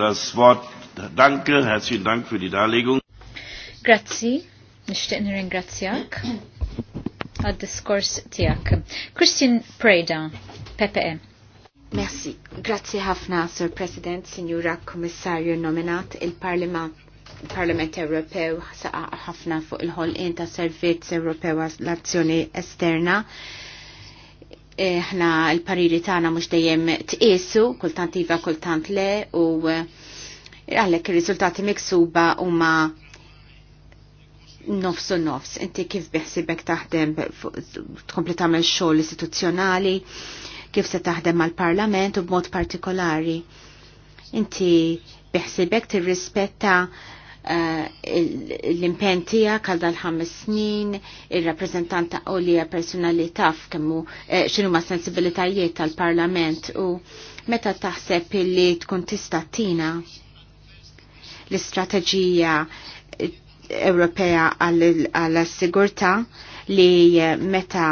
das Wort. Danke, herzlichen Dank für die Darlegung. Grazzi, nishtiq nirringrazzjak għad-diskors tijak. Christian Preda, PPM. E. Merci. grazie ħafna, Sir President, Signora Kommissarju nominat il-Parlament parlament Ewropew saqa ħafna fuq il ħol ta' Servizz Ewropew għal l-azzjoni esterna Aħna l-pariri tagħna mhux dejjem tqisu, kultant iva kultant le u eh, għalhekk ir-riżultati miksuba huma ma nofs, inti kif biħsibek taħdem tkompli tagħmel xogħol istituzzjonali, kif se taħdem mal-parlament u b'mod partikolari. Inti biħsibek tirrispetta Eh, l-impen tijak għal dal-ħames snin, il-rappresentanta u li personali taf kemmu eh, xinu ma sensibilitajiet tal-parlament u meta taħseb li tkun tista' tina l-istrateġija eh, Ewropea għall-sigurta li meta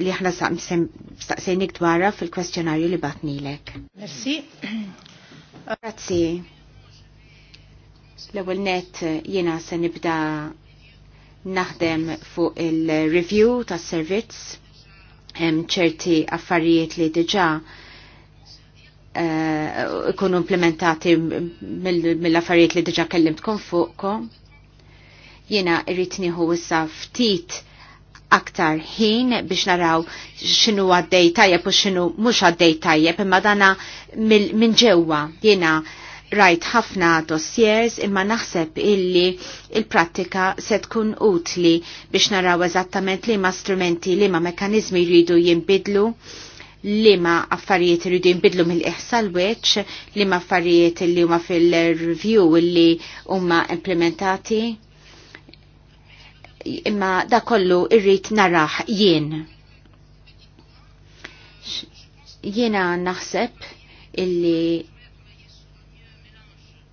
li ħna staqsejnik dwarra fil-kwestjonarju li batnilek. Merci. Grazie. L-ewwel net jiena se nibda naħdem fuq il-review tas-servizz hemm ċerti affarijiet li diġà eh, ikunu uh, implementati mill-affarijiet mill li diġa kellimtkom fuqkom. Jiena irrid nieħu issa ftit aktar ħin biex naraw xinu għaddej tajjeb u xinu mux għaddej tajjeb imma dana minn ġewwa uh, rajt ħafna dossiers imma naħseb illi il-prattika se tkun utli biex naraw eżattament li ma strumenti, li ma mekanizmi jridu jimbidlu, li ma affarijiet rridu jimbidlu mill-iħsal weċ, li ma affarijiet li huma fil-review li huma implementati. Imma da kollu irrit naraħ jien. Jiena naħseb illi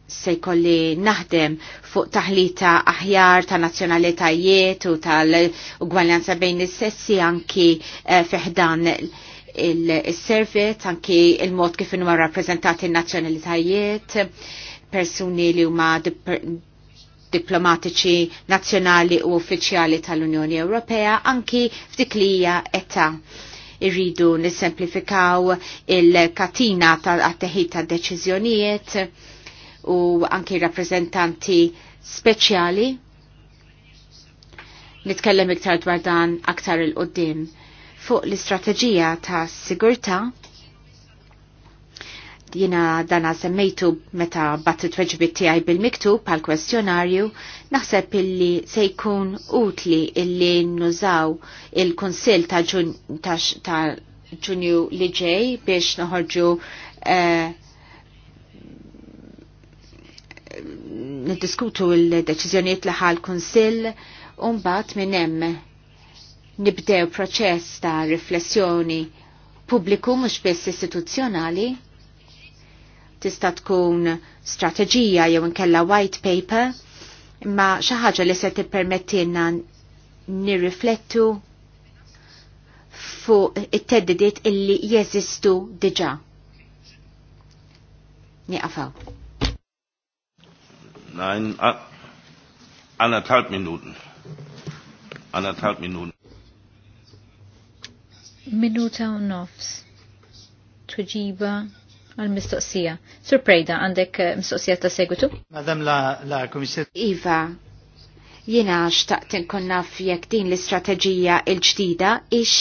se jkolli naħdem fuq taħlita aħjar ta' nazzjonalitajiet u tal ugwaljanza bejn is-sessi anki eh, fiħdan il servet anki il-mod kif huma rappreżentati n-nazzjonalitajiet, persuni li huma diplomatiċi nazzjonali u uffiċjali tal-Unjoni Ewropea, anki f'dik li hija età irridu nissemplifikaw il-katina tal-atteħid tad-deċiżjonijiet u anki rappresentanti speċjali. Nitkellem iktar dwar dan aktar il-qoddim fuq l-istrateġija ta' sigurta jina dana semmejtu meta battit weġbit tiegħi bil-miktub pal kwestjonarju naħseb illi se jkun utli illi nużaw il-Kunsill ta' ġunju li ġej biex noħorġu eh, niddiskutu l-deċiżjonijiet li ħal kunsill u mbagħad minn hemm nibdew proċess ta' riflessjoni pubbliku mhux biss istituzzjonali tista' tkun strateġija jew inkella white paper imma xi ħaġa li se tippermettilna nirriflettu fuq it-teddidiet illi jeżistu diġà. Nieqafaw. Nein, anderthalb Minuten. Anderthalb Minuten. Minuta u nofs. Tuġiba għal-mistoqsija. Prejda, għandek eh, mistoqsija ta' segwitu? Madam la, la komissar. Iva, jina xtaqt nkun naf jekk din l-istrateġija il-ġdida ix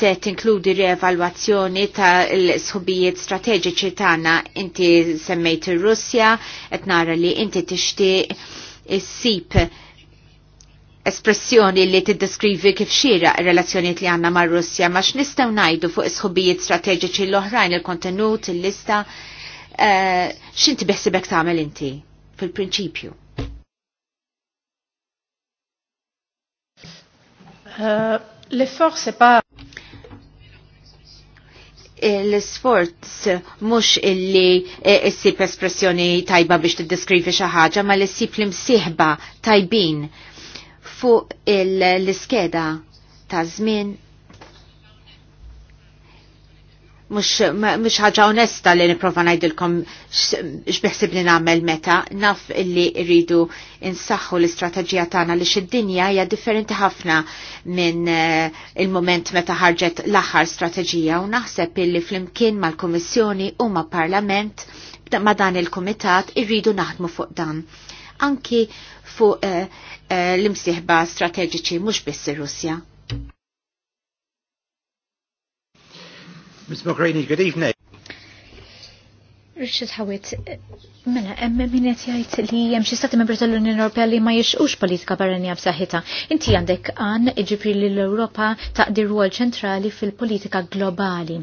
se tinkludi reevalwazzjoni ta' l-sħubijiet strateġiċi tagħna inti semmejt ir-Russja qed nara li inti tixtieq sip espressjoni li tiddeskrivi kif xira relazzjoniet li għanna mar russja ma x'nistgħu ngħidu fuq is-sħubijiet strateġiċi l-oħrajn il-kontenut, il-lista, uh, x'inti beħsibek tagħmel inti fil-prinċipju? Uh, L-effort se pa l-sports mux illi e, s-sip espressjoni tajba biex t-deskrivi xaħġa, ma l sip l-imsiħba tajbin fuq l-iskeda ta' zmin mux ħaġa onesta li niprofa najdilkom xbiħsib li namel meta naf illi rridu insaxħu l-istrategija tagħna li xid-dinja hija differenti ħafna minn eh, il-moment meta ħarġet l-aħħar strateġija u naħseb illi flimkien mal-Kummissjoni u ma' Parlament ma' dan il-Kumitat irridu naħdmu fuq dan. Anki fuq uh, uh, l-imsieħba strateġiċi mhux biss ir-Russja. Mr Mogherini, good evening. Richard Howitt, mela, emme min qed jgħid li hemm xi stati membri tal-Unjoni Ewropea li ma jixqux politika barranija b'saħħitha. Inti għandek għan iġibri li l-Ewropa taqdi rwol ċentrali fil-politika globali.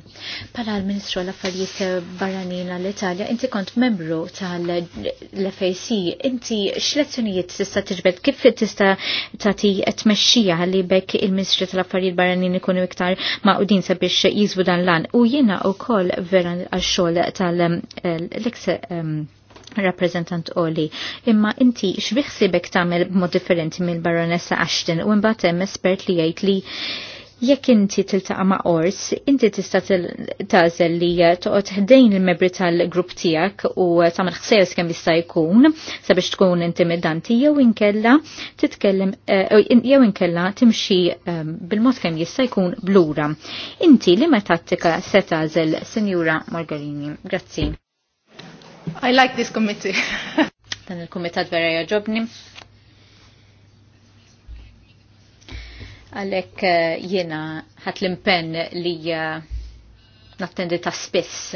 Pala l-Ministru l-Affarijiet Barranin għall-Italja, inti kont membru tal-FAC, inti x'lezzjonijiet tista' tiġbed kif tista' tagħti tmexxija li bekk il-Ministru tal-Affarijiet Barranin ikunu iktar maqudin sabiex jiżbu dan l-an. U jiena wkoll vera għax-xogħol tal- l-eks rappresentant Oli. Imma inti xbiħsibek tamel mod differenti mill baronessa Ashton u imbatem espert li jgħid li jekk inti tiltaqa' ma' ors, inti tista' tażel li toqgħod ħdejn il-membri tal-grupp tiegħek u tagħmel ħsejjes kemm jista' jkun sabiex tkun intimidanti jew inkella titkellem e, jew inkella timxi e, bil-mod kemm jista' jkun blura. Inti li ma tattika se tażel, Sinjura Margarini. Grazzi. I like this committee. Dan il-kumitat vera jaġobni. Għalek eh, jena ħat l-impen li eh, nattendi ta' spiss.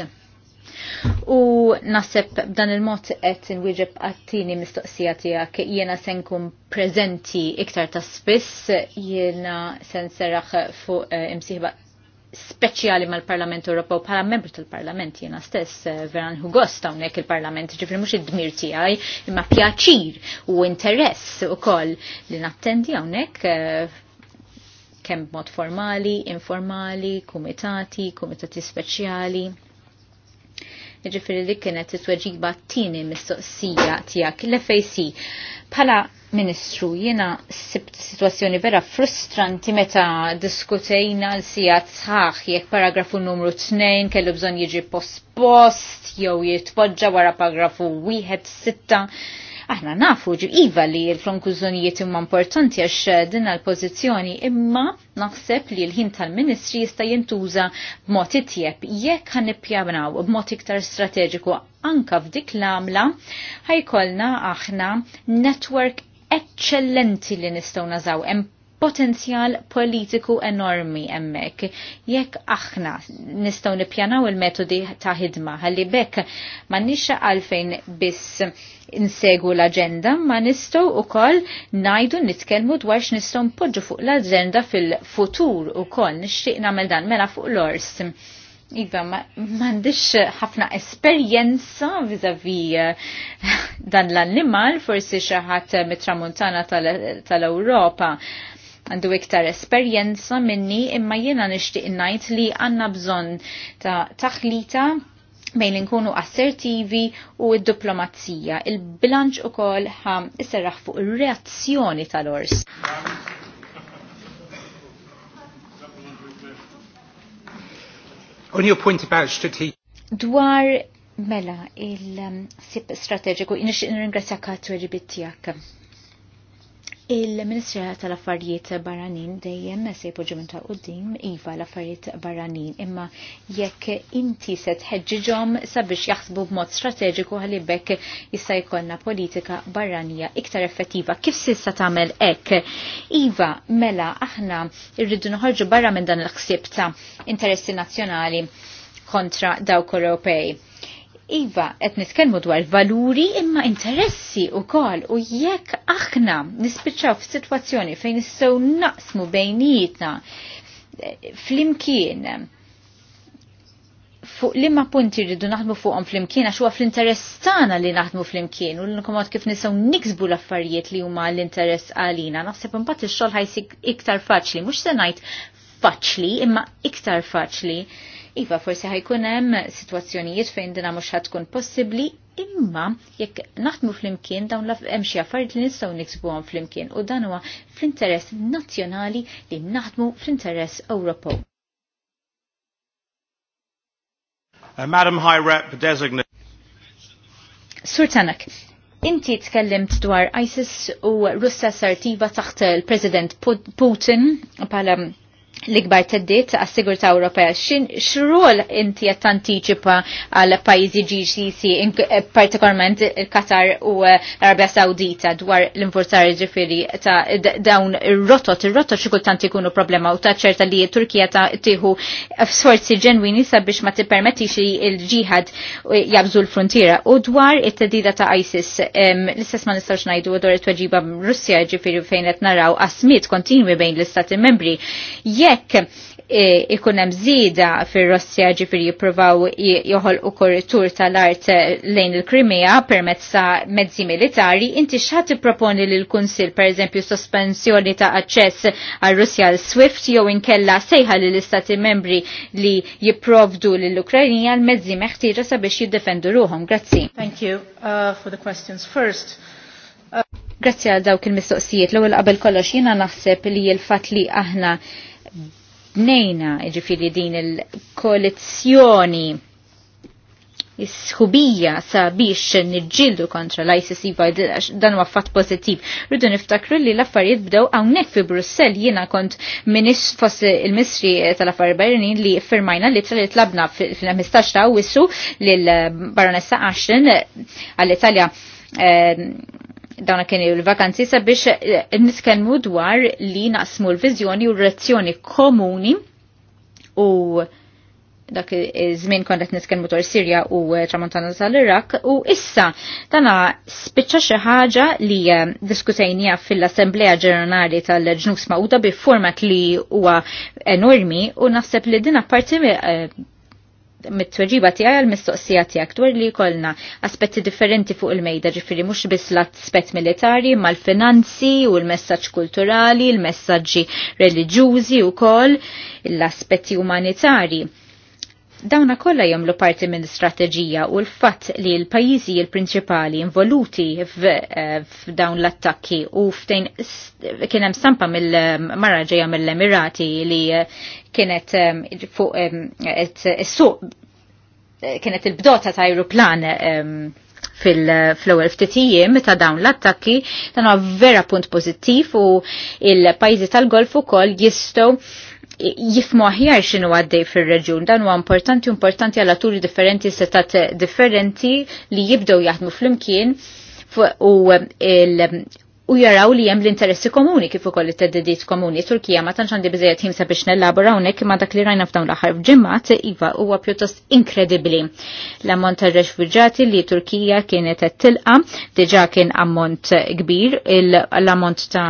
U nasib b'dan il-mod qed inwieġeb għattini mistoqsija tiegħek jiena se nkun preżenti iktar ta' spiss jiena se serraħ fuq eh, imsiħba speċjali mal-Parlament Ewropew bħala membru tal-Parlament jiena stess eh, vera nħu gost hawnhekk il-Parlament, ġifri mhux id-dmir tiegħi, imma pjaċir u interess ukoll li nattendi hawnhekk eh, kemm mod formali, informali, kumitati, kumitati speċjali. Ġifiri li kienet it-tweġiba t-tini mistoqsija tijak, l-FAC. Pala Ministru, jena sibt situazzjoni vera frustranti meta diskutejna l-sijat sħax jekk paragrafu numru 2 kellu bżon jiġi post-post, jew jitpoġġa wara paragrafu 1-6 Aħna nafu iva li l-frankużonijiet imma importanti għax eh, din l-pożizzjoni imma naħseb li l-ħin tal-Ministri jista' jintuża b'mod itjeb jekk ħanippjanaw b'mod iktar strateġiku anka f'dik l-għamla ħajkolna aħna network eccellenti li nistgħu nażaw hemm potenzjal politiku enormi emmek. Jekk aħna nistaw nipjanaw il-metodi ta' ħidma għalli bekk ma' nisċa għalfejn biss insegu l-agenda ma nistaw u kol najdu nitkelmu dwar x'nistgħu npoġġu fuq l-agenda fil-futur u kol nixtieq nagħmel dan mela fuq l-ors. Iva, m'għandix ħafna esperienza vizavi eh, dan l-annimal, forsi xaħat mitramuntana tal-Europa. Tal għandu iktar esperjenza minni imma jiena nixtieq ngħid li għandna bżonn ta' taħlita bejn li nkunu assertivi u d-diplomazija. Il-bilanċ ukoll ħam isserraħ fuq ir-reazzjoni tal-ors. On your point about Dwar mela il-sip strategiku, nixtieq nirringrazzja Katri Bittijak Il-Ministra tal-Affarijiet Barranin dejjem se jpoġġu minn ta' qudiem iva l-affarijiet barranin imma jekk inti se tħeġġiġhom sabiex jaħsbu b'mod strateġiku ħalibek jista' jkollna politika barranija iktar effettiva. Kif s'issa tagħmel hekk? Iva, mela aħna rridu noħorġu barra minn dan il-ħsieb ta' interessi nazzjonali kontra dawk Ewropej Iva, qed nitkellmu dwar valuri imma interessi u kol u jekk aħna nispiċċaw f'sitwazzjoni fejn nistgħu naqsmu bejnietna eh, flimkien fuq limma punti rridu naħdmu fuqhom flimkien għax huwa fl-interess tagħna li naħdmu flimkien u l-nkomod kif nisew niksbu l-affarijiet li huma l-interess għalina. Naħseb imbagħad ix-xogħol ħajsik iktar faċli, mhux se ngħid faċli imma iktar faċli Iva, forsi ħajkun hemm sitwazzjonijiet fejn dina mhux tkun possibbli, imma jekk naħdmu flimkien dawn hemm xi affarijiet li nistgħu niksbuhom flimkien u dan huwa fl-interess nazzjonali li naħdmu fl-interess Ewropew. Uh, Madam High Rep Designate. Sur Tanak, inti tkellimt dwar ISIS u Russa assertiva taħt il-President Putin pala l-ikbar teddit għas sigurta Ewropea. X'rol inti qed tantiċipa għal pajjiżi GCC, eh, partikolarment il-Qatar u l-Arabja eh, Sawdita dwar l-infurzar ġifieri ta' dawn ir-rotot, ir-rotot xi kultant ikunu problema u ta' ċerta li Turkija ta' tieħu sforzi ġenwini sabiex ma tippermettix li l-ġihad eh, jabżu l-frontiera. U dwar it teddida ta' ISIS, l-istess ma nistgħux ngħidu dwar it-tweġiba Russja ġifieri fejn qed naraw qasmiet kontinwi bejn l-istati membri jekk e, ikun hemm żieda fir-Rossja ġifieri jippruvaw joħol u korritur tal-art lejn il-Krimea permezz ta' mezzi militari, inti x'ħadd tipproponi lil kunsil pereżempju sospensjoni ta' aċċess għal Russja l Swift jew inkella sejħa lill istati membri li jipprovdu lill-Ukrainja l-mezzi meħtieġa sabiex jiddefendu ruhom. Grazzi. Thank you uh, for the questions. First, uh... Grazzi għal dawk il-mistoqsijiet. L-ewwel qabel kollox jiena naħseb li l-fatt li aħna Tnejna, ġifiri din il koalizjoni isħubija sħubija sabiex nġildu kontra l-ICC dan huwa fatt pożittiv. Rridu niftakru li l-affarijiet bdew hawnhekk fi Brussell jiena kont minis fos il-Misri tal affari Barranin li firmajna li tal tlabna fil-15 ta' wissu lil Baronessa Ashton għall-Italja ehm, dawna kienu l-vakanzi sabiex eh, niskelmu dwar li naqsmu l-vizjoni u l razzjoni komuni u dak iż-żmien kont qed niskelmu dwar Sirja u eh, Tramontana tal-Irak u issa tana spiċċa xi ħaġa li eh, diskutejnija fil-Assembleja Ġenerali tal-Ġnus Mawda bi format li huwa enormi u naħseb li din apparti mit-tweġiba tiegħi għal mistoqsija tiegħek dwar li jkollna aspetti differenti fuq il-mejda ġifieri mhux biss l-aspett militari mal l-finanzi u l-messaġġ kulturali, l-messaġġi reliġjużi wkoll l-aspetti umanitari Dawna kolla jomlu parti minn strategija u l-fatt li l-pajjiżi l-prinċipali involuti eh, f'dawn l-attakki u ftejn kienem stampa mill-mara eh, ġejja mill-Emirati li eh, kienet fuq suq kienet il-bdota ta' aeroplan fil flower ftitijiem ta' dawn l-attakki tagħna vera punt pozittif u il-pajjiżi tal-Golf ukoll jistgħu jifmu aħjar xinu għaddej fil-reġjun. Dan huwa importanti, importanti għalla turi differenti, setat differenti li jibdew jaħdmu fl-imkien u u jaraw li jem l-interessi komuni kif ukoll it-teddidiet komuni. Turkija ma tantx għandi biżejjed ħimsa biex nellabora hawnhekk imma dak li rajna f'dawn l-aħħar ġimgħat iva huwa pjuttost inkredibbli. L-ammont tar-refuġġati li Turkija kienet qed tilqa diġà kien ammont kbir, l-ammont ta'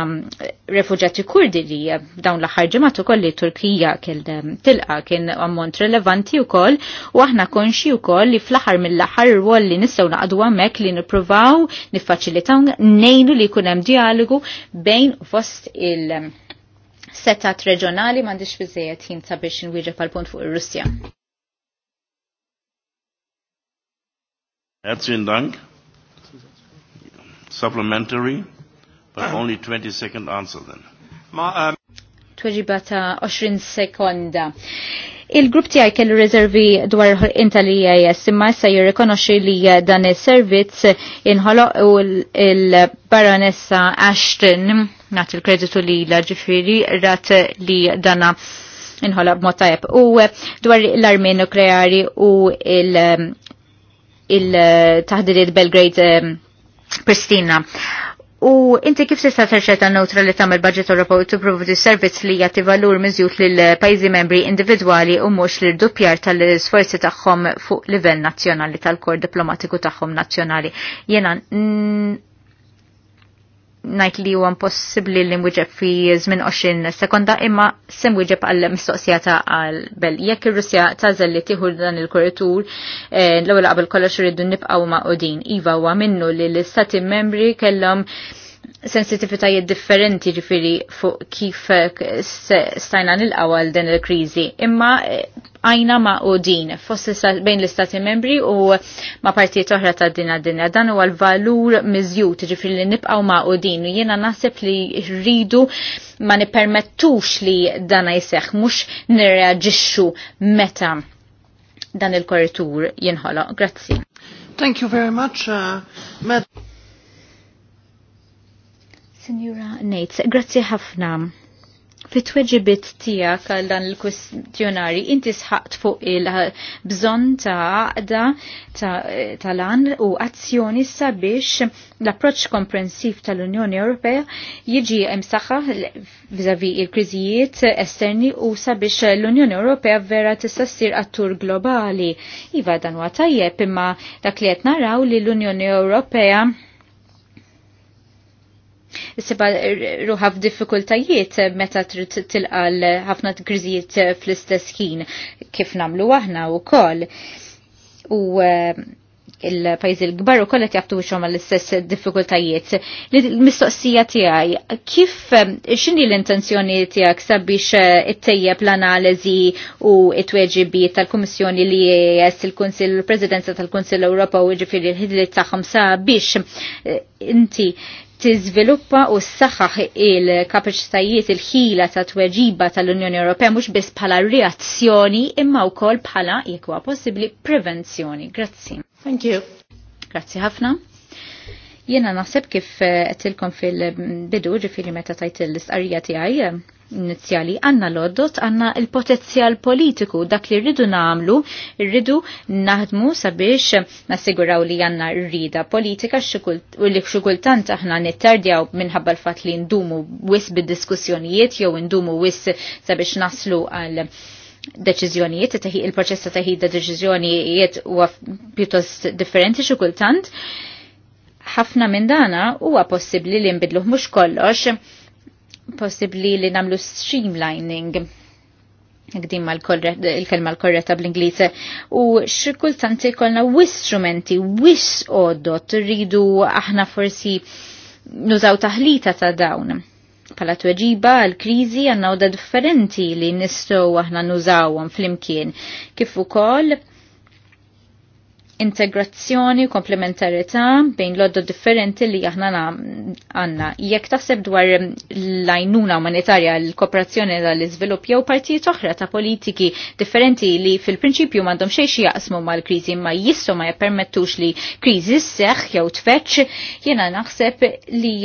refugjati kurdi li dawn l-aħħar ġimgħat ukoll li Turkija tilqa kien ammont relevanti wkoll u aħna konxi wkoll li fl-aħħar mill-aħħar rwol li nistgħu naqdu hemmhekk li nippruvaw niffaċilitaw ngħinu li jkun hemm dialogu bejn fost il- setat reġjonali m'għandix biżejjed ħin sabiex inwieġeb għal punt fuq ir-Russja. Dank. Supplementary. But only 20 second answer then. Ma, um... Tweġiba ta' 20 sekonda. Il-grupp tiegħi kellu rezervi dwar inta li jess imma issa jirrikonoxxi li uh, dan is-servizz inħoloq u il baronessa Ashton nat il-kreditu li laġifiri, rat li dana inħolo b tajjeb. U uh, dwar l-armi nukleari u il-taħdiriet um, uh, Belgrade um, Pristina. U inti kif tista' terċeta neutralità mill-budget Ewropew tipprovdi servizz li jagħti valur miżjut lil pajjiżi membri individwali u mhux l dupjar tal-isforzi tagħhom fuq livell nazzjonali tal-kor diplomatiku tagħhom nazzjonali. Jena najt li huwa impossibbli li nwiġeb fi żmien 20 sekonda imma se nwieġeb għal mistoqsija ta' għal bel. Jekk ir-Russja tażel li tieħu dan il kuritur eh, l-ewwel qabel kollox irridu nibqgħu ma' qudin. Iva huwa minnu li l-istati membri kellhom sensitivitajiet differenti ġifiri fuq kif stajna nilqaw għal din il kriżi Imma eh, għajna ma' u din fossi bejn l-istati membri u ma' partijiet oħra ta' din għad-dinja. Dan huwa l-valur miżjut, ġifri li nipqaw ma' u din. U jena naħseb li rridu ma' nipermettux li dana jiseħ, mux nirreagġixxu meta dan il-korritur jinħolo. Grazzi. Thank you very much, uh, Madam. Signora Nates, grazzi ħafna fit-tweġibit tijak għal dan il-kwestjonari, inti sħaqt fuq il-bżon ta' għaqda tal lan u azzjoni sabiex l-approċ komprensiv tal-Unjoni Ewropea jiġi imsaħħa vizavi il-kriżijiet esterni u sabiex l-Unjoni Ewropea vera tista' ssir attur globali. Iva dan huwa tajjeb imma dak li qed naraw li l-Unjoni Ewropea Siba ruħaf diffikultajiet meta trid tilqal ħafna kriżijiet fl-istess ħin kif namlu aħna wkoll. U eh, il-pajzi l-gbar u kollet jaftu xom l-istess diffikultajiet. L-mistoqsija tijaj, kif eh, xini l-intenzjoni tijak sabiex eh, it-tejjeb l-analizi u it-weġibi tal-Komissjoni li jess il-Konsil, il-Presidenza tal-Konsil Ewropa u ġifiri l-ħidli taħħom sabiex inti tiżviluppa u s-saħħaħ il-kapaċitajiet il-ħila ta' tweġiba tal-Unjoni Ewropea mhux biss bħala reazzjoni imma wkoll bħala jekk huwa possibbli prevenzjoni. Grazzi. Thank you. Grazzi ħafna. Jena naħseb kif eh, għetilkom fil-bidu ġifiri meta tajt l-istqarrija tiegħi eh, inizjali għanna l-oddot għanna il-potenzjal politiku dak li rridu namlu, rridu naħdmu sabiex nassiguraw li għanna rrida politika u li xukultant aħna nittardjaw minħabba l-fat li ndumu wis bid-diskussjonijiet jew ndumu wis sabiex naslu għal deċizjonijiet, il-proċess ta' taħid deċizjonijiet u pjuttost differenti xukultant. kultant ħafna minn dana huwa possibbli li nbidluh mhux kollox, possibbli li namlu streamlining għdim il-kelma l-korretta bl ingliż U xikultanti kolna w-istrumenti, w-is-oddot, rridu aħna forsi nużaw taħlita ta' dawn. Pala tweġiba l krizi għanna differenti li nistow aħna nużawhom fl-imkien. Kif ukoll integrazzjoni u komplementarità bejn l-oddu differenti li aħna għanna. Jekk taħseb dwar l ajnuna umanitarja l-kooperazzjoni tal-iżvilupp jew partijiet oħra ta' politiki differenti li fil-prinċipju m'għandhom xejn jaqsmu mal-kriżi ma jissu ma jippermettux li kriżi seħħ jew tfeċċ, jiena naħseb li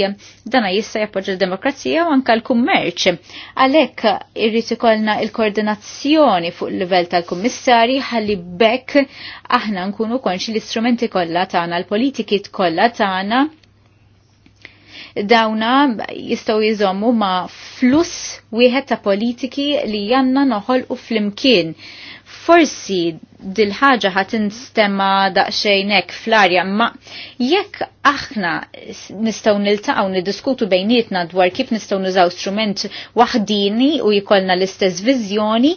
dana jista' jappoġġa l-demokrazija u anke l-kummerċ. Għalhekk irrid ikollna l koordinazzjoni fuq il-livell tal-kummissarji ħalli bekk aħna nkunu konx l-istrumenti kollha tagħna, l-politiki kollha tagħna dawna jistgħu jżommu ma' fluss wieħed ta' politiki li janna noħol u flimkien. Forsi dil-ħaġa ħat instemma daqxejnek fl-arja, ma jekk aħna nistaw niltaqaw nidiskutu bejnietna dwar kif nistaw nużaw strument waħdini u jikolna l-istess vizjoni,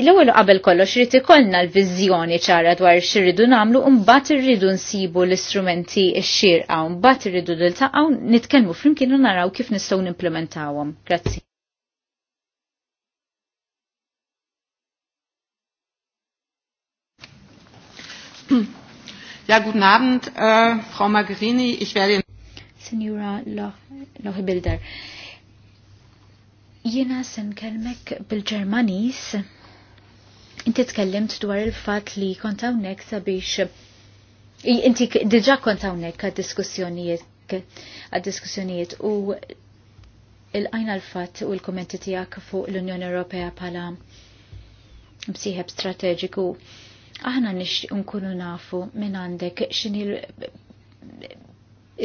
l-ewwel qabel kollox rid ikollna l-viżjoni ċara dwar x'irridu nagħmlu u mbagħad irridu nsibu l-istrumenti x-xirqa u mbagħad irridu niltaqgħu nitkellmu flimkien u naraw kif nistgħu nimplementawhom. Grazzi. Ja, guten Abend, uh, Frau Magrini. Ich werde... Signora Lohibilder. Loh Jena sen kelmek bil-Ġermanis Inti tkellimt dwar il-fat li kont hawnhekk sabiex inti diġà kont hawnhekk għad-diskussjonijiet u il-għajna l-fat u l-kommenti tiegħek fuq l-Unjoni Ewropea bħala msieħeb strateġiku. Aħna nix nkunu nafu minn għandek x'inhi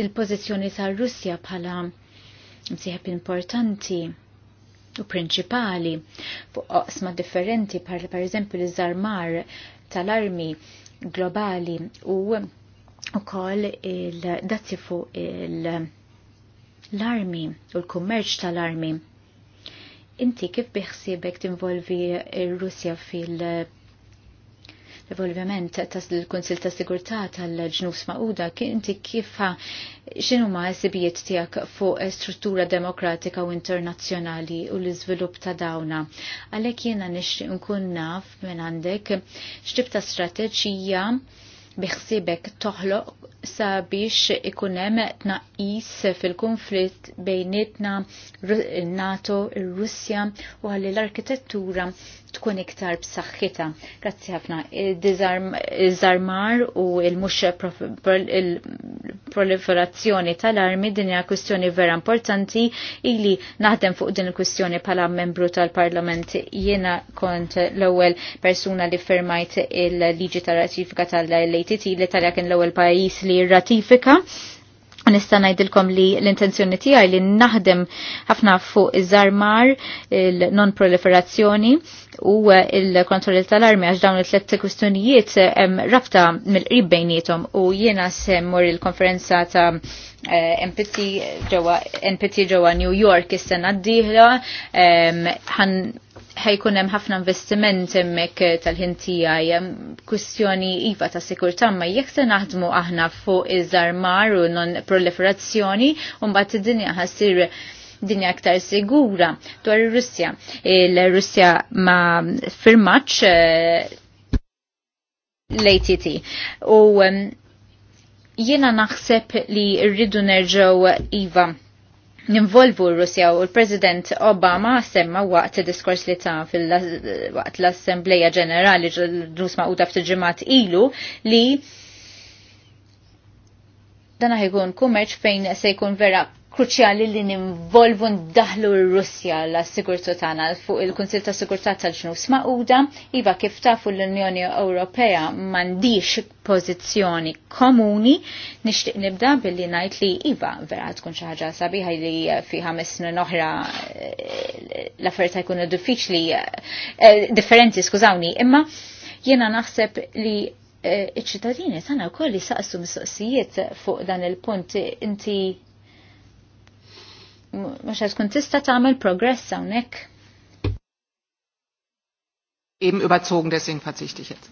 il-pożizzjoni tar-Russja bħala msieħeb importanti u prinċipali fuq oqsma differenti par pereżempju l-żarmar tal-armi globali u ukoll il-dazzi fuq l-armi u l-kummerċ tal-armi. Inti kif biħsibek tinvolvi r-Russja fil- evolvjament tas l-Kunsil ta' Sigurtà tal-ġnus Mauda inti kif x'inhu ma' esibijiet tiegħek fuq struttura demokratika u internazzjonali u l-iżvilupp ta' dawna. Għalhekk jiena nixtieq nkun naf minn għandek x'tib ta' strateġija biħsibek toħloq sabiex ikunem tnaqis fil-konflitt bejnietna NATO, il-Russja u għalli l-arkitettura tkun iktar b'saħħitha. Grazzi ħafna. Iż-żarmar u l-mhux proliferazzjoni tal-armi din hija kwistjoni vera importanti ili naħdem fuq din il-kwistjoni bħala membru tal-Parlament jiena kont l-ewwel persuna li firmajt il-liġi tar-ratifika tal-ATT li talja kien l-ewwel pajjiż li li ratifika. Nista' ngħidilkom li l-intenzjoni tiegħi li naħdem ħafna fuq iż-żarmar, il-non-proliferazzjoni u il-kontroll tal-armi għax dawn it-tlet kwistjonijiet rabta mill-qrib bejnietom u jiena semmur il-konferenza ta' Eh, NPT ġewwa New York is-sena d-dieħla ħajkun hemm ħafna investiment hemmhekk eh, tal-ħin tiegħi kwistjoni iva ta' sikurtà ma jekk se naħdmu aħna fuq iż-żarmar u non proliferazzjoni u mbagħad id-dinja ħassir dinja aktar sigura dwar ir-Russja. Il-Russja ma firmaċ eh, l-ATT. U Jiena naħseb li rridu nerġaw iva ninvolvu r-Russja u l-President Obama semma waqt diskors li ta' fil-waqt l-Assembleja Ġenerali ġus ma' uda ġimat ilu li dana ħajkun kummerċ fejn se jkun vera kruċjali li ninvolvu ndaħlu r-Russja la sigurtu tagħna fuq il-Kunsil ta' Sigurtà tal-Ġnus Maquda, iva kif tafu l-Unjoni Ewropea m'għandix pożizzjoni komuni, nixtieq nibda billi ngħid li iva vera tkun xi ħaġa sabiħa li fi messna noħra oħra eh, l-affarijiet jkunu diffiċli eh, eh, differenti skużawni, imma jiena naħseb li iċ-ċittadini tagħna wkoll saqsu mistoqsijiet fuq dan il-punt inti mux tkun tista tagħmel progress hawnhekk. Eben überzogen, deswegen verzichte ich jetzt.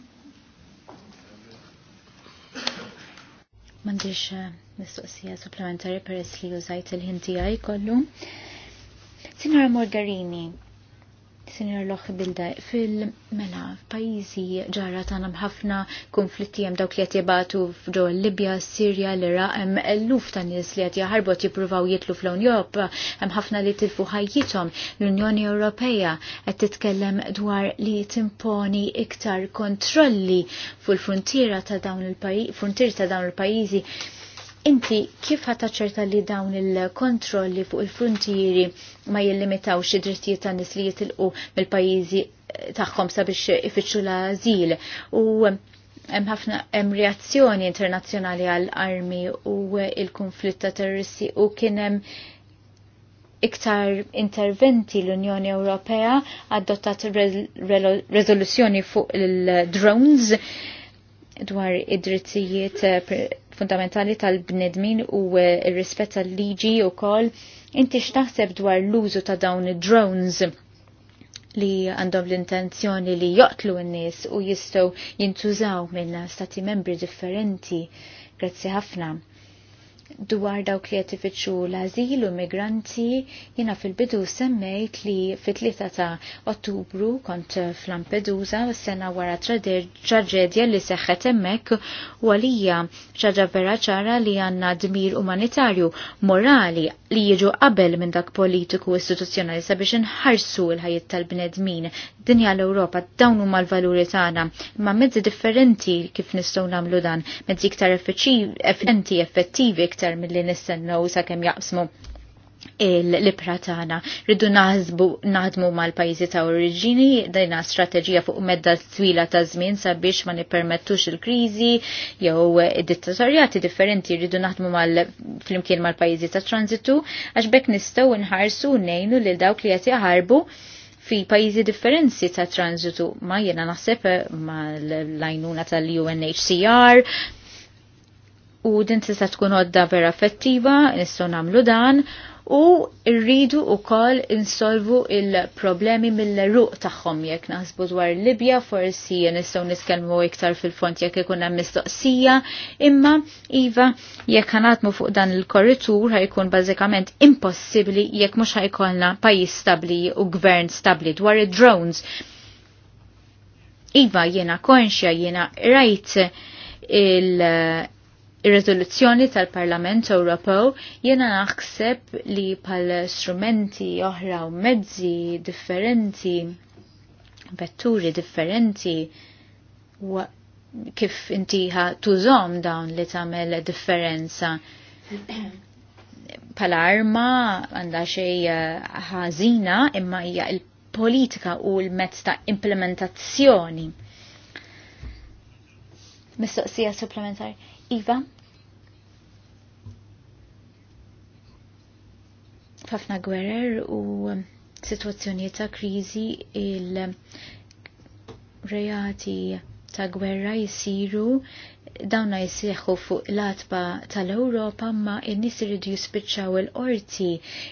Mandiċ eh, mistoqsija supplementari peress li użajt il-ħinti għaj kollu. Signora Morgarini, Sinjor Loch Bilda, fil-mela, pajizi ġara tana mħafna konflitti jem dawk li qed jibatu fġo Libja, Sirja, l-Iraq, jem l-luf ta' nis li għat jaharbu għat jipruvaw jitlu fl-Unjon Europa, jem ħafna li tilfu ħajjitom l-Unjoni Ewropeja qed titkellem dwar li timponi iktar kontrolli fil-frontiera ta' dawn il-pajizi, Inti kif ħata ċerta li dawn il-kontrolli fuq il-frontieri ma jillimitawx id-drittijiet tan nies li jitilqu mill-pajjiżi eh, tagħhom sabiex ifittxu l-azil u hemm ħafna hemm reazzjoni internazzjonali għall armi u il-konflitt ta' terroristi u kien hemm iktar interventi l-Unjoni Ewropea adottat rezoluzzjoni fuq il-drones dwar id-drittijiet eh, fundamentali tal-bnedmin u r-rispett eh, tal-liġi u kol. Inti x'taħseb dwar l-użu ta' dawn drones li għandhom l-intenzjoni li joqtlu n-nies u jistgħu jintużaw minn stati membri differenti. Grazzi ħafna dwar dawk li jattifiċu l-azil u migranti jina fil-bidu semmejt li fit-3 ta' ottubru kont fl-Lampedusa sena wara traġedja li seħħet emmek u għalija ċaġa vera ċara li għanna dmir umanitarju morali li jiġu qabel minn dak politiku istituzzjonali sabiex nħarsu l-ħajiet tal-bnedmin dinja l-Ewropa dawn huma l-valuri tagħna ma' mezzi differenti kif nistgħu nagħmlu dan mezzi iktar effiċenti effettivi iktar mill-li sa' sakemm jaqsmu l-libra tagħna. Rridu naħsbu naħdmu mal-pajjiżi ta' oriġini dejna strateġija fuq medda twila ta' żmien sabiex ma nippermettux il-kriżi jew dittatorjati differenti rridu naħdmu mal flimkien mal-pajjiżi ta' transitu għax bekk nistgħu nħarsu nejnu lil dawk li qed jaħarbu fi pajzi differenzi ta' transitu ma jena naħseb ma l-lajnuna tal-UNHCR u din tista' tkun għodda vera effettiva, nistgħu nagħmlu dan u rridu wkoll insolvu il-problemi mill-ruq tagħhom jekk naħsbu dwar Libja forsi nistgħu niskellmu iktar fil-font jekk ikun hemm mistoqsija, imma iva jekk ħanatmu fuq dan il-korritur ħajkun bażikament impossibbli jekk mhux ħajkollna pajjiż stabbli u gvern stabbli dwar id-drones. Iva jiena konxja jiena rajt il- Ir-rezoluzzjoni tal-Parlament Ewropew jiena naħseb li pal strumenti oħra u mezzi differenti, vetturi differenti, kif intiħa tużom dawn li tagħmel differenza. pal arma għandha xej eh, ħażina imma hija il-politika u l-mezz ta' implementazzjoni. Mistoqsija supplementari Iva. Fafna gwerer u um, situazzjoni ta' kriżi il-reati ta' gwerra jisiru dawna jisieħu fuq l-atba tal-Europa ma n-nis iridu jispiċċaw il-qorti,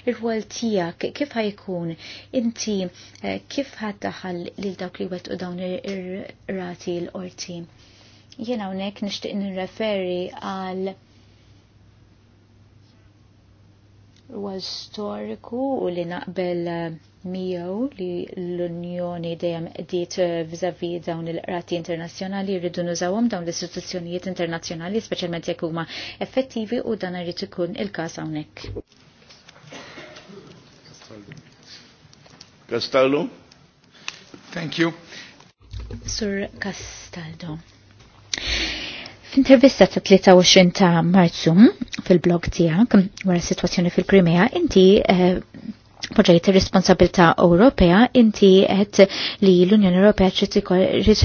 il ħol tijak, kif ħajkun, inti eh, kif ħaddaħal lil dawk li wet u dawn ir-rati l-qorti. Jena unek nishtiq nirreferi għal rwal storiku u li naqbel eh, miegħu li l-Unjoni dejjem qdiet eh, vizavi dawn il-qrati internazzjonali rridu nużawhom dawn l-istituzzjonijiet internazzjonali speċjalment jekk huma effettivi u dan irid ikun il-każ hawnhekk. Castaldo. Thank you. Sur Castaldo. F'intervista ta' 23 ta' Marzu fil-blog tiegħek wara situazzjoni fil-Krimea, inti eh, proġett ir-responsabilità Ewropea inti għed li l-Unjoni Ewropea trid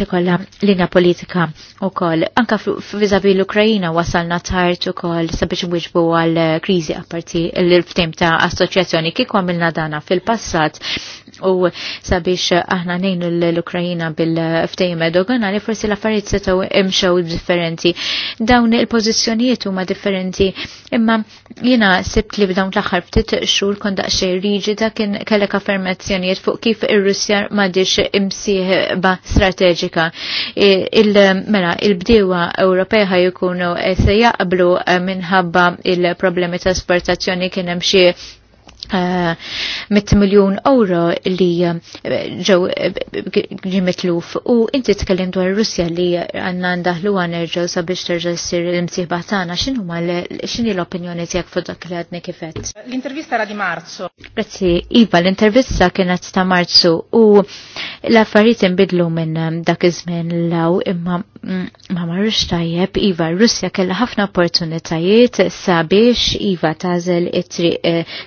ikollha linja politika wkoll. Anka vizavi l-Ukrajina wasalna u ukoll sabiex mwiġbu għal kriżi apparti l-ftim ta' assoċjazzjoni kik għamilna dana fil-passat u sabiex aħna nejnu l-Ukrajina bil-ftejm doganali forsi l-affarijiet setgħu imxew differenti. Dawn il-pożizzjonijiet huma differenti imma jiena sibt li b'dawn l-aħħar ftit xhur kondaq ġida kien kellek affermazzjonijiet fuq kif ir-Russja m'għandix imsieħba strateġika. Il-mela il-bdiewa Ewropej ħajkunu se jaqblu minħabba il-problemi ta' sportazzjoni kien hemm xi Eh, mit miljon euro li eh, ġew eh, mitluf u inti tkellim dwar Russja li għanna ndaħlu għanerġaw sabiex terġa' ssir l-imsieħba tagħna x'inhuma x'inhi l-opinjoni tiegħek fuq dak li għadni kifet. L-intervista ra di Marzu. Grazzi, iva l-intervista kienet ta' Marzu u l-affarijiet inbidlu minn dak iż-żmien law imma mm, ma marrux tajjeb iva Russja kellha ħafna opportunitajiet sabiex iva tażel it-triq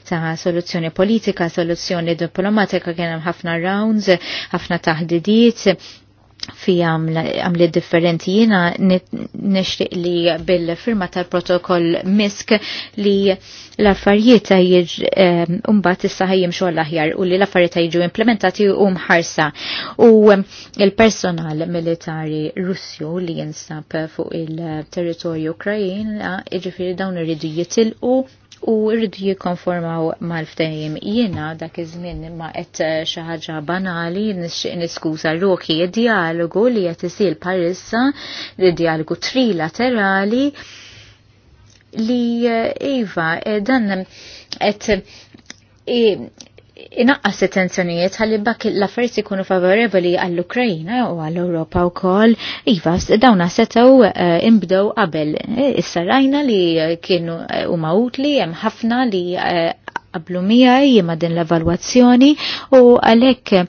ta' soluzzjoni politika, soluzzjoni diplomatika kien hemm ħafna rounds, ħafna taħdidiet fi għamli differenti jina nishtiq li bil-firma tal-protokoll MISK li l-affarijiet jir eh, umbat issa ħajjimxu għall-aħjar u li l-affarijiet jiġu implementati u mħarsa u eh, il-personal militari Russju li jinsab fuq il-territorju Ukrajin ġifiri dawn irridu jitilqu u rridu jikkonformaw mal-ftehim. Jiena dak iż-żmien ma qed eh, xi ħaġa banali nixtieq niskuża ruħi dialogu li qed isil parissa dialogu trilaterali li eh, iva eh, dan qed inaqqas it-tensjonijiet ħalli bak l-affarijiet ikunu favorevoli għall ukrajina u għall-Ewropa wkoll. Iva, dawn setgħu eh, inbdew qabel. Eh, is rajna li kienu eh, huma utli hemm ħafna li qablu miegħi ma' din l-evalwazzjoni u għalhekk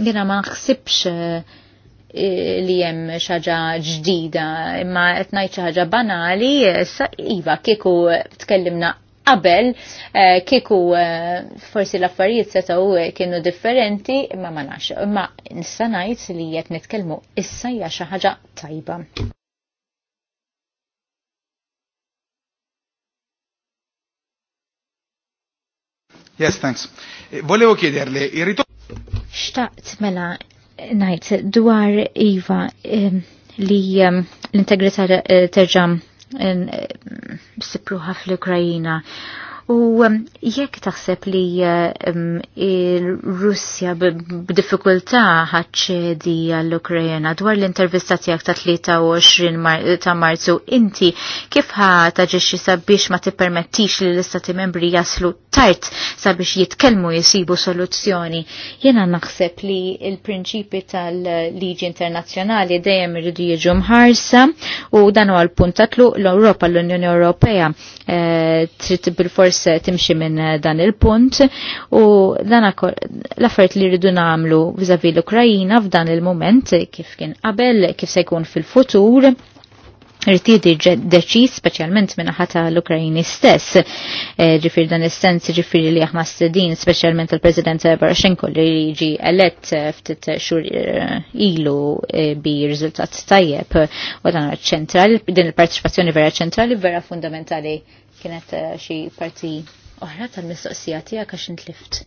jiena ma nħsibx li jem xaġa ġdida, imma etnajt ħaġa banali, sa' iva kieku tkellimna qabel eh, kieku eh, forsi l-affarijiet setgħu eh, kienu differenti imma ma nafx. Imma nista' ngħid li qed nitkellmu issa hija xi ħaġa tajba. Yes, thanks. Volevo chiederle, il ritorno... Xtaqt mela najt dwar Iva li l-integrità terġam Eh, sipruħa fl-Ukrajina U um, jekk taħseb li uh, um, Russja b'diffikultà ħaċċedi għall ukrajina dwar l-intervista tiegħek ta' 23 ta' Marzu, inti kif ħa taġixxi sabiex ma tippermettix li l-istati membri jaslu tard sabiex jitkellmu jisibu soluzzjoni. Jiena naħseb li l-prinċipi tal-liġi internazzjonali dejjem iridu jiġu mħarsa u dan huwa l-punt tatluq l-Ewropa l-Unjoni Ewropea eh, trid bil flus timxi minn eh, dan il-punt u dan l-affert li rridu namlu vizavi l-Ukrajina f'dan il-moment kif kien qabel, kif se jkun fil-futur irtidi deċis specialment minna ħata l-Ukrajini stess. Eh, ġifir dan istens ġifir li aħna sedin specialment l president Barashenko li ġi elett eh, ftit xur ilu bi rizultat tajjeb u dan ċentrali, din il-partiċipazzjoni vera ċentrali, vera fundamentali kienet eh, xi parti oħra tal-mistoqsija tiegħek għax intlift.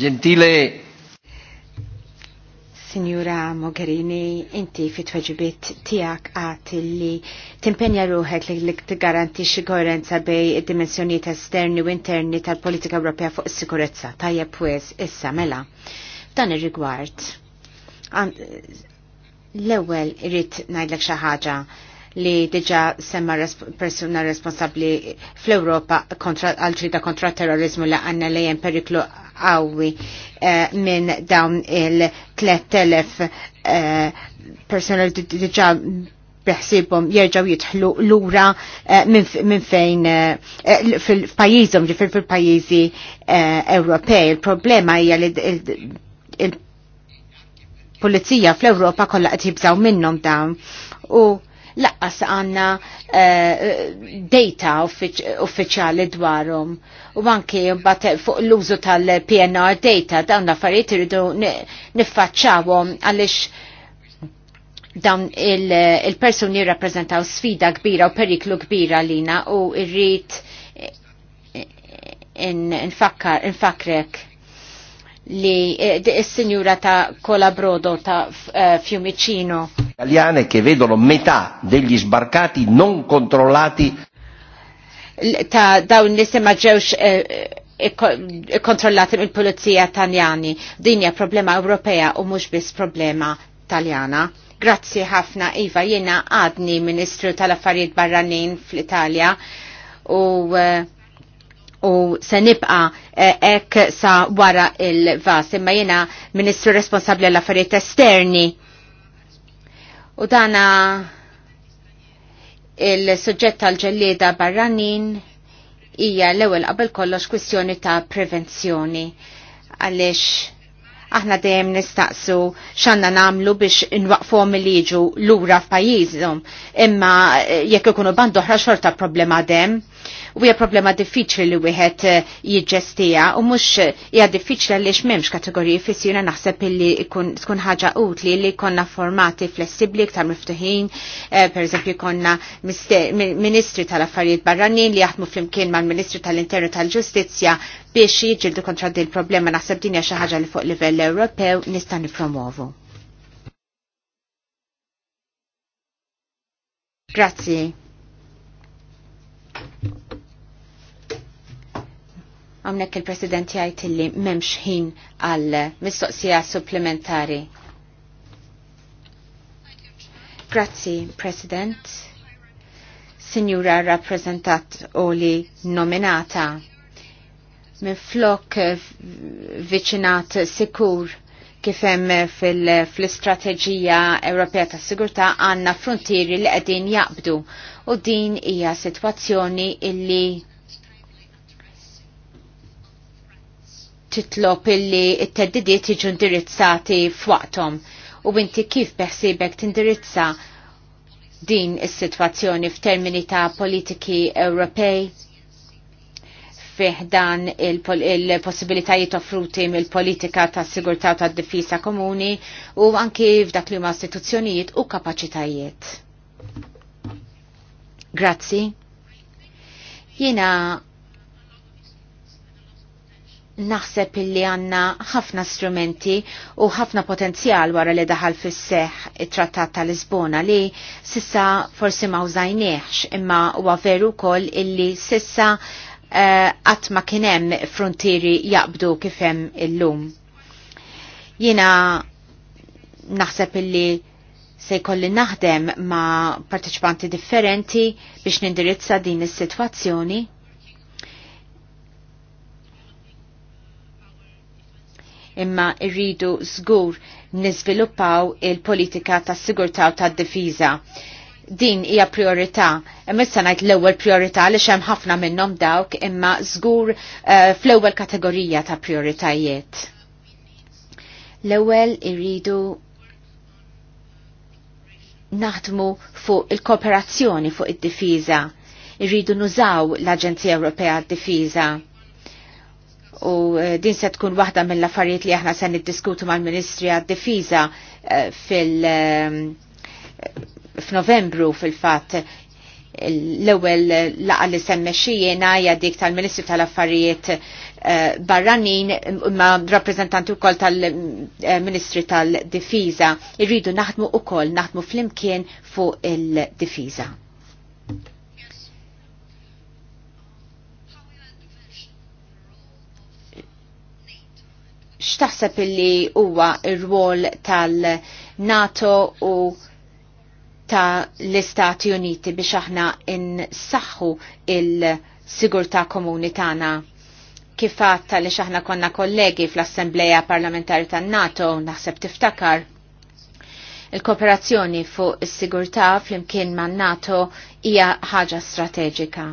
Gentile. Signora Mogherini, inti fit tweġibiet tijak għat li timpenja ruħek li li t-garanti xigorenza bej dimensjoniet esterni u interni tal-politika Ewropea fuq is-sikurezza. Tajjeb wis issa mela. Dan ir-rigward L-ewwel irrid ngħidlek xi ħaġa li diġa semma persuna responsabli fl-Europa għal-ġrida kontra terrorizmu li għanna li jen periklu għawi eh, minn dawn il-3000 eh, persuna li diġa biħsibhom jerġaw jitħlu lura ura eh, minn fejn fil-pajizom ġifir fil-pajizi Ewropej. Il-problema hija li il pulizija fl-Ewropa kollha qed jibżaw minnhom dawn. U laqqas għanna eh, data uffiċjali dwarhom. U anke mbagħad fuq l-użu tal-PNR data dawn l-affarijiet iridu niffaċċawhom għaliex dawn il-persuni il jirrappreżentaw sfida kbira u periklu kbira lina u irrid infakkar, infakrek li eh, il-sinjura ta' Colabrodo ta' eh, Fiumicino. Italiane che vedono metà degli sbarcati non controllati ta' dawn li sema ġewx eh, e-, e-, kontrollati mill pulizija taljani. hija problema Ewropea u mhux biss problema taljana. Grazzi ħafna Iva, jiena għadni Ministru tal-Affarijiet Barranin fl-Italja u uh, u se nibqa eh, ek sa wara il-vas imma jena ministru responsabli għall affarijiet esterni u dana il-sujġett tal-ġellieda barranin hija l-ewwel qabel kollox kwistjoni ta' prevenzjoni għaliex aħna dejjem nistaqsu x'għandna nagħmlu biex inwaqfhom li jiġu lura f'pajjiżhom imma eh, jekk ikunu band oħra xorta problema dem U hija problema diffiċli li wieħed eh, jiġġestija u mhux eh, hija diffiċli għaliex m'hemmx kategoriji fissi jiena naħseb illi tkun ħaġa utli li konna formati flessibbli iktar miftuħin, eh, pereżempju konna ministri tal-affarijiet barranin li jaħdmu flimkien mal-Ministri tal-Internu tal-Ġustizzja biex jiġġieldu kontra din il-problema naħseb din hija xi ħaġa li fuq livell Ewropew nista' nippromovu. Grazzi. Għamnek il-President jgħajt li memx ħin għal mistoqsija supplementari. Grazzi, President. Signora rappresentat u li nominata minn flok viċinat sikur kifem fil strategija Ewropea ta' Sigurta għanna frontieri li qegħdin jaqbdu u din hija sitwazzjoni illi titlob illi it-teddidiet jiġu indirizzati f'waqthom u inti kif beħsibek tindirizza din is-sitwazzjoni f'termini ta' politiki Ewropej fih dan il-possibilitajiet offruti mill-politika ta' sigurtà ta' difisa komuni u anki f'dak li huma istituzzjonijiet u kapaċitajiet. Grazzi. Jiena naħseb illi għanna ħafna strumenti u ħafna potenzjal wara li daħal fis seħ it-trattat tal-Lisbona li sissa forsi ma użajnieħx imma huwa veru kol illi sissa eh, qatt uh, ma kienem frontieri jaqbdu kifem illum. Jina naħseb illi se jkolli naħdem ma' parteċipanti differenti biex nindirizza din is-sitwazzjoni imma irridu żgur niżviluppaw il-politika tas sigurtà u tad-difiża. Din hija priorità. imma issa ngħid l-ewwel priorità li hemm ħafna minnhom dawk imma żgur uh, fl-ewwel kategorija ta' prioritajiet. L-ewwel irridu naħdmu fuq il-kooperazzjoni fuq id-difiża. Irridu nużaw l-Aġenzija Ewropea d-Difiża u eh, din se tkun waħda mill-affarijiet li aħna se niddiskutu mal-Ministri għad-Difiża eh, fil- eh, f'Novembru fil-fatt l-ewwel laqa li semmexxijiena hija dik tal-Ministru tal-Affarijiet barranin ma rappresentanti wkoll tal-Ministri tal-Difiża irridu naħdmu wkoll naħdmu flimkien fuq il-Difiża. x'taħseb illi huwa r-rwol tal-NATO u tal istati Uniti biex aħna insaħħu il-sigurtà komuni tagħna kifat li xaħna konna kollegi fl-Assembleja Parlamentari tan-NATO naħseb tiftakar il-kooperazzjoni fuq is-sigurtà flimkien man-NATO hija ħaġa strateġika.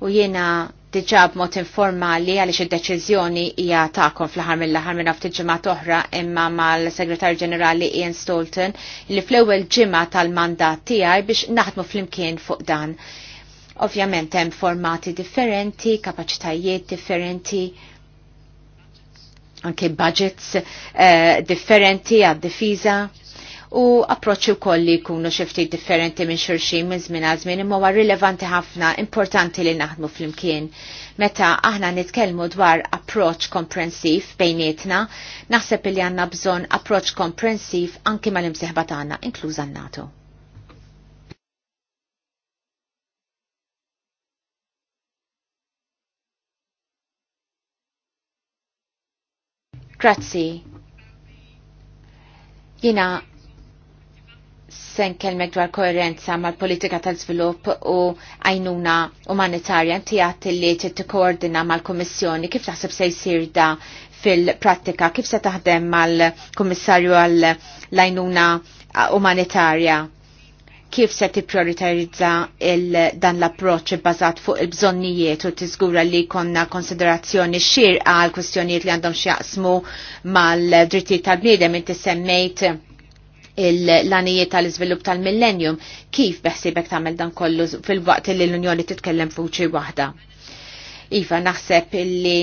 U jiena Diġab mod informali għaliex id-deċiżjoni hija tagħkom fl-aħħar mill-aħħar minn ftit ġimgħa oħra imma mal-Segretarju Ġenerali Ian Stolten li fl-ewwel ġimgħa tal-mandat tiegħi biex naħdmu flimkien fuq dan. Ovvjament hemm formati differenti, kapaċitajiet differenti, anke budgets uh, differenti għad-difiża u approċċi wkoll li jkunu xi ftit differenti minn xurxin minn żmien għal żmien imma rilevanti ħafna, importanti li naħdmu flimkien. Meta aħna nitkellmu dwar approċċ komprensiv bejnietna, naħseb li għandna bżonn approċċ komprensiv anki mal-imsieħba tagħna, inkluża n-NATO. Grazzi. Jina sen kelmek dwar koerenza mal-politika tal svilup u għajnuna umanitarja inti għat li t-koordina mal-Komissjoni kif taħseb se jsir da fil-prattika kif se taħdem mal-Komissarju għal-għajnuna umanitarja kif se t-prioritarizza dan l-approċ bbażat fuq il-bżonnijiet u tiżgura li konna konsiderazzjoni xirqa għal kwestjonijiet li għandhom xjaqsmu mal-drittijiet tal-bniedem inti semmejt l-għanijiet tal-izvilup tal-millennium, kif beħsibek tamel dan kollu fil-waqt li l-Unjoni titkellem fuċi wahda? Iva, naħseb li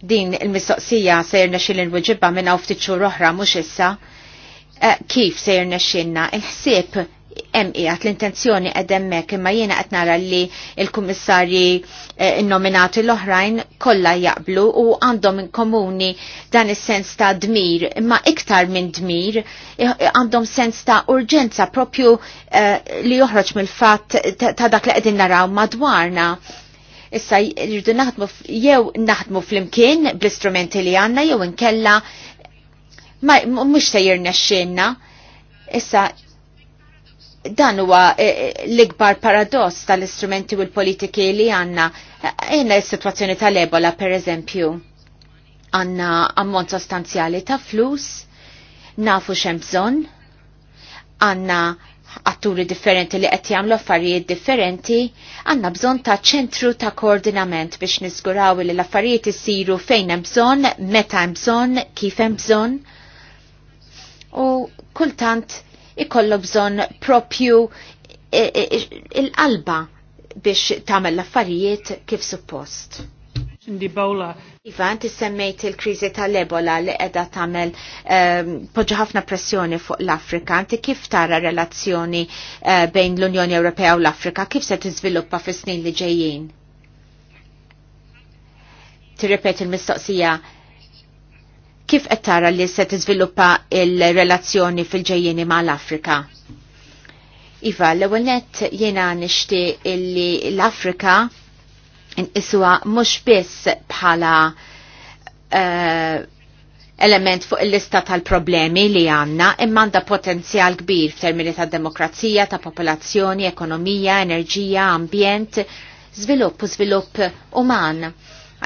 din il-mistoqsija sejr nexil il-wġibba minna uftiċu roħra mux issa, eh, kif sejr nexilna il-ħsib hemm qiegħed l-intenzjoni għedemmek imma jiena qed nara li l-kummissarji eh, nominati l-oħrajn kollha jaqblu u għandhom komuni dan is-sens ta' dmir imma iktar minn dmir eh, għandhom sens ta' urġenza propju eh, li joħroġ mill-fatt ta' dak li qegħdin naraw madwarna. Issa jridu naħdmu jew naħdmu fl-imkien bl-istrumenti li għandna jew inkella mhux se jirnexxinna. Issa dan huwa eh, eh, l-ikbar paradoss tal-istrumenti u l-politiki li għanna. Għanna s-situazzjoni tal-ebola, per eżempju, għanna ammont sostanzjali ta' flus, nafu xem bżon, għanna atturi differenti li qed jagħmlu affarijiet differenti, għandna bżonn ta' ċentru ta' koordinament biex niżguraw li l-affarijiet isiru fejn hemm bżonn, meta hemm bżonn, kif hemm bżonn. U kultant ikollu bżon propju il-qalba biex tagħmel l-affarijiet kif suppost. l bawla. Iva, inti semmejt il-kriżi tal-Ebola li qiegħda tagħmel um, poġġa ħafna pressjoni fuq l-Afrika. Inti kif tara relazzjoni eh, bejn l-Unjoni Ewropea u l-Afrika? Kif se tiżviluppa fis-snin li ġejjin? ripet il-mistoqsija Kif qed tara li se tiżviluppa il-relazzjoni fil-ġejjeni mal-Afrika? Iva, l-ewwel nett jiena nixtieq illi l-Afrika nqisuha mhux biss bħala eh, element fuq il-lista tal-problemi li għanna immanda potenzjal kbir f'termini ta' demokrazija, ta' popolazzjoni, ekonomija, enerġija, ambjent, svilupp u svilupp uman.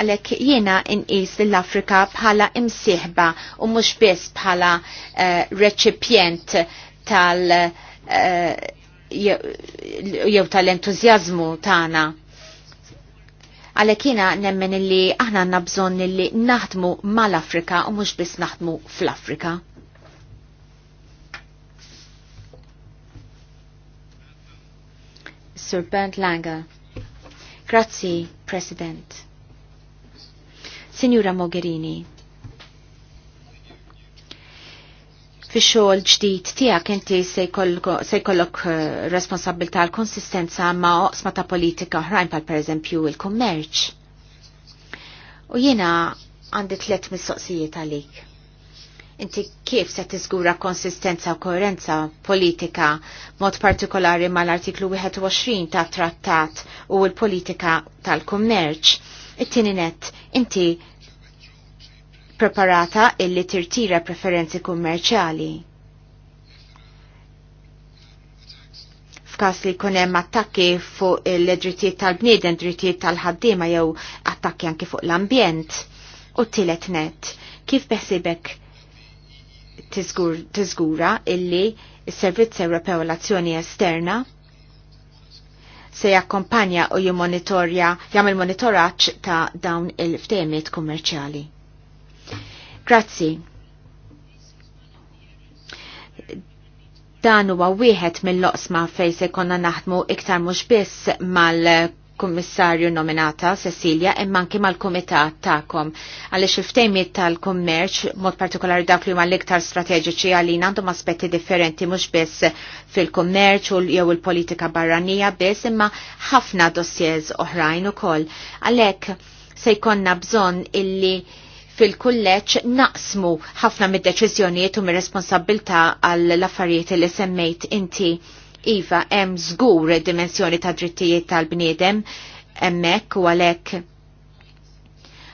Għalek jiena inqis l-Afrika bħala imsieħba u mhux biss bħala uh, eh, reċipjent tal uh, jew tal-entużjażmu tagħna. Għalek jiena nemmen li aħna għandna bżonn li naħdmu mal-Afrika u mhux biss naħdmu fl-Afrika. Sir Bernd Langer. Grazie, President. Signora Mogherini. fi xogħol ġdid tiegħek inti se jkollok eh, responsabilità għal konsistenza ma' oqsma ta' politika oħrajn pal pereżempju il-kummerċ. U jiena għandi tliet mistoqsijiet għalik. Inti kif se tiżgura konsistenza u koerenza politika mod partikolari mal-artiklu 21 ta' trattat u l-politika tal-kummerċ. It-tieni net, inti preparata illi tirtira preferenzi kummerċali. F'każ li jkun hemm attakki fuq il-drittijiet tal-bniedem, drittijiet tal-ħaddiema jew attakki anki fuq l-ambjent. U t tilet net, kif beħsibek tiżgura illi s-Servizz Ewropew l-Azzjoni Esterna se jakkompanja u jimmonitorja jagħmel monitoraġġ ta' dawn il ftemiet kummerċjali. Grazzi. Dan huwa wieħed mill-loqsma fejn se konna naħdmu iktar mhux biss mal- kummissarju nominata Cecilia imma anki mal-kumitat ta'kom għaliex il-ftejmiet tal-kummerċ mod partikolari dak li huma l-iktar strateġiċi għalina għandhom aspetti differenti mhux biss fil-kummerċ u jew il-politika barranija biss imma ħafna dossiers oħrajn ukoll. Għalhekk se jkollna bżonn illi fil-kulleċ naqsmu ħafna mid deċiżjonijiet u mir-responsabilta għall-affarijiet li semmejt inti. Iva, hemm żgur dimensjoni ta' drittijiet tal-bniedem hemmhekk u għalhekk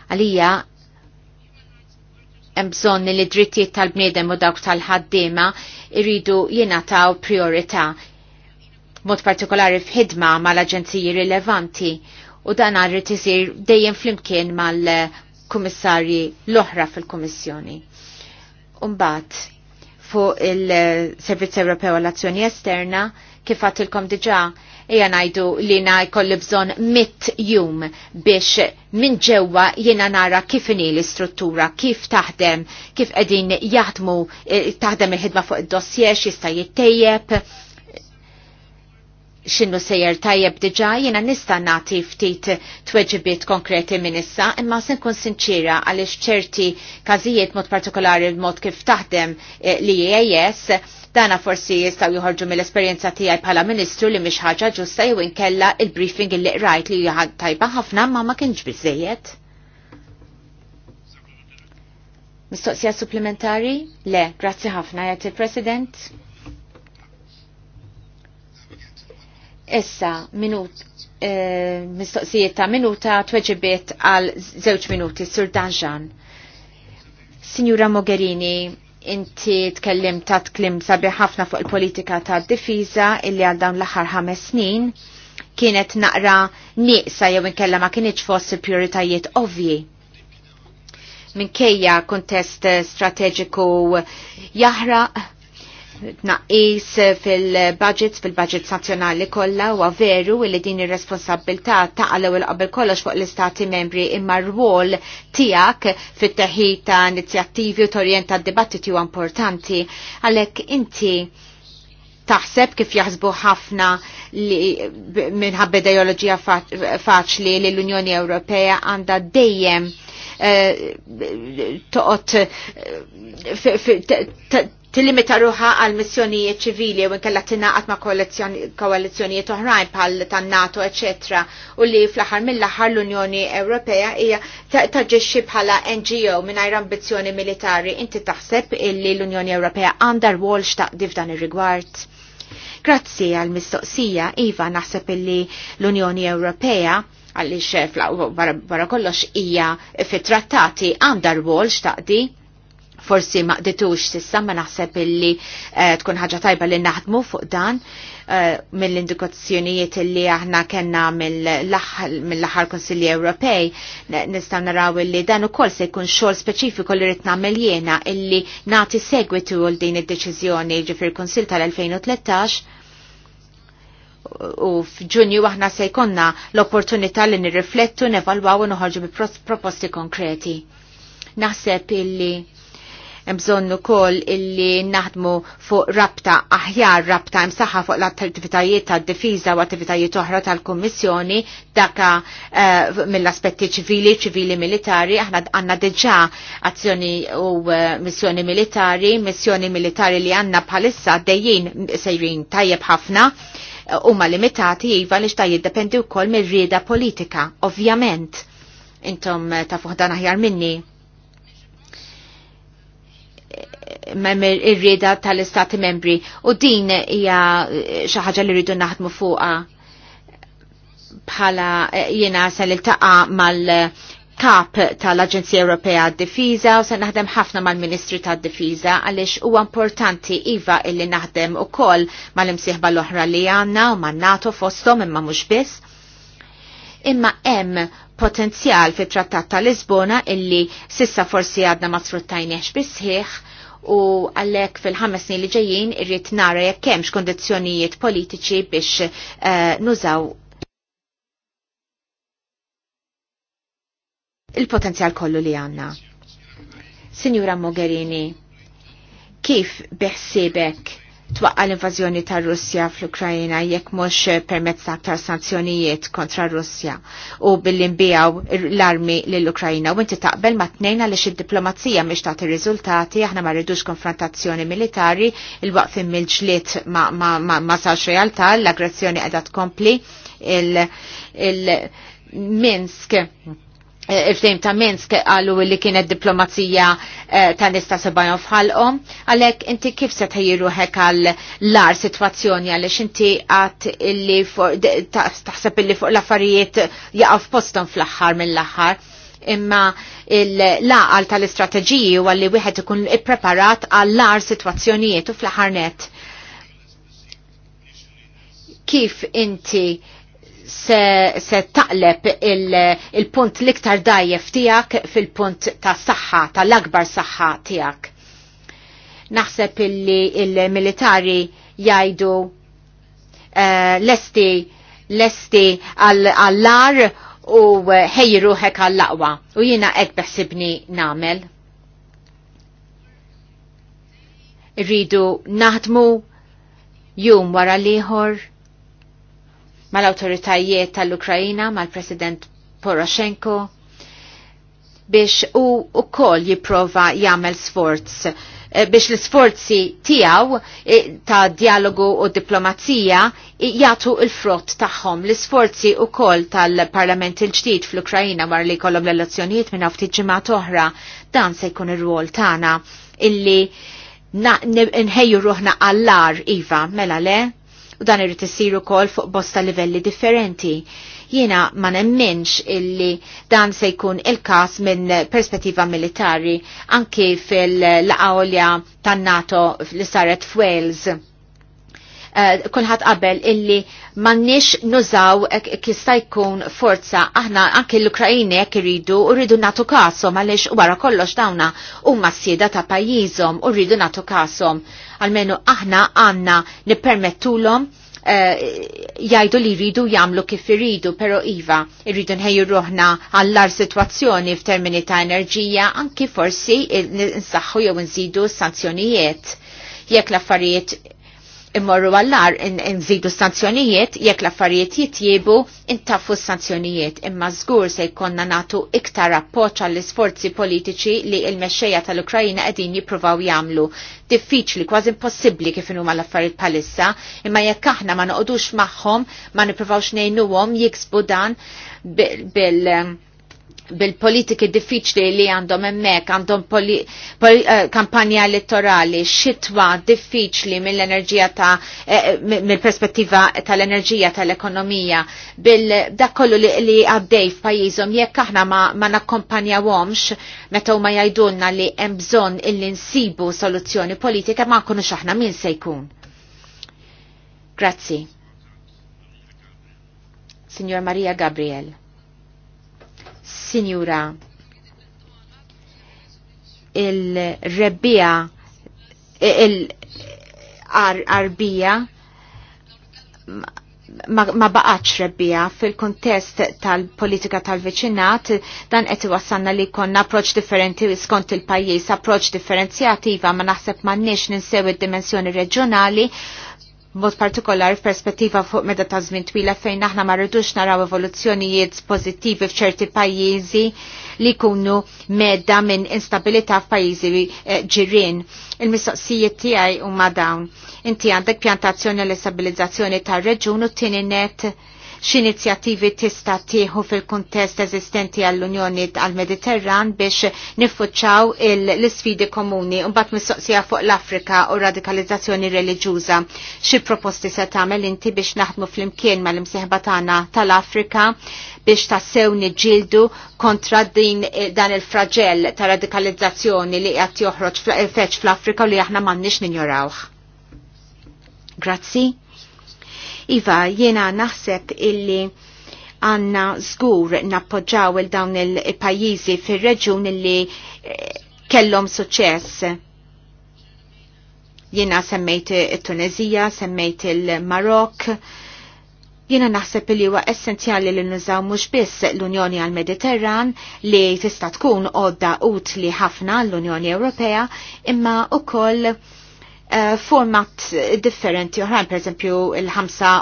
għalija hemm bżonn li drittijiet tal-bniedem u dawk tal-ħaddiema irridu jingħataw priorità mod partikolari f'ħidma mal-aġenziji rilevanti u dan għarri tisir dejjem flimkien mal kummissarji l-oħra fil-Kummissjoni. Umbat, fuq il-Servizz Ewropew għall-Azzjoni Esterna, kif għatilkom diġa, ija najdu li na jkolli bżon mit jum biex minn ġewwa jiena nara kif ini l-istruttura, kif taħdem, kif edin jaħdmu, eh, taħdem il-ħidma fuq id-dossier, xista jittejjeb xinnu sejjer tajjeb diġa jina nista nati ftit tweġibiet konkreti minn issa, imma se nkun sinċira għaliex ċerti każijiet mod partikolari mod kif taħdem eh, li EAS, dana forsi jistgħu joħorġu mill-esperjenza tiegħi bħala ministru li mhix ħaġa ġusta jew inkella il-briefing li rajt li hija tajba ħafna ma ma kienx biżejjed. Mistoqsija supplementari? Le, grazzi ħafna, jgħati il-President. Issa, minut, eh, mistoqsijiet ta' minuta tweġibiet għal żewġ minuti, Sur Danġan. Signora Mogherini, inti tkellim ta' tklim sabi ħafna fuq il-politika ta' difiża illi għal dawn l-aħħar ħames snin kienet naqra nieqsa jew inkella ma kienieċ fost il-prioritajiet ovvji minkejja kontest strateġiku jahra tnaqqis fil-budgets, fil-budgets nazjonali kollha huwa veru li din ir-responsabilità taqalew il-qabel kollox fuq l-istati membri imma r-wol tiegħek fit-teħid ta' inizjattivi u torjenta d-dibattiti huwa importanti għalhekk inti taħseb kif jaħsbu ħafna minħabba ideoloġija faċli li l-Unjoni Ewropea għandha dejjem toqgħod tillimita ruħa għal missjonijiet ċivili u nkella tingħaqad ma' koalizzjonijiet oħrajn pal tan-NATO, eċetera, u li fl-aħħar mill-aħħar l-Unjoni Ewropea hija taġġixxi bħala NGO mingħajr ambizzjoni militari. Inti taħseb illi l-Unjoni Ewropea għandha rwol x'taqdi f'dan ir-rigward? Grazzi għal mistoqsija, Iva naħseb illi l-Unjoni Ewropea għaliex barra eh, kollox hija fit-trattati għandha wol x'taqdi forsi ma qditux sissa ma naħseb illi eh, tkun ħaġa tajba li naħdmu fuq dan eh, mill-indikazzjonijiet illi aħna kena mill-aħħar Konsilli Ewropej nistgħu naraw illi dan ukoll se jkun xogħol speċifiku li rid nagħmel jiena illi nagħti segwitu għal din id-deċiżjoni ġifir kunsill tal-2013 u f'Ġunju aħna se jkonna l-opportunità li nirriflettu, nevalwaw u noħorġu bi proposti konkreti. Naħseb illi mżonnu kol illi naħdmu fuq rabta aħjar rabta imsaħħa fuq l-attivitajiet ta' difiża u attivitajiet oħra tal-Kummissjoni daka uh, mill-aspetti ċivili, ċivili militari, aħna għanna diġà azzjoni u uh, missjoni militari, missjoni militari li għanna bħalissa dejjin sejrin tajjeb ħafna huma limitati iva li xta jiddependi wkoll mir-rieda politika, ovvjament. Intom eh, ta' fuħdan aħjar minni. Mem ir-rieda tal-istati membri u din hija eh, xi ħaġa li rridu naħdmu fuqha bħala eh, jiena se iltaqa mal kap tal-Aġenzija Ewropea għad-Difiża u se naħdem ħafna mal-Ministri tad-Difiża għaliex huwa importanti iva illi naħdem ukoll mal-imsieħba l-oħra li għandna u man-NATO fosthom imma mhux biss. Imma hemm potenzjal fit trattat tal-Lisbona illi sissa forsi għadna ma sfruttajniex bisħiħ u għallek fil-ħames snin li ġejjin irrid nara jekk hemmx kondizzjonijiet politiċi biex uh, nużaw il-potenzjal kollu li għanna. Signora Mogherini, kif beħsibek twaqqa l-invażjoni ta' Russja fl-Ukrajina jekk mhux permezz ta' aktar sanzjonijiet kontra Russja u billi nbijaw l-armi lill-Ukrajina u inti taqbel ma' tnejna għaliex id-diplomazija mhix tagħti riżultati aħna ma rridux konfrontazzjoni militari il-waqf mill-ġlied ma, ma, ma, ma sarx realtà l-aggressjoni qiegħda tkompli il-Minsk. il, il eh, fdejm ta' Minsk għallu li kienet diplomazija eh, ta' nista sebajon fħalqom, għalek inti kif se tħejjiru hekk għal lar situazzjoni għalix inti għat illi taħseb illi fuq l-affarijiet jaqaf postom fl-axħar mill-axħar, imma l-laqal tal-istrateġiji u għalli wieħed ikun ippreparat għall lar situazzjonijiet u fl-axħar net. Kif inti se, se taqleb il-punt il liktar dajjef tijak fil-punt ta' saħħa, ta' l-akbar saħħa tijak. Naħseb illi il-militari jajdu uh, lesti lesti għall-lar u ħejru hekk għall-laqwa. U jina qed beħsibni namel. Rridu naħdmu jum wara liħor mal-autoritajiet tal-Ukrajina, mal-President Poroshenko, biex u ukoll jipprova jagħmel sforz eh, biex l-sforzi tiegħu eh, ta' dialogu u diplomazija eh, jagħtu l-frott tagħhom. L-sforzi wkoll tal-Parlament il-ġdid fl-Ukrajina mar li jkollhom l-elezzjonijiet minn ftit ġimgħat oħra dan se jkun ir-rwol tagħna illi nħejju ruħna għallar iva mela le u dan irrid isir ukoll fuq bosta livelli differenti. Jiena ma nemminx illi dan se jkun il-każ minn perspettiva militari anki fil-laqawlja tan-NATO li saret f'Wales Eh, kulħadd qabel illi m'għandniex nużaw kista jkun forza aħna anke l-Ukrajini jekk iridu u rridu nagħtu kasom għaliex wara kollox dawna u s ta' pajjiżhom u rridu nagħtu kasom. Almenu aħna għandna nippermettulhom eh, jajdu li rridu jamlu kif irridu, pero Iva, irridu nħejju ruħna għallar situazzjoni f'termini ta' enerġija, anki forsi nsaħħu jew nżidu sanzjonijiet. Jekk l-affarijiet immorru għallar nżidu sanzjonijiet jekk l-affarijiet jitjiebu intaffu sanzjonijiet imma żgur se jkonna natu iktar appoċ għall isforzi politiċi li il-mexxejja tal-Ukrajina qegħdin jippruvaw jagħmlu. Diffiċli kważi impossibbli kif huma l-affarijiet bħalissa, imma jekk aħna ma noqogħdux magħhom ma nippruvawx ngħinuhom jiksbu dan bil-, bil bil-politiki diffiċli li għandhom emmek, għandhom eh, kampanja elettorali, xitwa diffiċli mill-enerġija ta' eh, mill-perspettiva tal-enerġija tal-ekonomija, bil-dak kollu li għaddej f'pajjiżhom jekk aħna ma nakkompanjawhomx meta huma jgħidulna li hemm bżonn illi nsibu soluzzjoni politika ma nkunux aħna min se jkun. Grazzi. Signor Maria Gabriel. Sinjura, il-rebbija, il-arbija, ma, ma baqax rebbija fil-kontest tal-politika tal-veċinat dan qed iwassalna li konna approċ differenti skont il-pajjiż, approċ differenzjativa ma naħseb m'għandniex ninsew id-dimensjoni reġjonali mod partikolar f'perspettiva fuq meta ta' żmien twila fejn aħna ma rridux naraw evoluzzjonijiet pożittivi f'ċerti pajjiżi li jkunu medda minn instabilità f'pajjiżi eh, ġirien. Il-mistoqsijiet tiegħi huma dawn. Inti għandek pjantazzjoni l istabilizzazzjoni tar-reġun u tieni net x'inizjattivi tista' tieħu fil-kuntest eżistenti għall-Unjoni għall-Mediterran biex niffuċċaw l-isfidi komuni u mbagħad mistoqsija fuq l-Afrika u radikalizzazzjoni reliġjuża. Xi proposti se tagħmel inti biex naħdmu flimkien mal-imsieħba tagħna tal-Afrika biex tassew niġġieldu kontra din dan il-fraġell ta' radikalizzazzjoni li qed joħroġ fl-Afrika u li aħna m'għandniex ninjorawh. Grazzi. Iva, jiena naħseb illi għanna zgur nappoġġaw il-dawn il-pajizi fil-reġun illi eh, kellom suċess. Jiena semmejt il-Tunezija, semmejt il-Marok, Jiena naħseb li huwa essenzjali li nużaw mhux biss l-Unjoni għall mediterran li tista' tkun għodda utli ħafna l-Unjoni Ewropea imma wkoll uh, format differenti oħrajn, per esempio il-5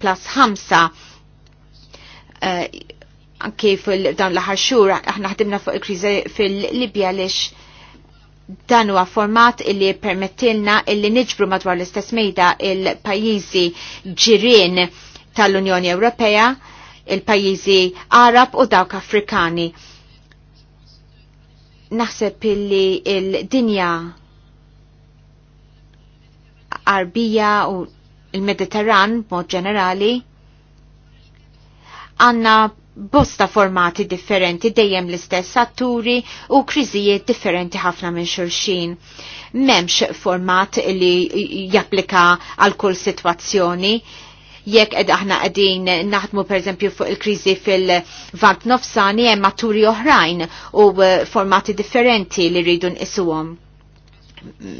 plus 5 uh, eh, anke fil-dawn l-aħħar xhur aħna ħdimna fuq il-kriżi fil-Libja lix dan huwa format illi permettilna illi niġbru madwar l-istess mejda il-pajjiżi ġirien tal-Unjoni Ewropea, il-pajjiżi Arab u dawk Afrikani. Naħseb illi il-dinja arbija u il-Mediterran mod ġenerali għanna bosta formati differenti dejjem l-istess atturi u kriżijiet differenti ħafna minn xulxin. Memx format li japplika għal kull situazzjoni. Jekk ed aħna qegħdin naħdmu pereżempju fuq il-kriżi fil-vant nofsani hemm atturi oħrajn u eh, formati differenti li rridu nqisuhom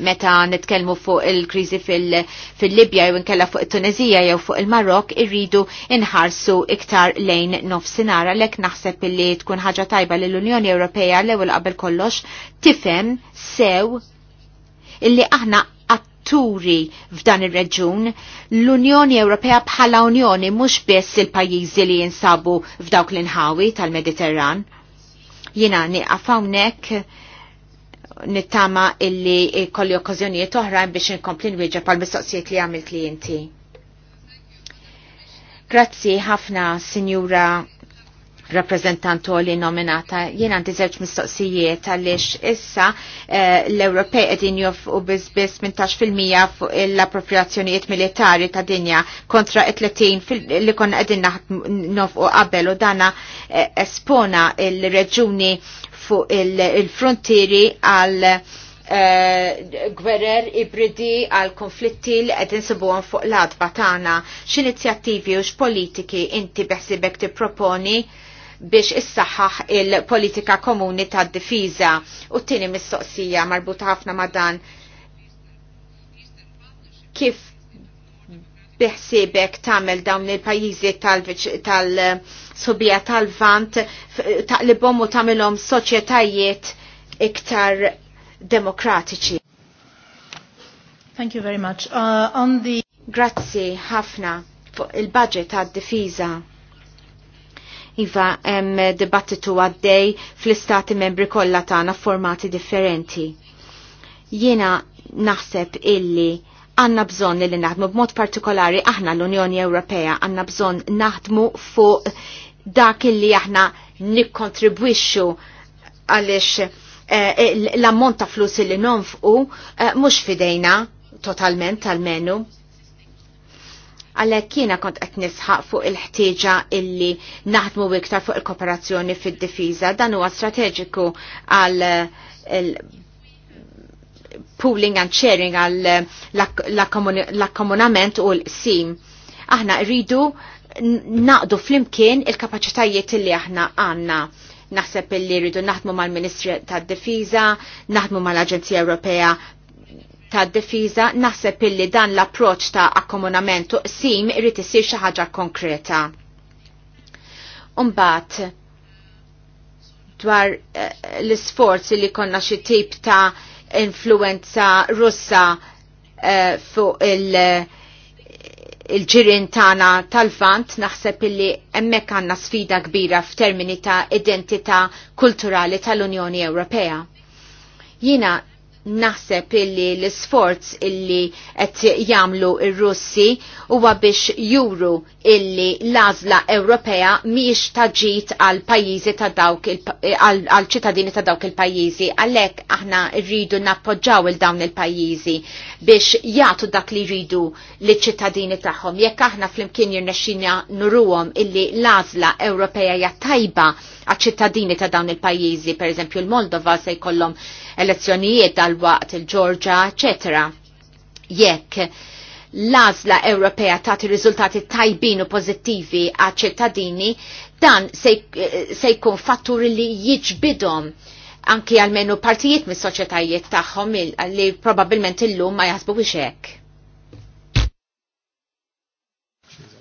meta nitkellmu fuq il-kriżi fil-Libja jew inkella fuq it-Tunezija jew fuq il-Marok irridu inħarsu iktar lejn nofsinara, għalhekk naħseb illi tkun ħaġa tajba l unjoni Ewropea l-ewwel qabel kollox tifhem sew illi aħna atturi f'dan ir-reġun l-Unjoni Ewropea bħala Unjoni mhux biss il-pajjiżi li jinsabu f'dawk l-inħawi tal-Mediterran. Jiena nieqaf hawnhekk nittama illi kolli okkazjonijiet oħrajn biex inkompli nwieġa pal mistoqsijiet li għamilt klienti. Grazzi ħafna, signora rappresentantu li nominata. Jien għandi żewġ mistoqsijiet għaliex issa eh, l-Ewropej qegħdin jofqu biss fil-mija fuq l-appropriazzjonijiet militari ta' dinja kontra 30 li konna qegħdin nofqu qabel u dana eh, espona il-reġuni fuq il-frontieri għal eh, gwerer ibridi għal konflitti li qed insibuhom fuq l-adba tagħna. X'inizjattivi u x'politiki inti beħsibek tipproponi proponi biex issaħħaħ il-politika komuni ta' difiża u t-tieni mistoqsija marbuta ħafna ma' dan kif biħsibek tamel dawn il-pajizi tal-subija tal-vant taqlibom u tamilom soċjetajiet iktar demokratiċi. Thank you very much. Uh, on the... Grazzi ħafna fuq il-budget għad-difiża Iva hemm dibattitu għaddej fl-istati membri kollha tagħna formati differenti. Jiena naħseb illi għanna bżon li naħdmu b'mod partikolari aħna l-Unjoni Ewropea għanna bżon naħdmu fuq dak illi aħna nikkontribwixxu għaliex eh, l-ammont ta' flus li nonfqu eh, mhux fidejna totalment tal-menu Għalhekk jiena kont qed nisħaq fuq il-ħtieġa illi naħdmu iktar fuq il-kooperazzjoni fid-difiża dan huwa strateġiku għal pooling and sharing għal l-akkomunament u l-sim. Aħna rridu naqdu flimkien il-kapacitajiet illi aħna għanna. Naħseb illi rridu naħdmu mal-Ministri tad difiża naħdmu mal-Aġenzija Ewropea ta' difiża naħseb illi dan l-approċ ta' akkomunamentu sim irrid isir xi ħaġa konkreta. Umbat, dwar eh, l isforzi li konna xi tip ta' influenza russa eh, fuq il- il-ġirin tana tal-vant naħseb illi emmek għanna sfida kbira f'termini ta' identità kulturali tal-Unjoni Ewropea. Jina naħseb illi l-sforz illi qed jagħmlu r russi huwa biex juru illi l-għażla Ewropea mhijiex taġit għal pajjiżi ta' dawk għal ċittadini ta' dawk il-pajjiżi għalhekk aħna rridu nappoġġaw il dawn il-pajjiżi biex jagħtu dak li jridu liċ-ċittadini tagħhom jekk aħna flimkien jirnexxina nuruhom illi l-għażla Ewropea hija tajba għaċ-ċittadini ta' dawn il-pajjiżi, pereżempju l-Moldova se jkollhom elezzjonijiet għal waqt il-Georgia, eccetera. Jekk l-azla Ewropea tagħti riżultati tajbin u pożittivi għal ċittadini, dan se jkun fatturi li jiġbidhom anki għalmenu partijiet mis soċjetajiet tagħhom li probabbilment illum ma jaħsbu biex hekk.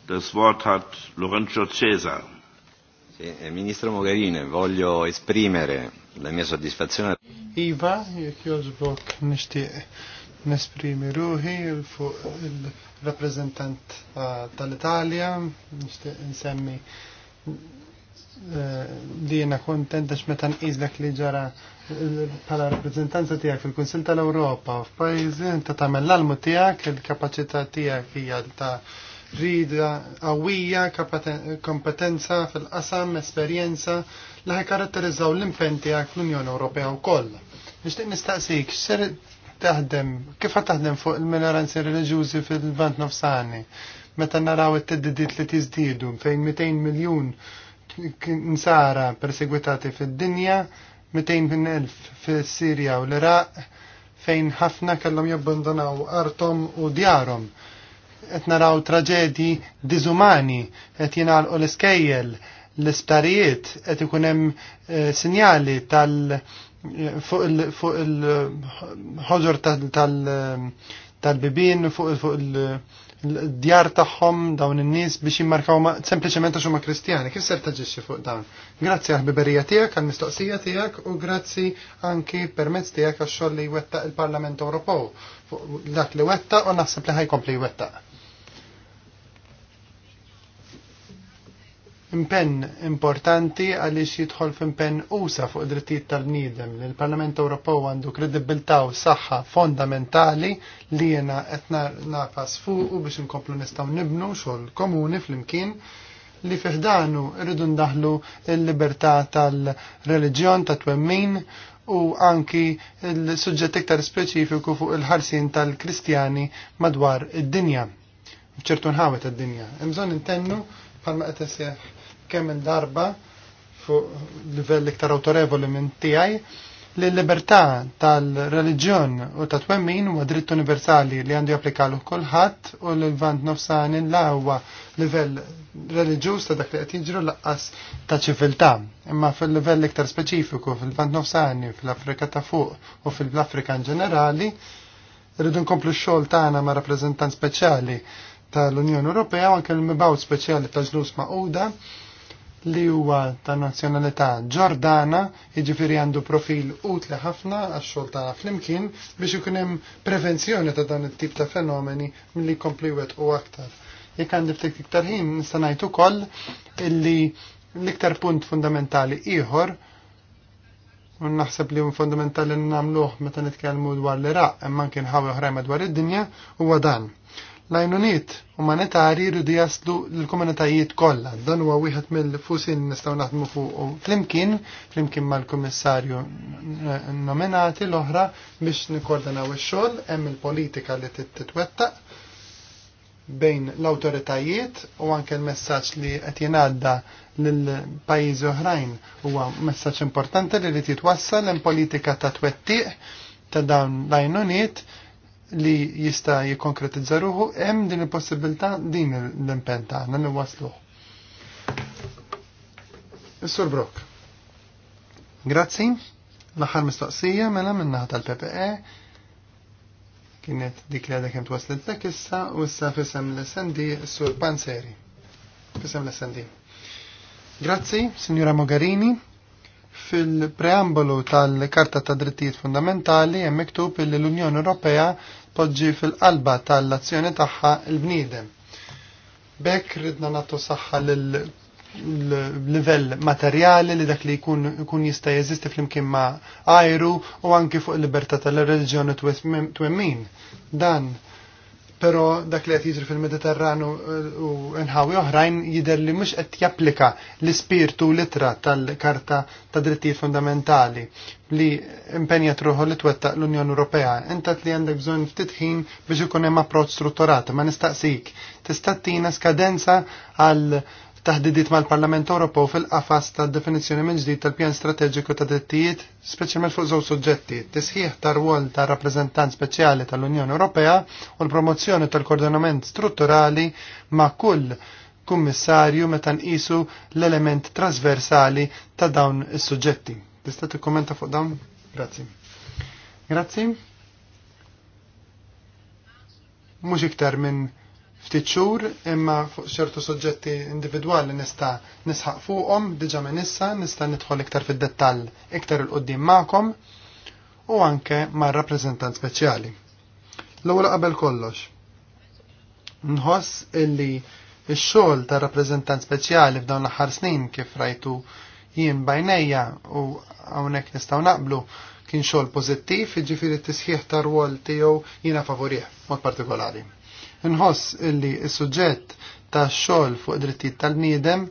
Das Wort hat Lorenzo Cesar. Eh, ministro Mogherini, voglio esprimere la mia soddisfazione. Iva, jek joġbok nishtiq nesprimi il-fu il-rappresentant tal-Italja, nishtiq insemmi eh, li jena kontenta x'meta nqis li ġara pala rappreżentanza tiegħek fil-Kunsill tal-Ewropa f'pajjiżi inta tagħmel l-almu tiegħek, il-kapaċità tiegħek hija ta' rida qawwija, kompetenza fil-qasam, esperjenza li karatterizzaw l impen tiegħek fl-Unjoni Ewropea wkoll. Nixtieq nistaqsik x'ser taħdem, kif taħdem fuq il-minoranzi reliġjużi fil-Vant Nofsani? Meta naraw it-teddidiet li tiżdiedu fejn 200 miljun nsara persegwitati fid-dinja, 200.000 fil-Sirja u l-Iraq, fejn ħafna kellhom jabbandonaw artom u djarhom. Qed naraw traġedji diżumani, qed jingħalqu l-iskejjel, l-isptarijiet qed ikun hemm eh, sinjali tal- fuq il-ħoġor tal-bibin, fuq il-djar tagħhom dawn in-nies biex jimmarkaw sempliċement għax huma Kristjani. Kif ser taġixxi fuq dawn? Grazzi għal biberija tiegħek, għal mistoqsija tiegħek u grazzi anki permezz tiegħek għax-xogħol li jwettaq il-Parlament Ewropew fuq dak li wettaq u naħseb li ħajkompli jwettaq. impenn importanti għaliex jidħol f'impenn usa fuq drittijiet tal-bniedem. l parlament Ewropew għandu kredibilità u saħħa fondamentali li jena qed nafas fuq biex inkomplu nistgħu nibnu xogħol komuni flimkien li fiħdanu rridu ndaħlu l-libertà tal-reliġjon ta' twemmin u anki l-suġġett iktar speċifiku fuq il-ħarsin tal-Kristjani madwar id-dinja. F'ċertu nħawet id-dinja. Imżon intennu palma qed kemm darba fuq livell iktar autorevoli minn tiegħi li l-libertà tal-reliġjon u ta' twemmin huwa dritt universali li għandu japplikalu kulħadd u l-vant nofsani la huwa livell reliġjuż ta' dak li qed jiġru laqqas ta' ċiviltà. Imma fil-livell iktar speċifiku fil-vant nofsani fl-Afrika ta' fuq u fil-Afrika in ġenerali, rridu nkomplu x-xogħol tagħna ma' rappreżentant speċjali tal-Unjoni Ewropea u anke l-mibgħut speċjali tal-ġlus ma' li huwa ta' nazzjonalità ġordana, jiġifieri għandu profil utli ħafna għax-xogħol tagħna flimkien biex ikun hemm prevenzjoni ta' dan it-tip ta' fenomeni milli jkompli u aktar. Jekk għandi ftit iktar ħin nista' ngħid ukoll illi l-iktar punt fundamentali ieħor u naħseb li fundamentali nagħmluh meta nitkellmu dwar l-Iraq imma kien ħawi oħrajn madwar id-dinja huwa dan L-għajnuniet umanitari rridu jaslu l-komunitajiet kollha. Dan huwa wieħed mill-fusin nistgħu naħdmu fuq flimkien, flimkien mal-kummissarju nominati l-oħra biex nikkoordinaw ix-xogħol hemm il-politika li titwettaq bejn l-awtoritajiet u anke l-messaġġ li qed jingħadda lill-pajjiżi oħrajn huwa messaġġ importanti li rid jitwassal hemm politika ta' twettiq ta' dawn l-għajnuniet li jista jikkonkretizza ruħu, hemm din il-possibilità din l-impenta aħna niwasluh. Is-Sur Brok. Grazzi, l-aħħar mistoqsija mela minnaħa tal-PPE kienet dik li għadha kemm twaslet lek issa u issa fisem l sendi sur Panzeri. Fisem l sendi Grazzi, Signora Mogherini, Fil-preambolu tal-Karta ta' Drittijiet Fundamentali hemm miktub li l-Unjoni Ewropea poġġi fil-qalba tal-azzjoni tagħha l-bniedem. Bekk ridna nagħtu saħħa lil livell materjali li dak li jkun jista' jeżisti flimkien ma' ajru u anki fuq il-libertà tal-reliġjoni twemmin. Dan pero dak li qed jiġri fil-Mediterranu uh, u nħawi oħrajn jidher li mhux qed japplika l-ispirtu litra tal-Karta ta' Drittijiet Fundamentali li impenja truħu li twettaq l-Unjoni Ewropea. Intat li għandek bżonn ftit ħin biex ikun hemm approċċ strutturat, ma nistaqsik. Tista' tina skadenza għal taħdidiet mal-Parlament Ewropew fil-qafas ta' definizzjoni minn ġdid tal-pjan strateġiku ta' drittijiet, speċjalment fuq żewġ suġġetti, tisħiħ ta' rwol ta' rappreżentant speċjali tal-Unjoni Ewropea u l-promozzjoni tal-koordinament strutturali ma' kull kummissarju meta nqisu l-element trasversali ta' dawn is-suġġetti. Tista' tikkumenta fuq dawn? Grazzi. Grazzi. Mhux iktar minn ftit xhur imma fuq ċertu soġġetti individwali nista' nisħaq fuqhom diġà minn issa nista' nidħol iktar fid-dettall iktar il qudiem magħkom u anke mar rappreżentant speċjali. L-ewwel qabel kollox. Nħoss illi x-xogħol ta' rappreżentant speċjali f'dawn l-aħħar snin kif rajtu jien bajnejja u hawnhekk nistgħu naqblu kien xogħol pożittiv, jiġifieri t-tisħiħ tar rwol tiegħu jiena favorih mod partikolari. Nħoss illi s-suġġett ta' xogħol fuq drittijiet tal-niedem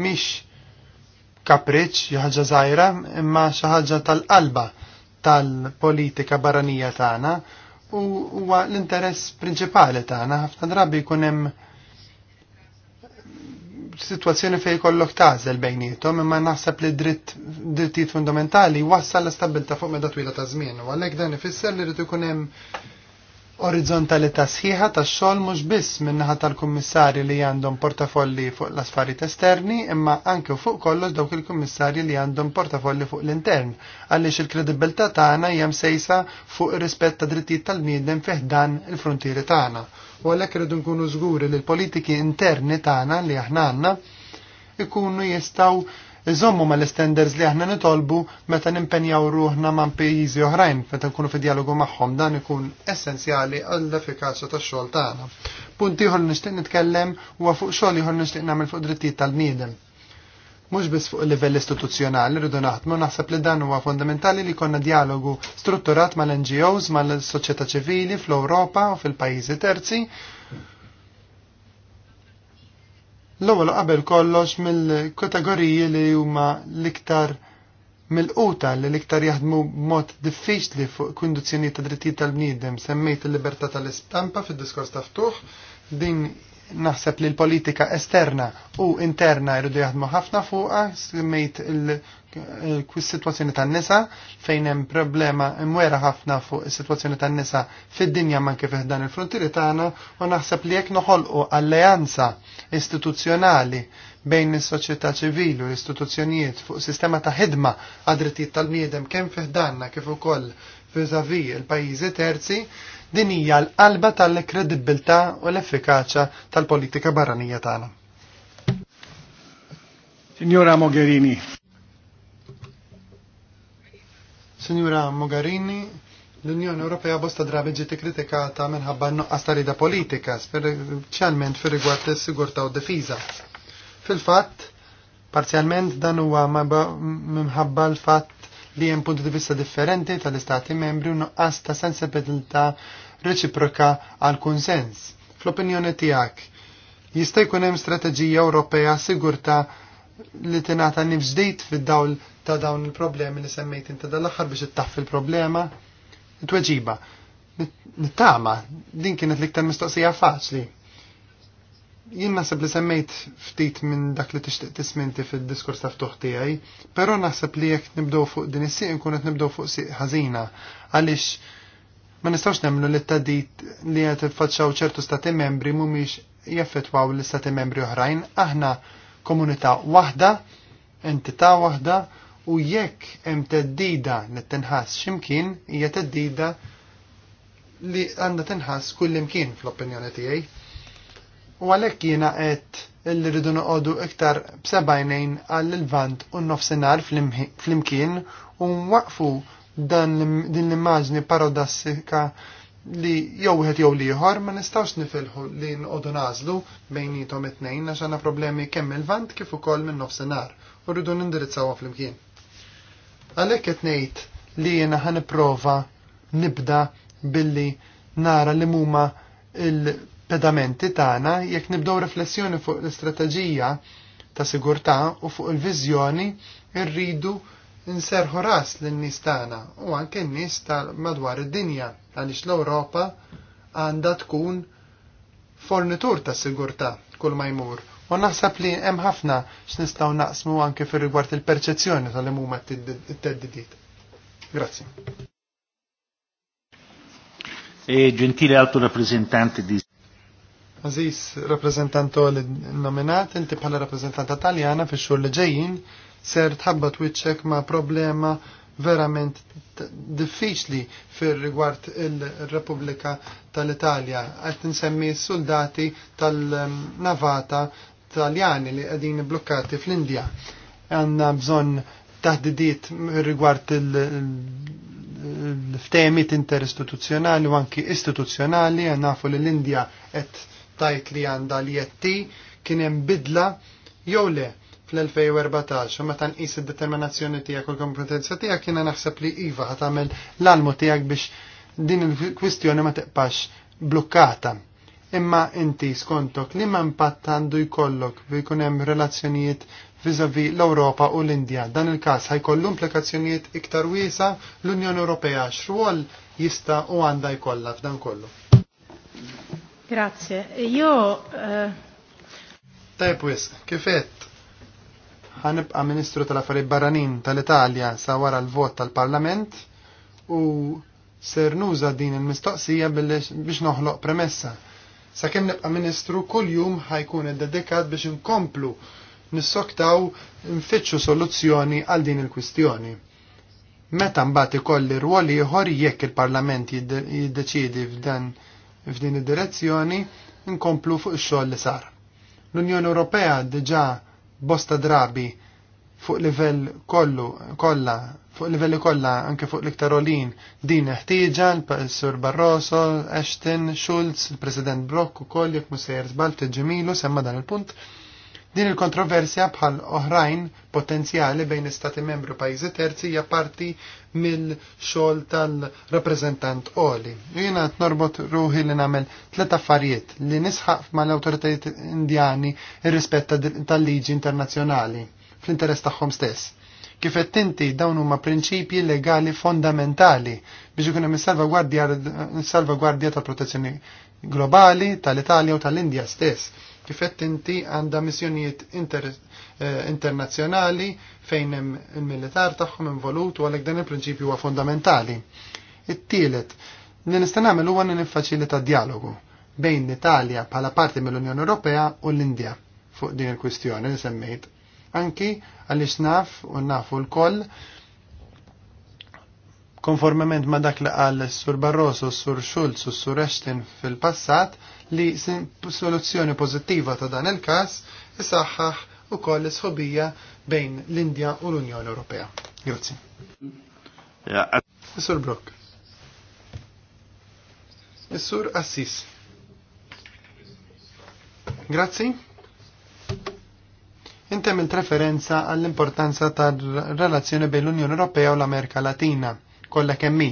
mhix kapriċ xi ħaġa żgħira imma xi ħaġa tal-qalba tal-politika barranija tagħna u huwa l-interess prinċipali tagħna ħafna drabi jkun hemm situazzjoni fej kollok tażel bejnietom, imma naħseb li dritt drittijiet fundamentali wassal l-istabilta fuq meda twila ta' żmien. U għalhekk dan ifisser li rid ikun hemm orizzontalità sħiħa tax-xogħol mhux biss min-naħa tal-kummissarji li għandhom portafolli fuq l-affarijiet esterni, imma anke fuq kollox dawk il-kummissarji li għandhom portafolli fuq l-intern, għaliex il-kredibilità tagħna hija msejsa fuq ir-rispett ta' drittijiet tal-bniedem fih dan il-frontieri tagħna. U għalhekk irridu nkunu żguri li l-politiki interni tagħna li aħna għandna ikunu jistgħu Iżommu ma l-standards li aħna nitolbu meta nimpenjaw ruħna ma' pajjiżi oħrajn meta nkunu fi dialogu magħhom dan ikun essenzjali għall effikaċja tax-xogħol tagħna. Punt ieħor nixtieq nitkellem huwa fuq xogħol ieħor nixtieq nagħmel fuq drittijiet tal-bniedem. Mhux biss fuq il-livell istituzzjonali rridu naħdmu naħseb li dan huwa fondamentali li konna dialogu strutturat mal-NGOs, mal-soċjetà ċivili fl-Ewropa u fil-pajjiżi terzi L-ewwel qabel kollox mill-kategoriji li huma l-iktar mill-quta li l-iktar jaħdmu b'mod diffiċli fuq kundizzjonijiet ta' drittijiet tal-bniedem semmejt il-libertà tal-istampa fid-diskors ta' ftuħ din naħseb li l-politika esterna u interna jridu jaħdmu ħafna fuqa, smejt il-situazzjoni tan-nisa fejn hemm problema imwera ħafna fuq is-sitwazzjoni tan-nisa fid-dinja man kif dan il-frontieri tagħna u naħseb li jekk noħolqu alleanza istituzzjonali bejn is-soċjetà ċivili u l-istituzzjonijiet fuq sistema ta' ħidma għad-drittijiet tal-bniedem kemm fih danna kif ukoll viżavi il-pajjiżi terzi, Din hija l-qalba tal-kredibilità u l-effikaċja tal-politika barranija tagħna. Signora Mogherini. Signora Mogherini, l-Unjoni Ewropea bosta drabi ġiet kritikata minħabba nuqqas ida politika, speċjalment fir rigward is-sigurtà u d-difiża. Fil-fatt, parzjalment dan huwa minħabba l-fatt li hemm punti di vista differenti tal-Istati membri u nuqqas ta' sensibilità reċiproka għal kunsens. Fl-opinjoni tiegħek, jista' jkun hemm strateġija Ewropea sigurta li tingħata nifġdejt fid-dawl ta' dawn il-problemi li semmejt inta dal-aħħar biex it-taff il-problema? Tweġiba, nittama, din kienet l-iktar mistoqsija faċli jien naħseb li semmejt ftit minn dak li tixtieq tisminti fid-diskors ta' ftuħ tiegħi, però naħseb li jekk nibdew fuq din is-sieq nkun qed nibdew fuq sieq ħażina għaliex ma nistgħux nemmlu li t-tadit li qed iffaċċaw ċertu stati membri mhumiex jaffettwaw l-istati membri oħrajn, aħna komunità waħda, entità waħda u jekk hemm teddida li tinħass x'imkien hija teddida li għandha tinħass kull imkien fl-opinjoni tiegħi u għalhekk jiena qed illi ridun noqogħdu iktar b'sebajnejn għall vant u nofsinhar fl-imkien u mwaqfu dan din l-immaġni parodassika li jew wieħed jew ieħor ma nistgħux nifilħu li nqogħdu nażlu bejnietom it-tnejn għax għandna problemi kemm il-vant kif ukoll minn nofsinhar u rridu nindirizzawha flimkien. Għalhekk qed ngħid li jiena ħa nipprova nibda billi nara li huma pedamenti tagħna jekk nibdew riflessjoni fuq l-istrateġija ta' sigurtà u fuq il-viżjoni rridu nserħu ras l nies tagħna u anke n-nies ta' madwar id-dinja għaliex l-Ewropa għandha tkun fornitur ta' sigurtà kull ma jmur. U naħseb li hemm ħafna x'nistgħu naqsmu anke fir-rigward il-perċezzjoni tal-imuma t-teddidiet. Grazie. E gentile alto rappresentante di Aziz, rappresentanto nominat, inti bħala rappresentanta taljana fi xur li ġejjin ser tħabba twitċek ma' problema verament diffiċli fir rigward il-Repubblika tal-Italja. Għet nsemmi soldati tal-navata taljani li għedin blokkati fl-Indja. Għanna bżon taħdidiet rigward il-ftemiet interistituzjonali u anki istituzjonali, għannafu li l-Indja għet tajt li għandha li jetti kien hemm bidla jew le fl-2014 u meta nqis id-determinazzjoni tiegħek u l-kompetenza tiegħek kien naħseb li iva ħat tagħmel l-almu tiegħek biex din il-kwistjoni ma teqpax blukkata. Imma inti skontok li ma impatt għandu jkollok bi jkun hemm relazzjonijiet vizavi l-Europa u l-Indja. Dan il-kas ħajkollu implikazzjonijiet iktar wiesa l-Unjoni Ewropea x'rwol jista' u għandha jkollha f'dan kollu. Grazie. Jo. Uh... Eh, Tajpwis, kifet? ħanibqa' Ministru tal-Affarijiet Barranin tal-Italja sa wara l-vot tal-Parlament u ser nuża din il-mistoqsija biex noħloq premessa. Sakemm nibqa' Ministru kull jum ħajkun iddedikat biex inkomplu nissoktaw nfittxu soluzzjoni għal din il-kwistjoni. Meta mbagħad ikolli rwol ieħor jekk il-Parlament jiddeċiedi f'dan F'din id-direzzjoni nkomplu fuq ix-xogħol li sar. L-Unjoni Ewropea diġà bosta drabi fuq livell kollu kollha fuq livelli kollha anke fuq l-iktar olin din ħtieġa l-Sur Barroso, Ashton, Schulz, il-President Brock ukoll jekk musejjer żbalt ġemilu semma dan il-punt. Din il-kontroversja bħal oħrajn potenzjali bejn istati membru pajjiżi terzi hija parti mill-xogħol tal-rappreżentant qoli. Jiena qed norbot ruħi li nagħmel tliet affarijiet li nisħaq mal-awtoritajiet indjani ir rispetta tal-liġi internazzjonali fl-interess tagħhom stess. Kif qed inti dawn huma prinċipji legali fondamentali biex ikun hemm is-salvagwardja tal-protezzjoni globali tal-Italja u tal-Indja stess kifet inti għandha missjonijiet inter, eh, internazzjonali fejn hemm il-militar tagħhom involut u għalhekk dan il-prinċipju huwa fondamentali. It-tielet, li nista' nagħmel huwa niffaċilita dialogu bejn l-Italja bħala parti mill-Unjoni Ewropea u l-Indja fuq din il-kwistjoni li semmejt. Anki għaliex naf u nafu l-koll konformement ma dak li qal sur Barroso, sur Schulz u sur Ashton fil-passat, li soluzzjoni pożittiva ta' dan il-każ isaħħaħ ukoll koll sħobija bejn l-Indja u l-Unjoni Ewropea. Grazzi. Sur Brock. Sur Assis. Grazzi. Intem il-referenza għall-importanza tar relazzjoni bejn l-Unjoni Ewropea u l-Amerika Latina, kollha kemm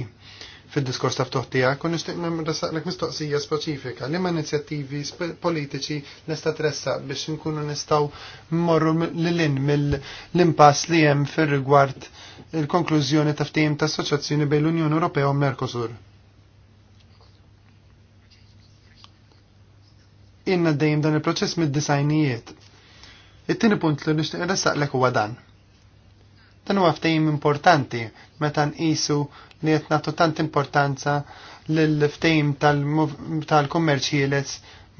fil-diskors ta' ftuħ tiegħek u nixtieq nagħmel mistoqsija speċifika li ma' inizjattivi politiċi nista' tressaq biex nkunu nistgħu mmorru lilin mill-impass li hemm fir-rigward il-konklużjoni ta' ftehim ta' assoċjazzjoni bejn l-Unjoni Ewropea u Mercosur. Inna dejjem dan il-proċess mid-disajnijiet. It-tieni punt li nixtieq nressaqlek huwa dan. Dan huwa ftehim importanti meta nqisu li qed nagħtu tant importanza lill-ftehim tal-kummerċ ħieles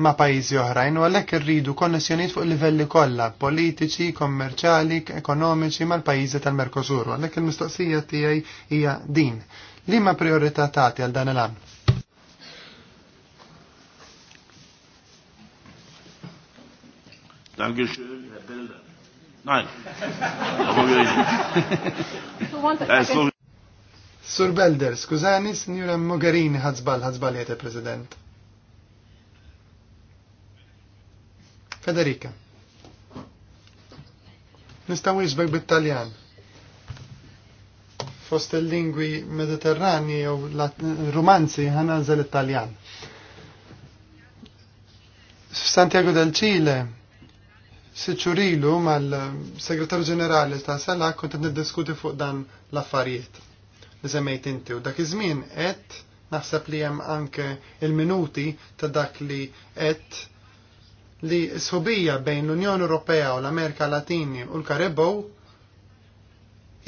ma' pajjiżi oħrajn u għalhekk irridu konnessjonijiet fuq livelli kollha, politiċi, kommerċjali, ekonomiċi mal-pajjiżi tal-Merkosur. Għalhekk il-mistoqsija tiegħi hija din. Liema priorità tagħti għal dan il-għan? Dankeschön. Uh, Sur Belder, skużani, signora Mogherini ħazbal, ħazbal jete president. Federica. Nistaw jizbek bit-Taljan. Fost il-lingwi mediterrani u romanzi ħana zel-Italjan. Santiago del Chile, siċurilu mal-segretarju ġenerali ta' Sala kont qed niddiskuti fuq dan l-affarijiet li semmejt inti u dak iż-żmien qed naħseb li hemm anke il-minuti ta' dak li qed li sħubija bejn l-Unjoni Ewropea u l-Amerika Latini u l-Karibow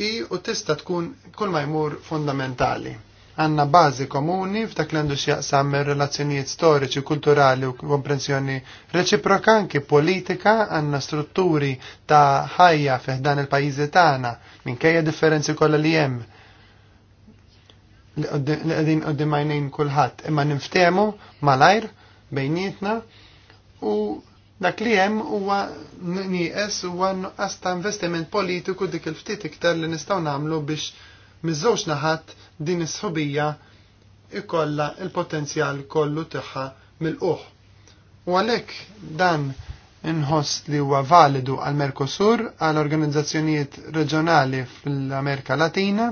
i u tista' tkun kull ma jmur fundamentali għanna bażi komuni f'dak li għandu x'jaqsam relazzjonijiet storiċi, kulturali u komprensjoni reċiproka anki politika għanna strutturi ta' ħajja f'dan il-pajjiżi tagħna minkejja differenzi kollha li hemm li qegħdin qudiem għajnejn kulħadd imma niftehmu malajr bejnietna u dak li hemm huwa nieqes huwa nuqqas ta' investiment politiku dik il-ftit iktar li nistgħu nagħmlu biex miż naħat din is sħobija ikolla il-potenzjal kollu tagħha mill-uħ. U għalhekk dan inħoss li huwa validu għal Mercosur għal organizzazzjonijiet reġjonali fl-Amerika Latina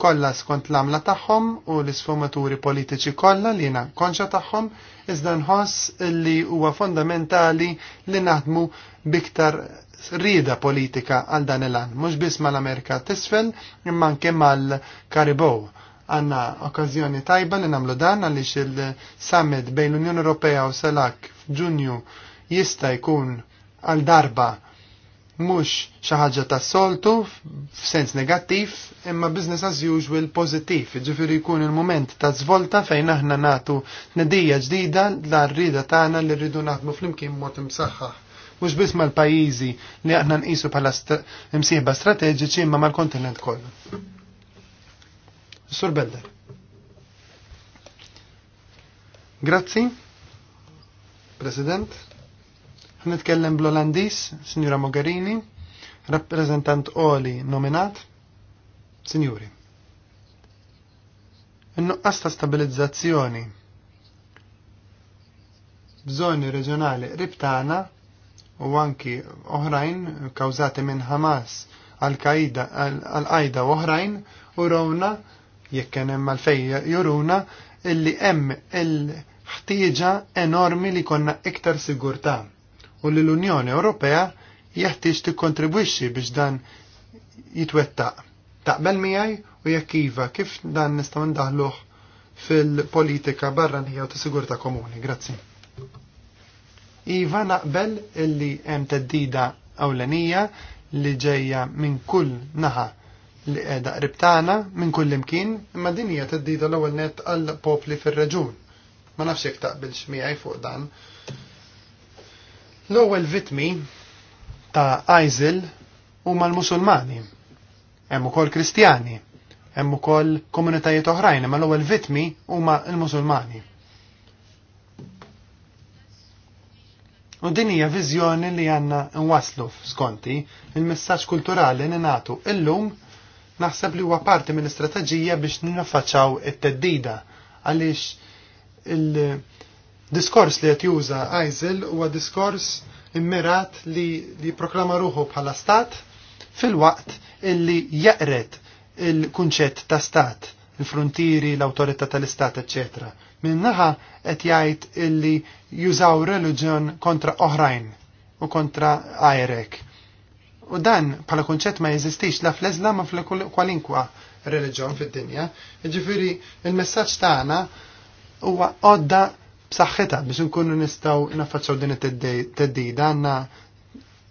kollha skont l-amla tagħhom u l-isfumaturi politiċi kollha li jiena konxa tagħhom iżda nħoss li huwa fondamentali li naħdmu biktar rida politika għal dan il-an, mhux biss mal-Amerika t'isfel imma anke mal-Karibow Għanna okkazjoni tajba li namlu dan għaliex il-summit bejn l-Unjoni Ewropea u Selak f'Ġunju jista' jkun għal darba mhux xi ħaġa ta' soltu f'sens negattiv imma business as usual pożittiv, ġifiri jkun il-mument ta' żvolta fejn aħna nagħtu nedija ġdida l-rrida tagħna li rridu naħdmu flimkien mod imsaħħa. Mhux biss mal-pajjiżi li aħna nqisu bħala imsieħba strateġiċi imma mal-kontinent kollu. Sur Belder. Grazzi, President. Nitkellem bl-Olandis, Signora Mogherini, rappresentant Oli nominat, Signori. Innuqqas ta' stabilizzazzjoni B'żoni reġjonali riptana u anki oħrajn kawzati minn Hamas, Al-Qaida u oħrajn u rowna jekk kien hemm għalfejn juruna illi hemm il-ħtieġa enormi li konna iktar sigurtà u li l-Unjoni Ewropea jeħtieġ tikkontribwixxi biex dan jitwettaq. Taqbel miegħi u jekk iva kif dan nistgħu ndaħluh fil-politika barranija u ta' sigurtà komuni. Grazzi. Iva naqbel illi hemm teddida ewlenija li ġejja minn kull naħa li qrib tagħna minn kull imkien imma din hija teddida l-ewwel net għal popli fir-reġun. Ma nafx jekk taqbil xmiegħi fuq dan. L-ewwel vitmi ta' ISIL huma l-Musulmani. Hemm ukoll Kristjani, hemm ukoll komunitajiet oħrajn, imma l-ewwel vitmi huma l-Musulmani. U din hija viżjoni li għandna nwaslu skonti il-messaġġ kulturali li nagħtu illum naħseb li huwa parti minn istrateġija biex ninnaffaċċaw it-teddida għaliex il-diskors li qed juża ISIL huwa diskors immirat li jipproklama ruħu bħala stat fil-waqt illi jaqret il-kunċett ta' stat, il-frontieri, l-autorità tal-istat, ecc. Minnaħa qed jgħid illi jużaw reliġjon kontra oħrajn u kontra ajrek. U dan bħala kunċett ma jeżistix la fl-Islam ma fl-kwalinkwa reliġjon fid-dinja. Ġifieri il-messaġġ tagħna huwa għodda b'saħħitha biex nkunu nistgħu naffaċċaw din it-teddida għandna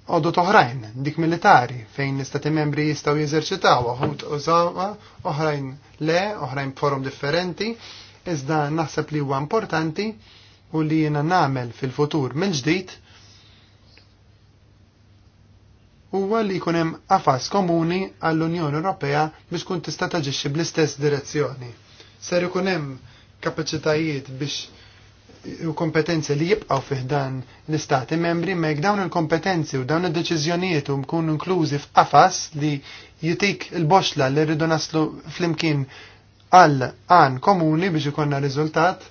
għoddu oħrajn, dik militari, fejn l-istati membri jistaw jeżerċitaw, u użawa, oħrajn le, oħrajn forum differenti, iżda naħseb li huwa importanti u li jena namel fil-futur mill ġdid huwa li jkun hemm qafas komuni għall-Unjoni Ewropea biex tkun tista' taġixxi bl-istess direzzjoni. Ser ikun hemm kapaċitajiet biex u kompetenzi li jibqaw fih dan l-istati membri mek dawn il-kompetenzi u dawn il-deċizjonijiet u mkun inklużi f'qafas li jitik il-boxla li rridu naslu fl-imkien għal għan komuni biex ikonna riżultat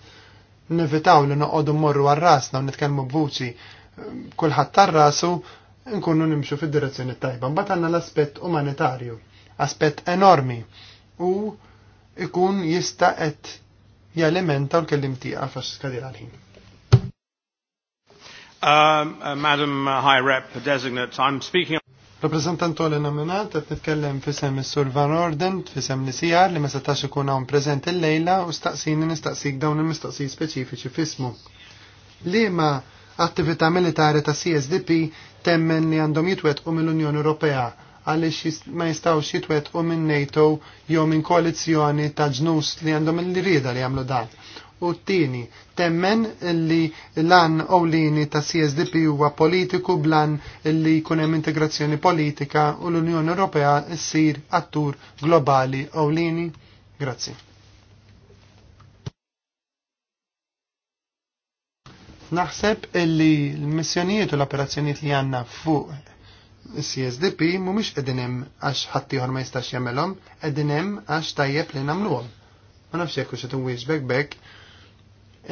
nevitaw li noqogħdu morru għal rasna u nitkellmu b'vuċi eh, kulħadd tar-rasu nkunu nimxu fid-direzzjoni tajba. Mbagħad għandna l-aspett umanitarju, aspett enormi u ikun jista' qed jalimenta l-kellim tiegħek fa' skadir għal-ħin. Um, uh, Madam uh, High Rep Designate, I'm speaking Rappresentant li nominat qed nitkellem fisem is-Sur Van Orden fisem li sijar li ma setax ikun hawn preżenti llejla u staqsini nistaqsik dawn il-mistoqsijiet speċifiċi fismu. Liema attività militari ta' CSDP temmen li għandhom u mill-Unjoni Ewropea għaliex ma xitwet u minn NATO jew minn koalizjoni ta' ġnus li għandhom li rida li jagħmlu dan. U t-tieni temmen li lan ewlieni ta' CSDP huwa politiku blan li jkun hemm integrazzjoni politika u l-Unjoni Ewropea ssir attur globali ewlieni. Grazie. Naħseb illi l-missjonijiet u l-operazzjonijiet li għanna fuq CSDP mumiex edinem għax ħattijħor ma jistax jamelom, edinem għax tajjeb li namluħom. Ma nafx jekku xe tuwix bek bek,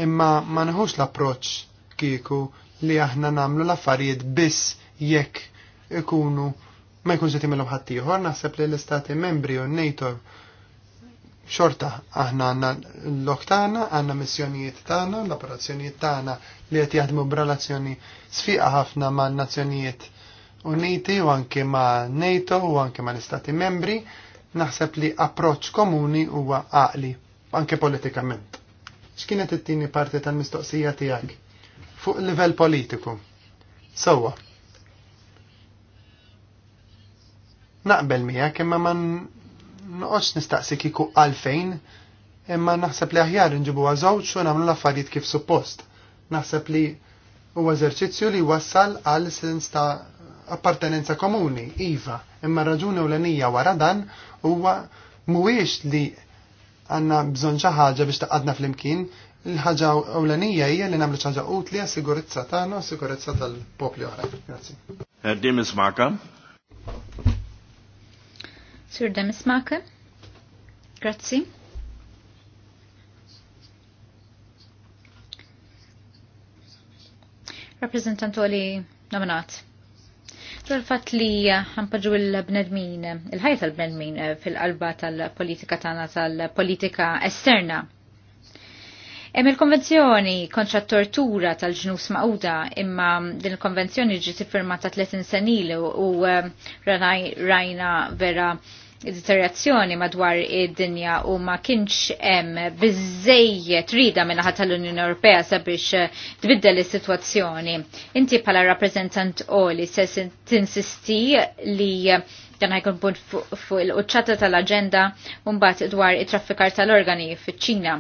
imma ma nħux l-approċ kiku li aħna namlu l-affarijiet biss jekk ikunu ma jkunx qed imilhom ħaddieħor, naħseb li l-istati membri u NATO xorta aħna għanna l-lok tagħna, għandna missjonijiet tagħna, l-operazzjonijiet tagħna li qed jaħdmu b'relazzjoni sfiqa ħafna man nazzjonijiet Uniti u anke ma' NATO u anke ma' l-Istati membri, naħseb li approċċ komuni huwa għaqli, anke politikament. X'kienet it-tieni parti tal-mistoqsija tiegħek? Fuq livell politiku. Sewwa. Naqbel miegħek imma ma noqgħodx nistaqsi kieku għalfejn, imma naħseb li aħjar nġibuha żewġ u nagħmlu l-affarijiet kif suppost Naħseb li u eżerċizzju li wassal għal sens ta' appartenenza komuni, iva, imma raġuni u l-enija wara dan huwa mhuwiex li għanna bżon xi ħaġa biex taqadna fl-imkien, il-ħaġa l-enija hija li nagħmlu ħaġa utli għas-sigurezza tagħna u sigurezza tal-popli oħra. Grazzi. Eh, Demis ismaka. Sir Demis Maka. Grazzi. rappresentantu li nominat. Għal fatt li ħampaġu l-bnedmin, il-ħajja tal-bnedmin eh, fil-qalba tal-politika tagħna tal-politika esterna. Hemm il-konvenzjoni kontra tortura tal-ġnus maquda imma din il-konvenzjoni ġiet iffirmata 30 sen u eh, rajna vera deterjazzjoni madwar id-dinja u ma kienx hemm biżejjed rida minnaħat tal-Unjoni Ewropea sabiex eh, tbiddel is-sitwazzjoni. Inti bħala rappreżentant oli se tinsisti li eh, dan ħajkun punt fuq il-quċċata tal-aġenda mbagħad dwar it-traffikar tal-organi fiċ-Ċina.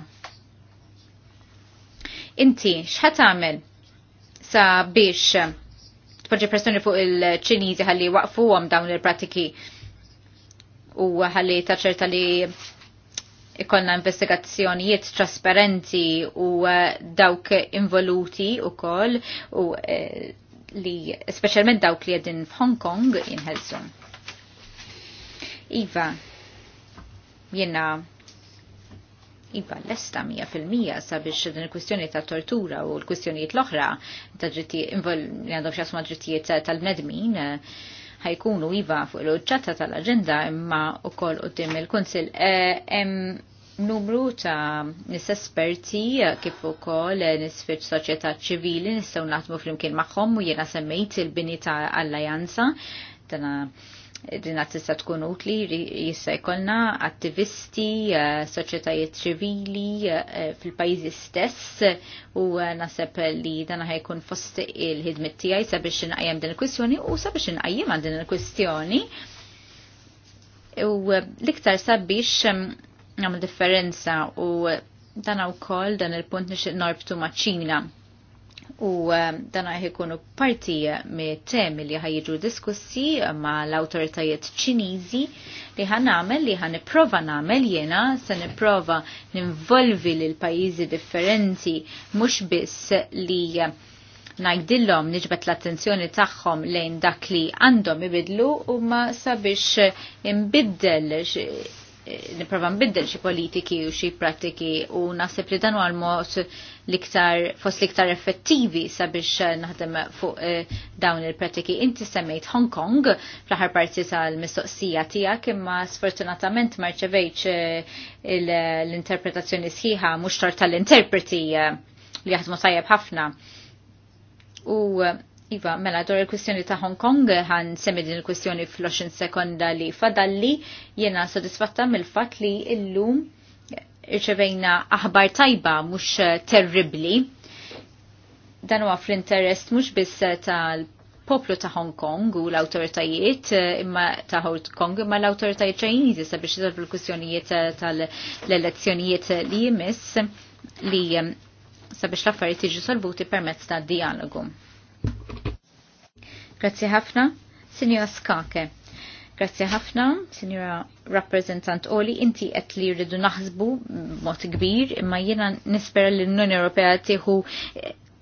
Inti x'ħad tagħmel sabiex tpoġġi pressjoni fuq il-Ċiniżi ħalli waqfuhom dawn il-pratiki u ħalli taċerta li ikonna investigazzjonijiet trasparenti u eh, dawk involuti u koll u eh, li specialment dawk li għedin f'Hong Kong jinħelsu. Iva, jenna Iva, l-esta mija fil-mija sabiex din il-kwistjoni ta' tortura u l-kwistjonijiet l-oħra ta' ġritti, li għandhom xasma ġrittijiet tal-bnedmin, eh, ħajkunu iva fuq il-ċatta tal-agenda imma u koll u tim il konsil Hemm eh, numru ta' nis esperti eh, kif ukoll eh, nisfiċ soċjetà ċivili nistgħu naħdmu flimkien magħhom u jiena semmejt il-bini ta' allajanza tana Dina tista tkun utli jissa jkollna attivisti, eh, soċjetajiet ċivili eh, fil-pajjiżi stess u eh, naseb li dan ħajkun fost il-ħidmet tiegħi sabiex inqajjem din il-kwistjoni u sabiex inqajjem din il-kwistjoni. U l-iktar sabiex nagħmel differenza u dan koll dan il-punt nix norbtu maċina Ċina u ehm, dan għaj ikunu parti me temi li ħajġu diskussi ma l-autoritajiet ċinizi li ħan għamel li ħan iprova namel jena se niprova ninvolvi l-pajizi differenti mux biss li eh, najdillom nġbet l-attenzjoni tagħhom lejn dak li għandhom ibidlu u ma sabiex eh, imbiddel eh, niprofa nbiddel xi politiki u xi prattiki u naħseb li dan huwa l-mod l-iktar fost l-iktar effettivi sabiex eh, naħdem fuq eh, dawn il-prattiki. Inti semmejt Hong Kong fl-aħħar parti tal-mistoqsija tiegħek imma sfortunatament ma eh, l-interpretazzjoni sħiħa mhux tal-interpreti li jaħdmu tajjeb ħafna. U Iva, mela dwar il-kwistjoni ta' Hong Kong ħan semmi din il-kwistjoni fl-20 sekonda li fadalli jena sodisfatta mill-fat li illum irċevejna aħbar tajba mhux terribli. Dan huwa fl-interest mhux biss tal-poplu ta' Hong Kong u l-awtoritajiet imma ta' Hong Kong imma l-awtoritajiet ċajniżi sabiex jidolbu l-kwistjonijiet tal-elezzjonijiet li jmiss li sabiex l-affarijiet jiġu solvuti permezz ta' dialogu. Grazzi ħafna, Signora Skake. Grazzi ħafna, Signora Rappresentant Oli, inti qed li rridu naħsbu mod kbir, imma jiena nispera li l-Unjoni Ewropea tieħu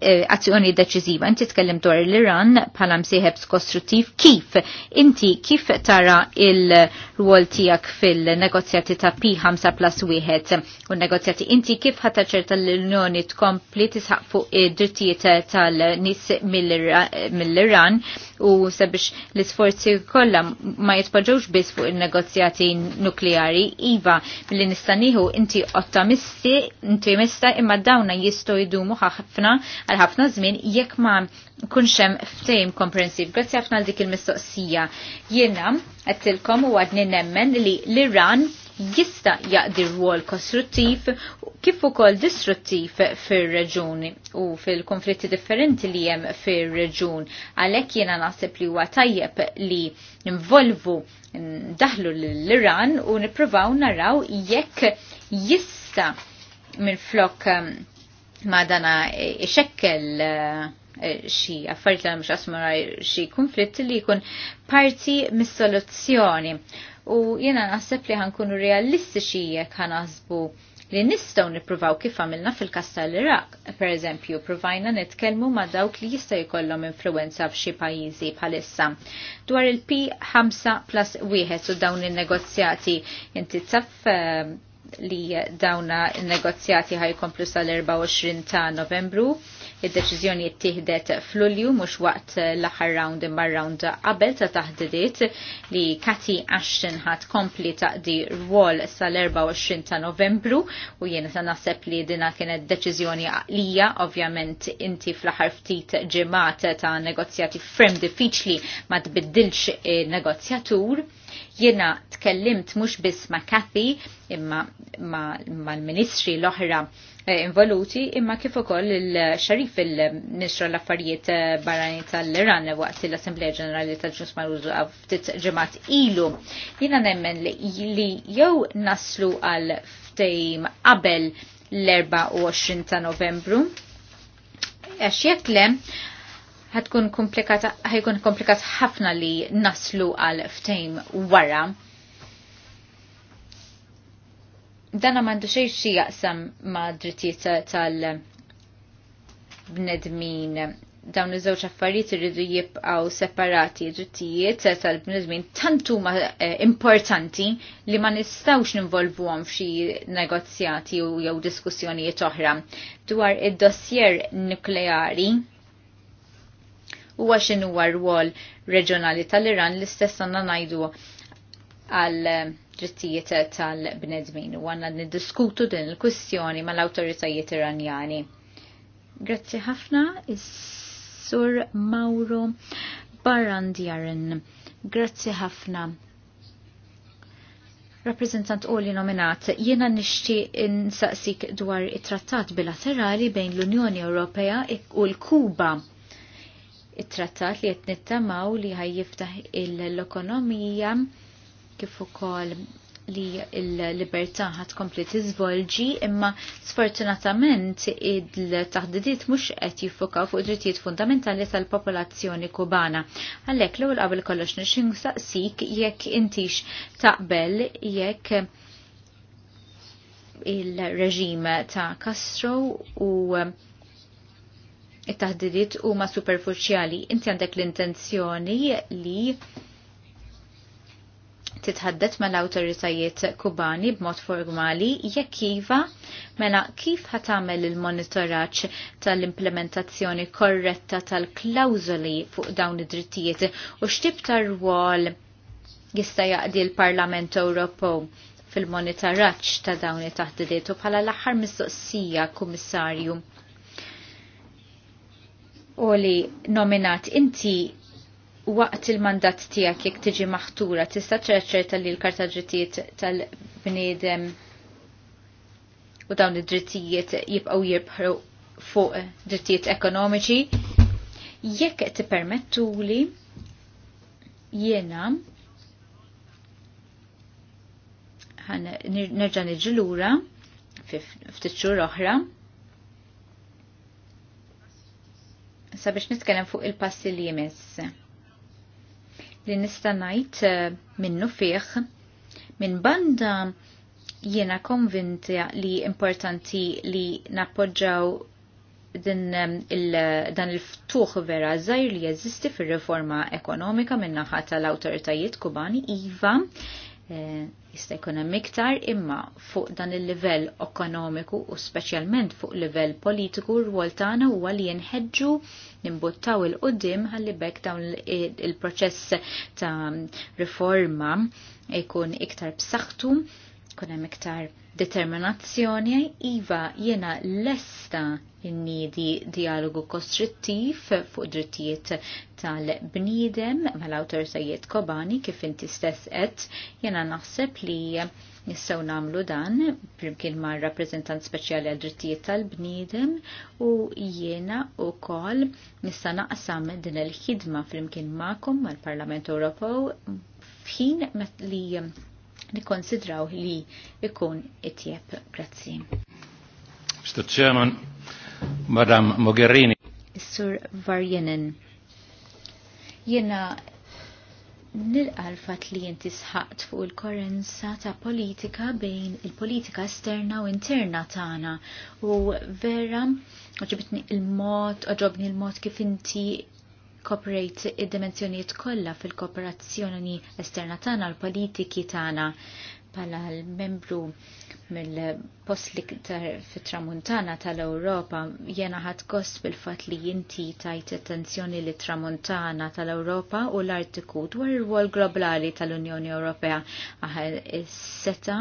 Eh, azzjoni deċiżiva. Inti tkellem dwar l-Iran bħala msieħeb skostruttiv. Kif? Inti kif tara il-rwol tiegħek fil-negozjati ta' P5 plus 1 u negozjati inti kif ħata ċerta l-Unjoni tkompli tisħaq fuq id-drittijiet tal-nis mill-Iran u sabiex l-isforzi kollha ma jitpoġġewx biss fuq il-negozjati nukleari. Iva, mill-li nistaniħu inti ottimisti, inti mista imma dawna jistgħu jdumu ħafna għal ħafna żmien jekk ma kunxem hemm komprensiv. Grazzi ħafna għal dik il-mistoqsija. Jiena qedtilkom u għadni nemmen li l-Iran jista jaqdi rwol kostruttiv kif ukoll distruttiv fir-reġuni u fil-konflitti differenti li hemm fir-reġun. Għalhekk jiena naħseb li huwa tajjeb li involvu daħlu l-Iran u nippruvaw naraw jekk jista minn flok um, ma dana eh, ixekkel eh, eh, xi affarijiet li mhux asmara xi konflitt li jkun parti mis-soluzzjoni u jena naħseb li ħankunu realistiċi jekk ħanaħsbu li nistaw nipruvaw kif għamilna fil-kas tal-Iraq. Per eżempju, provajna netkelmu ma dawk li jista' jkollhom influenza f'xi pajjiżi bħalissa. Dwar il-P5 plus 1 u dawn in-negozjati inti taf eh, li dawna in negozjati ħajkomplu sal-24 ta' novembru Id-deċiżjoni ttieħdet f'Lulju mhux waqt l-aħħar round imma round qabel ta' taħdidiet li Kati Ashton ħadd kompli taqdi rwol sal-24 ta' Novembru u jiena ta' naħseb li dina kienet deċiżjoni għaqlija, ovvjament inti fl-aħħar ftit ġimgħat ta' negozjati frem diffiċli ma tbiddilx negozjatur jena tkellimt mux biss ma Kathy imma ma, ma l-ministri l-oħra Eh, involuti imma kif ukoll il-xarif il-Ministru l-Affarijiet eh, Barrani tal-Iran waqt l-Assembleja Ġenerali tal-Ġus Marużu ftit ġemat ilu. Jiena nemmen li jew naslu għal ftejm qabel l-24 ta' Novembru. Għax jekk le, ħatkun komplikata, ħajkun komplikat ħafna li naslu għal ftejm wara dana mandu xej xi jaqsam ma' drittijiet tal-bnedmin. Dawn iż-żewġ affarijiet irridu jibqgħu separati drittijiet tal-bnedmin tant huma eh, importanti li ma nistgħux ninvolvuhom f'xi negozjati u jew diskussjonijiet oħra dwar id-dossier nukleari huwa x'inhuwa r-rwol reġjonali tal-Iran l-istess għandna ngħidu għal drittijiet tal-bnedmin u għanna niddiskutu din il-kwistjoni mal-autoritajiet iranjani. Grazzi ħafna, is-sur Mauro Barandjarin. Grazzi ħafna rappresentant u li nominat, jiena nixti insaqsik dwar it-trattat bilaterali bejn l-Unjoni Ewropea u l-Kuba. It-trattat li jett nittamaw li ħajjiftaħ l-ekonomija kif ukoll li l-libertà ħat kompli tiżvolġi imma sfortunatament il-taħdidiet mhux qed jiffokaw fuq drittijiet fundamentali tal-popolazzjoni kubana. Għalhekk l-ewwel qabel kollox nixinqsaqsik jekk intix taqbel jekk il-reġim ta' Castro u it-taħdidiet huma superfuċjali. Inti għandek l-intenzjoni li titħaddet mal awtoritajiet kubani b'mod formali jekk iva mela kif ħatamel il-monitoraġġ tal-implementazzjoni korretta tal-klawżoli fuq dawn id-drittijiet u x'tib tar-rwol jista' jaqdi l-Parlament Ewropew fil-monitoraġġ ta' dawn it-taħdidiet u bħala l-aħħar mistoqsija, Kummissarju. Oli nominat inti waqt il-mandat tiegħek jekk tiġi maħtura tista' ċerċerta li l-karta ġrittijiet tal-bniedem u dawn id-drittijiet jibqgħu jirbħu fuq drittijiet ekonomiċi. Jekk t-permettu li jiena ħan nerġa' niġi lura ftit oħra. Sabiex nitkellem fuq il-passi li jmiss li nista' ngħid eh, minnu fieħ minn banda jiena konvinta li importanti li nappoġġaw din eh, il, dan il-ftuħ vera żgħir li jeżisti fir-riforma ekonomika min-naħa tal-awtoritajiet kubani iva eh, jista' jkun hemm iktar imma fuq dan il-livell ekonomiku u speċjalment fuq livell politiku r-rwol tagħna huwa li jinħeġġu nimbuttaw il-qudiem ħalli bekk dawn il-proċess ta' riforma jkun iktar b'saħħtu, jkun hemm iktar determinazzjoni iva jena lesta innidi dialogu kostrittiv fuq drittijiet tal-bniedem mal-autoritajiet kobani kif inti stess et jena naħseb li nissaw namlu dan primkien ma' rappresentant speċjali għal drittijiet tal-bniedem u jiena u kol nista' naqsam din il-ħidma flimkien ma'kom mal-Parlament Ewropew f'ħin li nikkonsidraw li ikun itjeb. Grazzi. Mr. Chairman, Madam Mogherini. Sur Varjenen, jena nil-għalfat li jinti sħaqt fuq il-korenza ta' politika bejn il-politika esterna u interna tagħna u vera uġibitni il-mod, oġobni il-mod kif inti kopprejt id-dimensjonijiet kollha fil-kooperazzjoni esterna tagħna l-politiki tagħna bħala l-membru mill-post li fit-tramuntana tal-Ewropa jena ħadd kost bil-fatt li jinti tajt attenzjoni li tramuntana tal-Ewropa u l-Artiku dwar ir wol globali tal-Unjoni Ewropea aħel is-seta'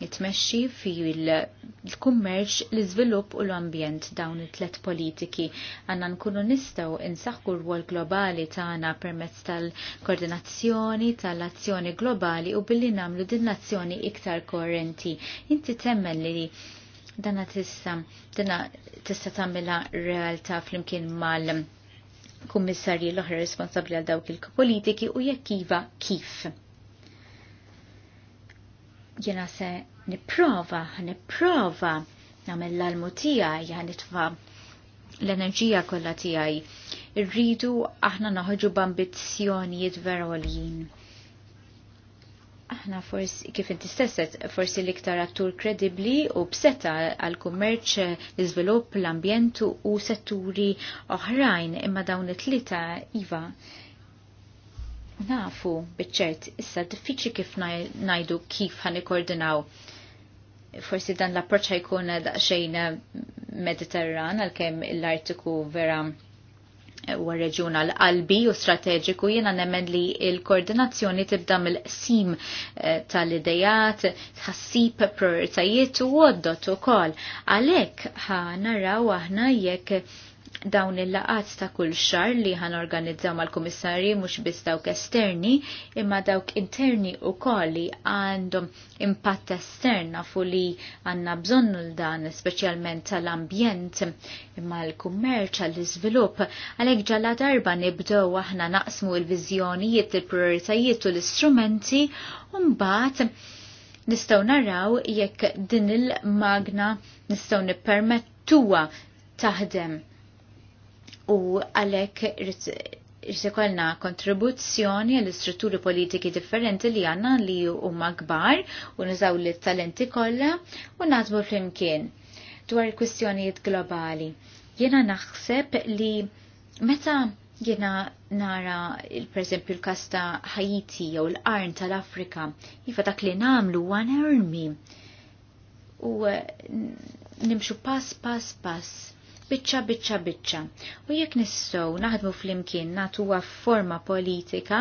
jitmexxi fi l-kummerċ, l-iżvilupp u l-ambjent dawn it-tlet politiki. Għanna nkunu nistgħu insaħħu r-rwol globali tagħna permezz tal-koordinazzjoni, tal-azzjoni globali u billi nagħmlu din l-azzjoni iktar koerenti. Inti temmen li dana tista' dana tista' tagħmilha realtà flimkien mal kummissarji l-oħra responsabbli għal dawk il-politiki u jekk iva kif. Jena se niprofa, niprofa namel l-almu tijaj, nitfa l-enerġija kolla tijaj. Irridu aħna naħġu b'ambizzjonijiet vera aħna forsi kif inti stesset forsi l-iktar attur kredibli u bseta għal kummerċ l-iżvilupp, l-ambjent u setturi oħrajn imma dawn it-tlieta iva nafu biċċert issa diffiċi kif najdu kif ħan ikkoordinaw. Forsi dan l approċ ħajkun daqsxejn Mediterran għalkemm l-artiku vera u reġjun għal qalbi u strateġiku jiena nemmen li il-koordinazzjoni tibda mill-qsim eh, tal-idejat, tħassib prioritajiet u għoddot u kol. Għalek ħa naraw aħna jekk dawn il-laqat ta' kull xar li ħan organizzaw mal-komissarji mux biss dawk esterni imma dawk interni u koli għandhom impatt esterna fu li għanna bżonnu l-dan specialment tal-ambjent imma l-kummerċ għall izvilup għalek ġalla darba nibdow aħna naqsmu il-vizjonijiet, il-prioritajiet u l-istrumenti un-bat nistaw naraw jekk din il-magna nistaw nippermettuwa taħdem u għalek jirsekolna kontribuzzjoni għall istrutturi politiki differenti li għanna li huma kbar u nizaw li talenti kollha u nazbu flimkien dwar kwistjonijiet globali. Jena naħseb li meta jena nara il preżempju l-kasta Haiti jew l arn tal-Afrika, jifa dak li namlu għan ermi u nimxu pass pass pass biċċa biċċa biċċa. U jekk nistgħu naħdmu flimkien nagħtuha forma politika,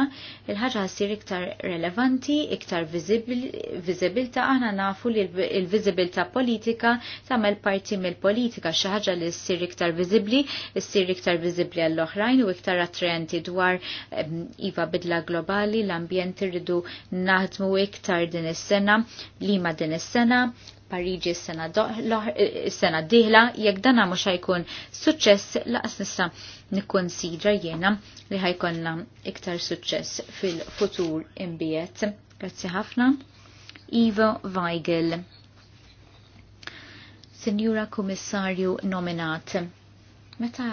il-ħaġa ssir iktar relevanti, iktar viżibilta aħna nafu li l-viżibilta politika tagħmel parti mill-politika xi ħaġa li ssir iktar viżibbli, ssir iktar viżibbli għall-oħrajn u iktar attrenti dwar ehm, iva bidla globali, l-ambjent irridu naħdmu iktar din is-sena, li ma din is-sena, Pariġi s-sena diħla, jekk dana mux ħajkun suċess laqas nissa siġa jena li ħajkonna iktar suċess fil-futur imbiet. Grazzi ħafna. Ivo Weigel. Senjura Komissarju nominat. Meta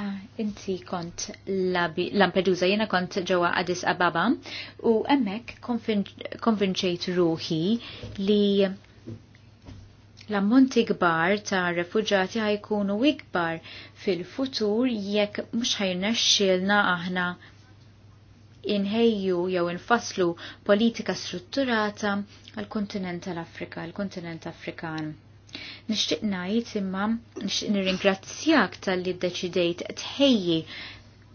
inti kont Lampedusa, jena kont ġewwa Addis Ababa u emmek konvinċejt ruħi li L-ammonti kbar ta' refuġati ħajkunu ikbar fil-futur jekk mhux ħajnexxielna aħna inħejju jew infaslu politika strutturata għal kontinent tal-Afrika, għal kontinent Afrikan. Nixtieq ngħid imma nixtieq nirringrazzjak tal-li ddeċidejt tħejji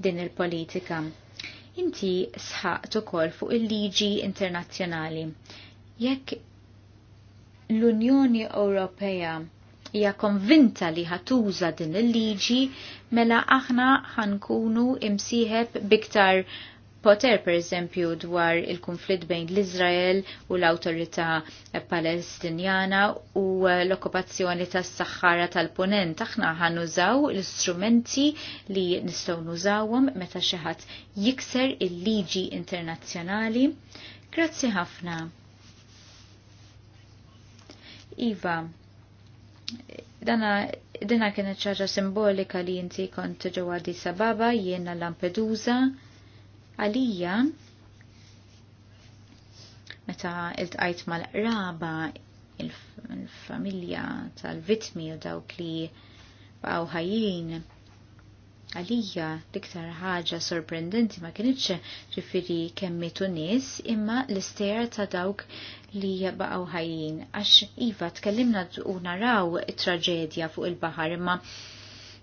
din il-politika. Inti sħaqtu ukoll fuq il-liġi internazzjonali. Jekk l-Unjoni Ewropea hija konvinta li ħatuża din il-liġi mela aħna ħankunu imsieħeb biktar poter per eżempju dwar il-konflitt bejn l-Izrael u l-autorità palestinjana u l-okkupazzjoni tas saħħara tal-ponent. Aħna ħanużaw l-istrumenti li nistgħu nużawhom meta xi ħadd jikser il-liġi internazzjonali. Grazzi ħafna. Iva, dana dina kienet ċaġa simbolika li inti kont ġewwa Addis jiena Lampedusa għalija meta iltqajt mal-qraba il-familja tal-vitmi u dawk li baqgħu ħajjin għalija diktar iktar ħaġa sorprendenti ma kienitx ġifiri kemmitu nies imma l istejra ta' dawk li baqgħu ħajjin għax iva tkellimna u naraw it-traġedja fuq il-baħar imma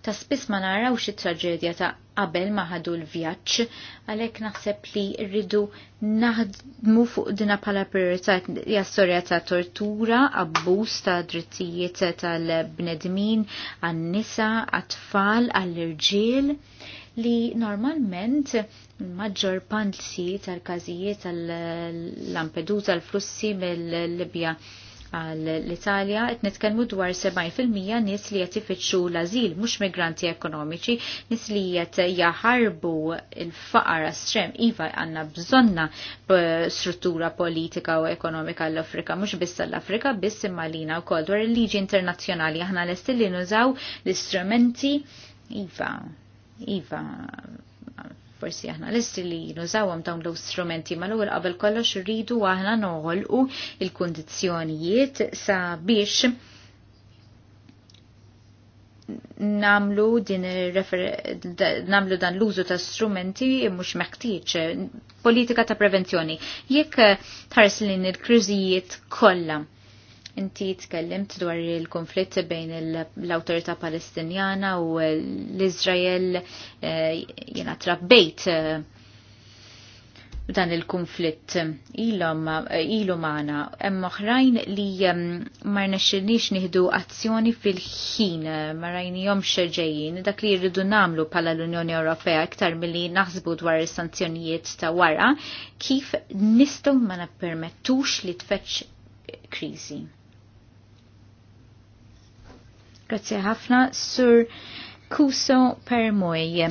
ta' spiss ma narawx it-traġedja ta' qabel ma ħadu l-vjaġġ, għalhekk naħseb li rridu naħdmu fuq dina bħala priorità hija storja ta' tortura, abbuż ta' drittijiet tal-bnedmin, għan-nisa, għat-tfal, għall-irġiel, li normalment maġġor pansi tal-każijiet tal-Lampedusa l-flussi mill-Libja għall-Italja qed nitkellmu dwar 70% nies li qed l azil mhux migranti ekonomiċi, nis li qed jaħarbu l-faqar Astrem, iva għandna bżonna struttura politika u ekonomika l-Afrika, mhux biss l-Afrika, biss imma u wkoll dwar il-liġi internazzjonali aħna l li nużaw l-istrumenti iva Iva, forsi aħna l-istri li nużawam dawn l istrumenti ma l għol qabel kollox rridu aħna noħolqu il-kundizzjonijiet sabiex namlu din namlu dan l-użu ta' strumenti mhux meħtieġ politika ta' prevenzjoni. Jekk tħares lin il-kriżijiet kollha Inti tkellimt dwar il-konflitt bejn l-autorità palestinjana u l-Izrael eh, jena trabbejt eh, dan il-konflitt eh, ilu maħna hemm oħrajn li mm, ma rnexxilniex nieħdu azzjoni fil-ħin ma rajnihom xeġejin, dak li jridu nagħmlu bħala l-Unjoni Ewropea iktar milli naħsbu dwar is-sanzjonijiet ta' wara kif nistgħu ma nappermettux li tfetx kriżi. Grazie ħafna, Sur Kuso Permoj.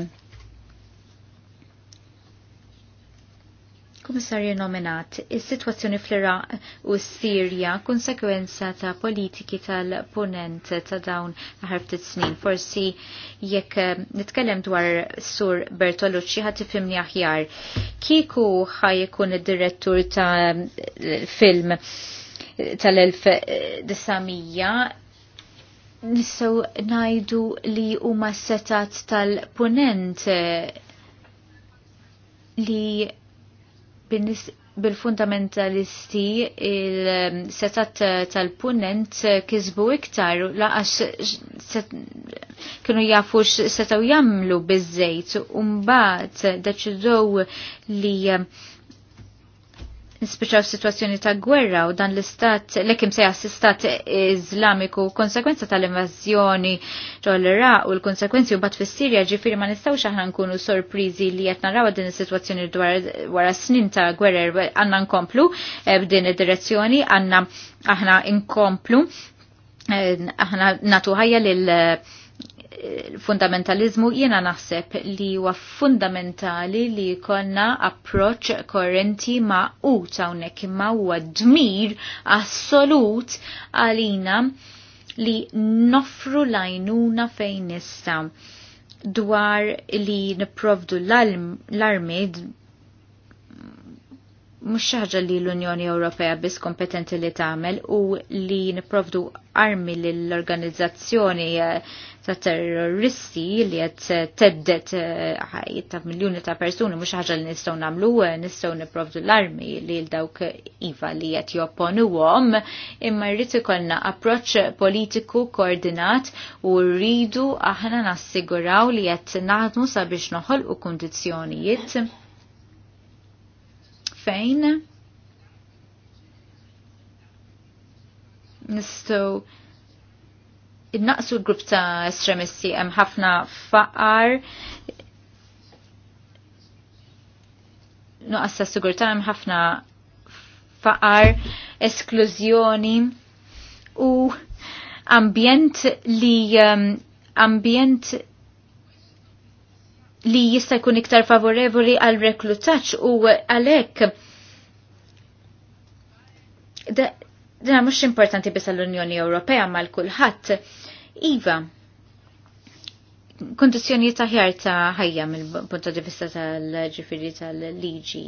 Komissarju nominat, is-sitwazzjoni fl-Iraq u s-Sirja konsekwenza ta' politiki tal-ponent ta' dawn aħar ftit snin. Forsi jekk eh, nitkellem dwar sur Bertolucci ħadd ifimni aħjar. Kieku ħaj ikun id-direttur ta' eh, film tal-1900 Nistgħu najdu li huma setat tal-punent eh, li bil-fundamentalisti il-setat eh, tal-punent eh, kizbu iktar laqax kienu jafu setaw jamlu bizzejt un-bat daċidow li nispiċaw situazzjoni ta' gwerra u dan l-istat, l-ekim sejja s-istat izlamiku, konsekwenza tal-invazjoni ġol-Iraq u l-konsekwenzi u bat fis-Sirja ġifiri ma nistaw aħna nkunu sorprizi li jatna naraw din is-situazzjoni wara snin ta' gwerra għanna nkomplu eh, b'din id-direzzjoni, għanna aħna nkomplu, eh, aħna natu ħajja lil fundamentalizmu jiena naħseb li huwa fundamentali li jkollna approċ korrenti ma' u hawnhekk imma huwa dmir assolut għalina li nofru lajnuna fejn nista' dwar li niprovdu l-armi mux ħaġa li l-Unjoni Ewropea biss kompetenti li tagħmel u li nipprovdu armi lill organizzazzjoni eh, ta' terroristi li qed teddet eh, ħajt ta' miljuni ta' persuni mhux ħaġa li nistgħu nagħmlu, eh, nistgħu nipprovdu l-armi li l dawk iva li qed jopponuhom, imma rrid ikollna approċċ politiku koordinat u rridu aħna nassiguraw li qed naħdmu sabiex noħolqu kundizzjonijiet fejn nistgħu innaqsu l-grupp ta' estremisti hemm ħafna faqar nuqqas ta' sigurtà hemm ħafna faqar, esklużjoni u ambjent li um, ambjent li jista' jkun iktar favorevoli għal reklutaċ u għalhekk dan mhux importanti biss għall-Unjoni Ewropea mal kulħadd Iva, kondizjoni ta' ħjar ta' ħajja mill-punta di vista tal-ġifiri tal-liġi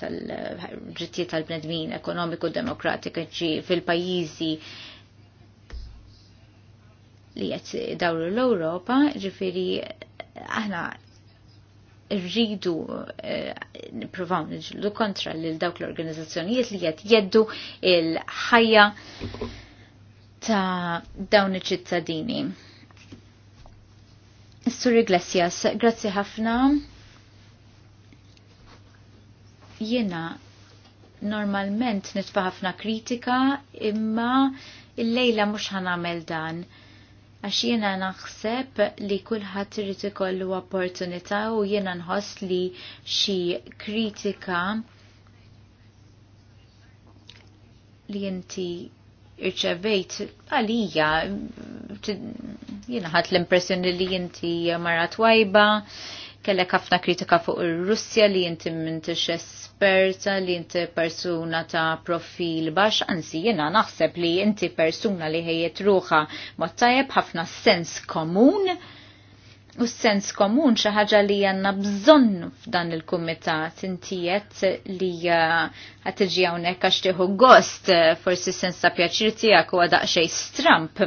tal-ġittijiet tal-bnedmin ekonomiku demokratika ġi fil-pajizi li jett dawru l-Europa ġifiri aħna rridu eh, niprofaw nġillu kontra l-dawk l-organizzazzjonijiet li jett jeddu il-ħajja ta' dawn iċ-ċittadini. Sur Iglesias, grazzi ħafna. Jiena normalment nitfa' ħafna kritika imma illejla mhux ħanamel dan għax jiena naħseb li kulħadd irid ikollu opportunità u jiena nħoss li xi kritika li inti irċevejt għalija, jina ħat l-impressjoni li jinti mara twajba, kellek ħafna kritika fuq ir-Russja li jinti m'intix esperta, li jinti persuna ta' profil bax, anzi jina naħseb li jinti persuna li ħejjet ruħa ma tajjeb ħafna sens komun u s sens komun xi ħaġa li għandna bżonn f'dan il-kumitat intijet li qed uh, tiġi hawnhekk għax tieħu gost uh, forsi sens ta' pjaċir tiegħek huwa daqsxejn stramp.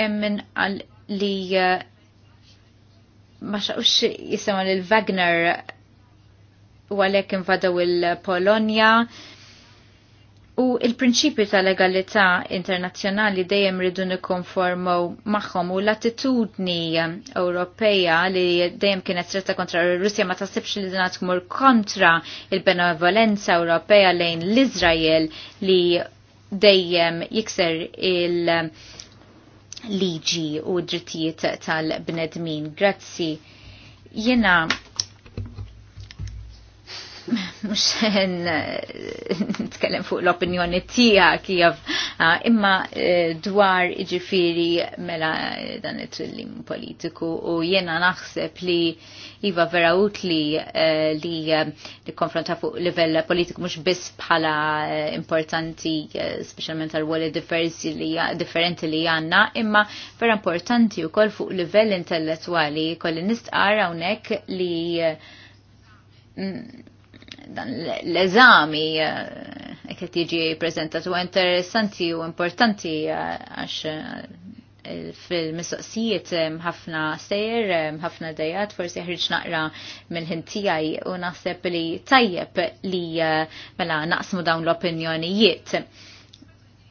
Hemm min qal li uh, ma xaqux jisema l-Wagner u għalek invadaw il-Polonja. il polonja U il-prinċipju ta' legalità internazzjonali dejjem ridu nikkonformaw magħhom u l-attitudni Ewropeja li dejjem kienet stretta kontra r-Russja ma tasibx li dinha tmur kontra il-benevolenza Ewropeja lejn l-Iżrael li dejjem jikser il- liġi u drittijiet tal-bnedmin. Grazzi. Jena mux eh, nitkellem fuq l-opinjoni tija kif ah, imma eh, dwar iġifiri mela eh, dan it-trillim politiku u jena naħseb li Iva vera utli li li konfronta fuq livell politiku mux biss bħala importanti specialment għal wali differenti li għanna imma vera importanti u kol fuq livell intellettuali kolli nistqara unek li mm, dan l-eżami eh, e qed jiġi preżentat huwa interessanti u importanti eh, għax eh, fil-mistoqsijiet ħafna sejr, ħafna dejat, forsi ħriġ naqra mill-ħin tiegħi u naħseb li tajjeb li mela naqsmu dawn l-opinjonijiet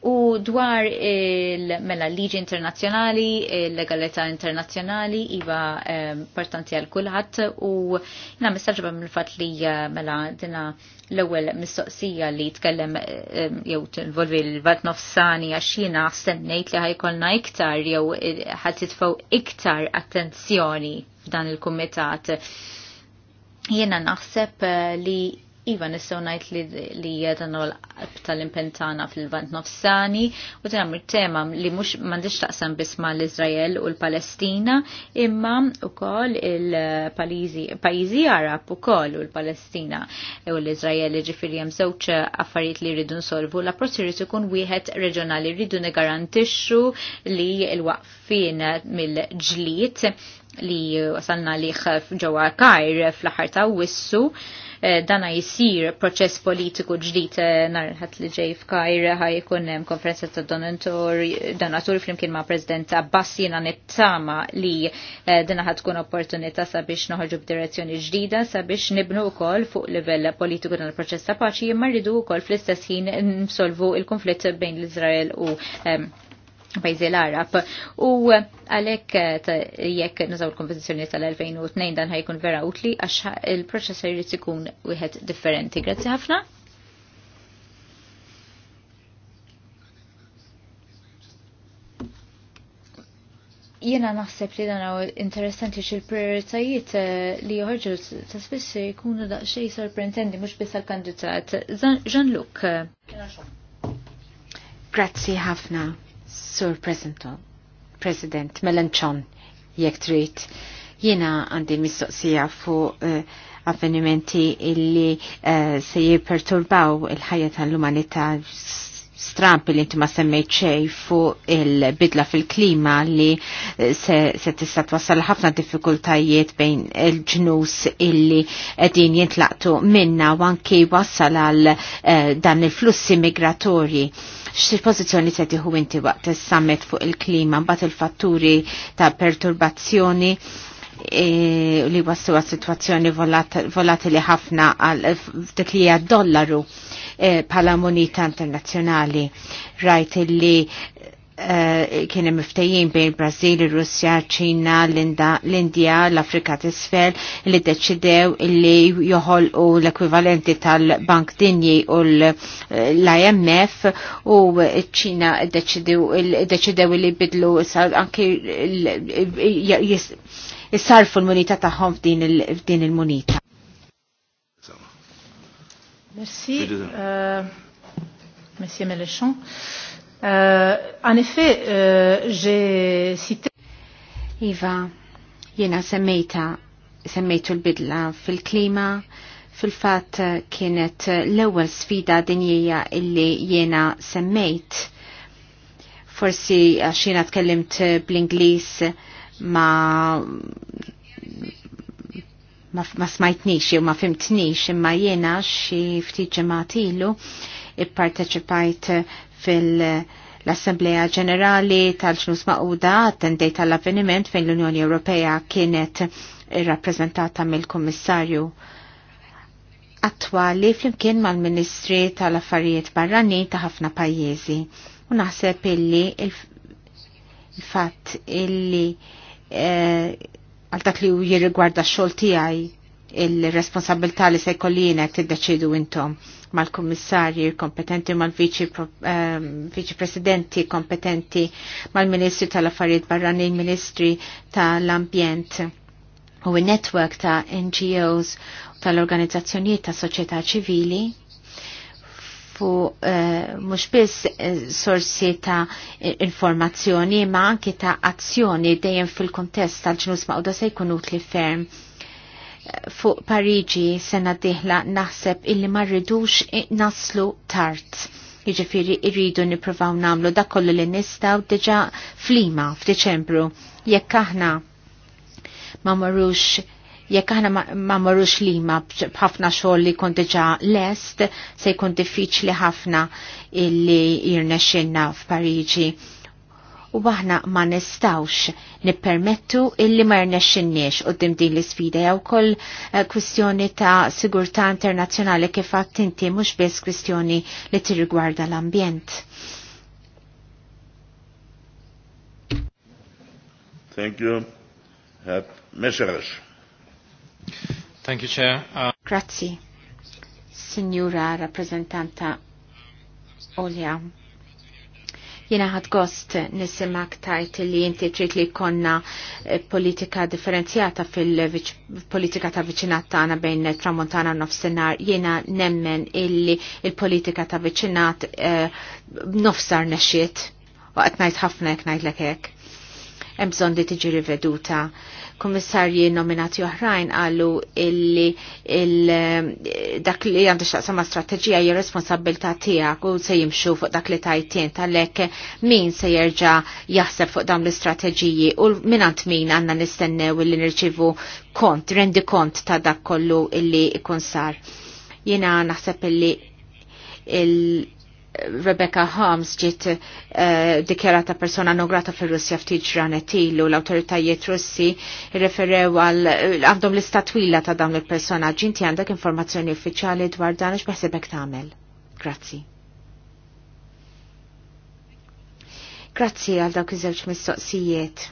U dwar il-mela liġi internazjonali, il-legalità internazjonali, iva eh, importanti għal kulħadd u jina mistaġba mill-fat li eh, mela dina l-ewwel mistoqsija li tkellem eh, jew tinvolvi l-vat nofsani għaxina, għastennejt li ħajkolna iktar jew ħadd titfgħu iktar attenzjoni f'dan il-kumitat. Jiena naħseb li Iva, nistaw najt li, li jedan l-qalb impentana fil-vant nofsani u t tema li mux mandiċ taqsam bisma l-Izrael u l-Palestina imma u kol il-pajizi Arab u kol u l-Palestina u l-Izrael ġifiri jem zewċ affarijiet li rridu nsolvu la prosirrit kun wieħed reġjonali rridu negarantixxu li l-waqfin mill-ġliet li wasalna liħ ġewwa Kajr fl-aħħar ta' wissu Eh, dana jisir proċess politiku ġdid eh, narħat li ġej f'Kajr ħaj ikun hemm eh, konferenza ta' donatur donatur flimkien ma' President Abbas jiena nittama li dina ħad tkun opportunità sabiex noħġu b'direzzjoni ġdida sabiex nibnu wkoll fuq livell politiku dan il-proċess ta' paċi imma rridu wkoll fl-istess ħin nsolvu il-konflitt bejn l-Iżrael u pajzi l-Arab. U għalek jekk nazaw l-kompetizjoni tal-2002 dan ħajkun vera utli għax il-proċess jrid ikun wieħed differenti. Grazzi ħafna. Jena naħseb li dan interessanti xil prioritajiet eh, li joħorġu ta' spiss jkunu daqsxej sorprendenti mhux biss għall-kandidat. Jean-Luc. Grazzi ħafna. Sur President Melanchon, jek trit, Jiena għandi mistoqsija fuq uh, avvenimenti illi uh, se jiperturbaw il-ħajja tal-umanità stramp li inti ma semmejt xej fuq il-bidla fil-klima li eh, se, se tista' twassal ħafna diffikultajiet bejn il-ġnus illi din jintlaqtu minna u anki wassal għal eh, dan il-flussi migratorji. X'pożizzjoni se tieħu inti waqt is-summit fuq il-klima mbagħad il-fatturi ta' perturbazzjoni E, li wassu għas situazzjoni volatili ħafna għal eh, dik li dollaru bħala eh, monita internazzjonali. Rajt illi eh, kien hemm bejn Brażil, ir-Russja, ċina, l-Indja, l-Afrika t'isfel li deċidew li joħolqu l-ekwivalenti tal-Bank Dinji u l-IMF u ċina deċidew li bidlu anki jisarfu l-munita tagħhom f'din il-munita. Merci, euh, Monsieur Mélenchon. Euh, en effet, euh, j'ai cité. Iva, jena semmejta, semmejtu l-bidla fil-klima, fil-fat kienet l-ewwel sfida dinjija illi jena semmejt. Forsi għax tkellimt bl-Inglis ma ma, smajtnix jew ma fimtnix imma jiena xi ftit ġimgħat ilu ipparteċipajt fil- l-Assemblea Ġenerali tal-ġnus Maquda attendejt tal-avveniment fejn l-Unjoni Ewropea kienet rappresentata mill-Kummissarju attwali flimkien mal-Ministri tal-Affarijiet Barrani ta' ħafna pajjiżi. U naħseb illi il-fatt illi eh, għal dak li jirrigwarda x-xogħol tiegħi il-responsabilità li se jkollina tiddeċidu intom mal-kummissarji kompetenti, mal-viċi ehm, presidenti kompetenti, mal-ministri tal-affarijiet barrani, il-ministri tal-ambjent u il-network ta' NGOs tal-organizzazzjonijiet ta' soċjetà ċivili fuq uh, eh, mhux biss eh, sorsi ta' informazzjoni ma' anki ta' azzjoni dejjem fil-kontest tal-ġnus maqda se jkun utli ferm fuq Pariġi sena diħla naħseb illi ma rridux naslu tard. Jiġifieri irridu nippruvaw nagħmlu dak kollu li nistgħu diġà flima f'Diċembru jekk aħna ma marrux jekk aħna ma marrux ma b'ħafna xogħol li kont diġà lest se jkun diffiċli ħafna illi jirnexxinna f'Pariġi. U aħna ma nistawx nippermettu illi ma jirnexxinniex dim din l-isfida jew ukoll eh, kwistjoni ta' sigurtà internazzjonali kif inti mhux biss kwistjoni li tirrigwarda l-ambjent. Thank you. Have measures. Thank you, Chair. Uh... Grazzi, Signora Rappresentanta Olja. Jena ħad gost nisimak tajt li jinti trid li konna eh, politika differenzjata fil-politika ta' viċinat tagħna bejn tramontana nofsinhar. Jiena nemmen illi il-politika ta' viċinat eh, nofsar nexxiet. Waqt ngħid ħafna jekk ngħidlek hekk. Hemm bżonn li tiġi riveduta kummissarji nominati oħrajn għallu illi dak li għandu x'aqsama ma' strategija jew responsabilta tiegħek u se jimxu fuq dak li tajtien tal min se jerġa' jaħseb fuq dawn l-istrateġiji u minant min għandna nistennew illi nirċivu kont, rendi kont ta' dak kollu illi ikun sar. Jiena naħseb illi il Rebecca Holmes ġiet uh, dikjarata persona non grata fir russja ftit ġranet ilu l-awtoritajiet Russi referew għal għandhom l-istat twila ta' dawn il-persona. Ġinti għandek informazzjoni uffiċjali dwar dan x'beħsebek tagħmel. Grazzi. Grazzi għal dawk iż-żewġ mistoqsijiet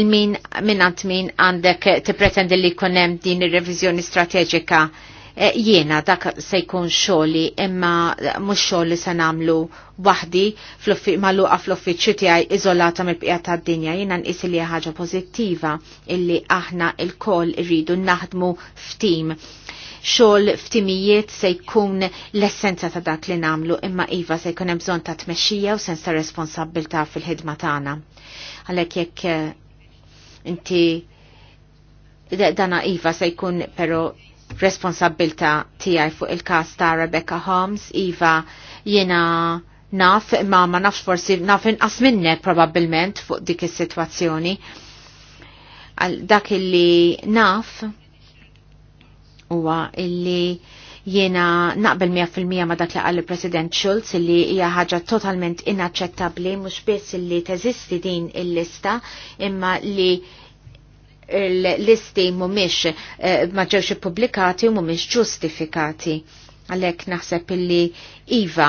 il-min minnant min għandek tippretendi li li hemm din ir-reviżjoni strateġika. Eh, jiena dak se jkun xogħli imma mhux xogħli se nagħmlu waħdi magħluqa fl-uffiċċju tiegħi iżolata mill-bqija tad-dinja jiena nqis li ħaġa pożittiva illi aħna l-koll irridu naħdmu f'tim xogħol ftimijiet se jkun l-essenza ta' dak li nagħmlu imma iva se jkun hemm bżonn ta' tmexxija u sens ta' responsabbiltà fil-ħidma tagħna. Għalhekk jekk eh, inti dana iva se jkun pero responsabilta tiegħi fuq il-każ ta' Rebecca Holmes, Iva, jiena naf, ma ma nafx forsi naf inqas minnek probabbilment fuq dik is-sitwazzjoni. Dak illi naf huwa illi jena naqbel 100% ma dak li għall president Schulz illi hija ħaġa totalment inaċċettabbli mhux biss illi teżisti din il-lista imma li il-listi mumiex eh, ma ġewx ippubblikati u mumiex ġustifikati. Għalhekk naħseb illi iva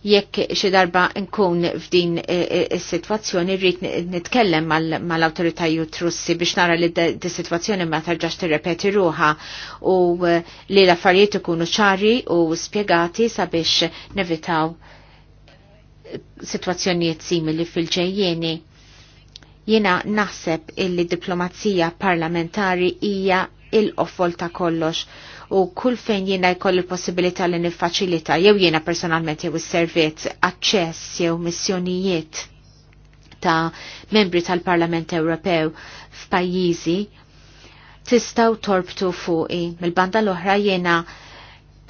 jekk xi darba nkun f'din eh, eh, is-sitwazzjoni rrid nitkellem mal-awtoritajiet Russi biex nara li di sitwazzjoni ma tarġax tirrepeti ruha u li l-affarijiet ikunu ċari u spjegati sabiex nevitaw sitwazzjonijiet simili fil-ġejjeni jina naħseb illi diplomazija parlamentari hija il-offol ta' kollox u kull fejn jiena jkoll il-possibilità li niffaċilita jew jiena personalment jew is-servizz aċċess jew missjonijiet ta' membri tal-Parlament Ewropew f'pajjiżi tistaw torbtu fuqi. Mil-banda l-oħra jiena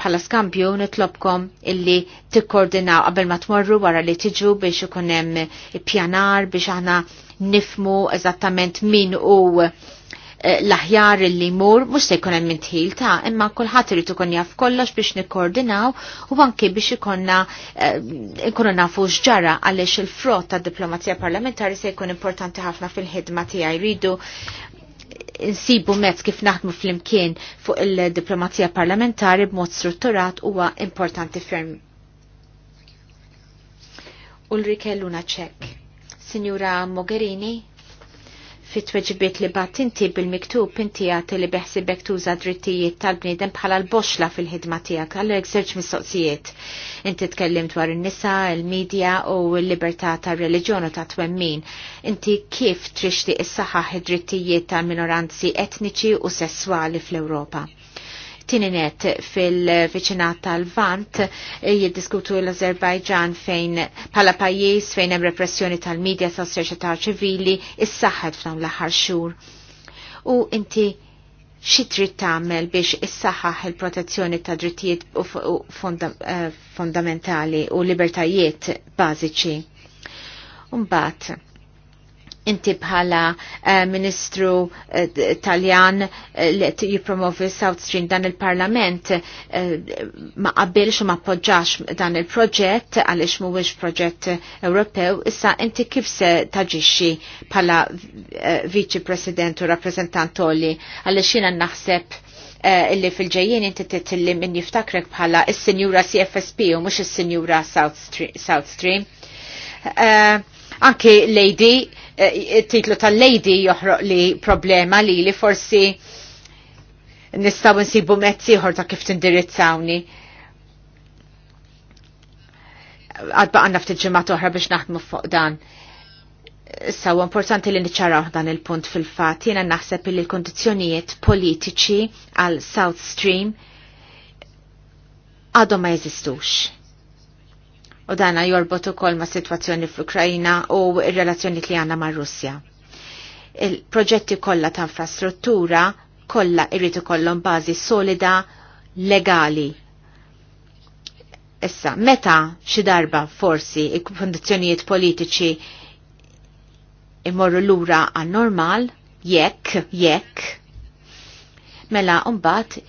bħala skambju nitlobkom illi tikkoordinaw qabel ma tmorru wara li tiġu biex ikun hemm pjanar biex aħna nifmu eżattament min u eh, l-aħjar li mur, mux se jkun hemm intħil ta' imma kulħadd irid ikun jaf kollox biex nikkoordinaw u anke biex ikonna eh, nkunu nafu x'ġara għaliex il-frott ta' diplomazija parlamentari se jkun importanti ħafna fil-ħidma tiegħi jridu insibu mezz kif naħdmu fl-imkien fuq il-diplomazija parlamentari b'mod strutturat huwa importanti ferm. Ulrike Luna Czech. Signora Mogherini, fit tweġibiet li bat inti bil-miktub inti għati li beħsibek tuża drittijiet tal-bniedem bħala l-boxla fil-ħidma tiegħek għall żewġ mistoqsijiet. Inti tkellim dwar in-nisa, il-medja u l-libertà tar-reliġjon u ta' twemmin. Inti kif trixti issaħħaħ id-drittijiet tal minoranzi etniċi u sesswali fl-Ewropa? Tininet fil-viċinat tal-Vant eh, jiddiskutu l-Azerbajġan fejn pala pajis fejn hemm repressjoni tal-medja tas-soċjetà ċivili is-saħħet f'dawn l-aħħar xhur. U inti xi trid tagħmel biex issaħħaħ il-protezzjoni ta' drittijiet eh, fondamentali u libertajiet bażiċi. Mbagħad, inti bħala eh, ministru eh, taljan eh, li jipromovi South Stream dan il-parlament ma qabilx u ma appoġġax dan il-proġett għaliex mhuwiex proġett Ewropew, issa inti kif se taġixxi bħala viċi president u rappreżentantoli għaliex jiena naħseb illi fil-ġejjien inti titillim min jiftakrek bħala is-Sinjura CFSP u mhux is-Sinjura South Stream. anki Lady Eh, titlu tal-lady joħroq li problema li li forsi nistaw nsibu mezziħor ta' kif tindirizzawni. Għadba għanna ftit ġimgħat oħra biex naħdmu fuq dan. Sa huwa importanti li niċċaraw dan il-punt fil-fatt. Jiena naħseb li l-kondizzjonijiet politiċi għal South Stream għadhom ma jeżistux u dana jorbot ukoll ma' situazzjoni fl-Ukrajina u ir-relazzjoni li għandna ma' Russja. Il-proġetti kollha ta' infrastruttura kollha irrid ikollhom bażi solida legali. Issa, meta xi darba forsi il-kondizzjonijiet politiċi imorru lura għan-normal, jekk, jekk, mela mbagħad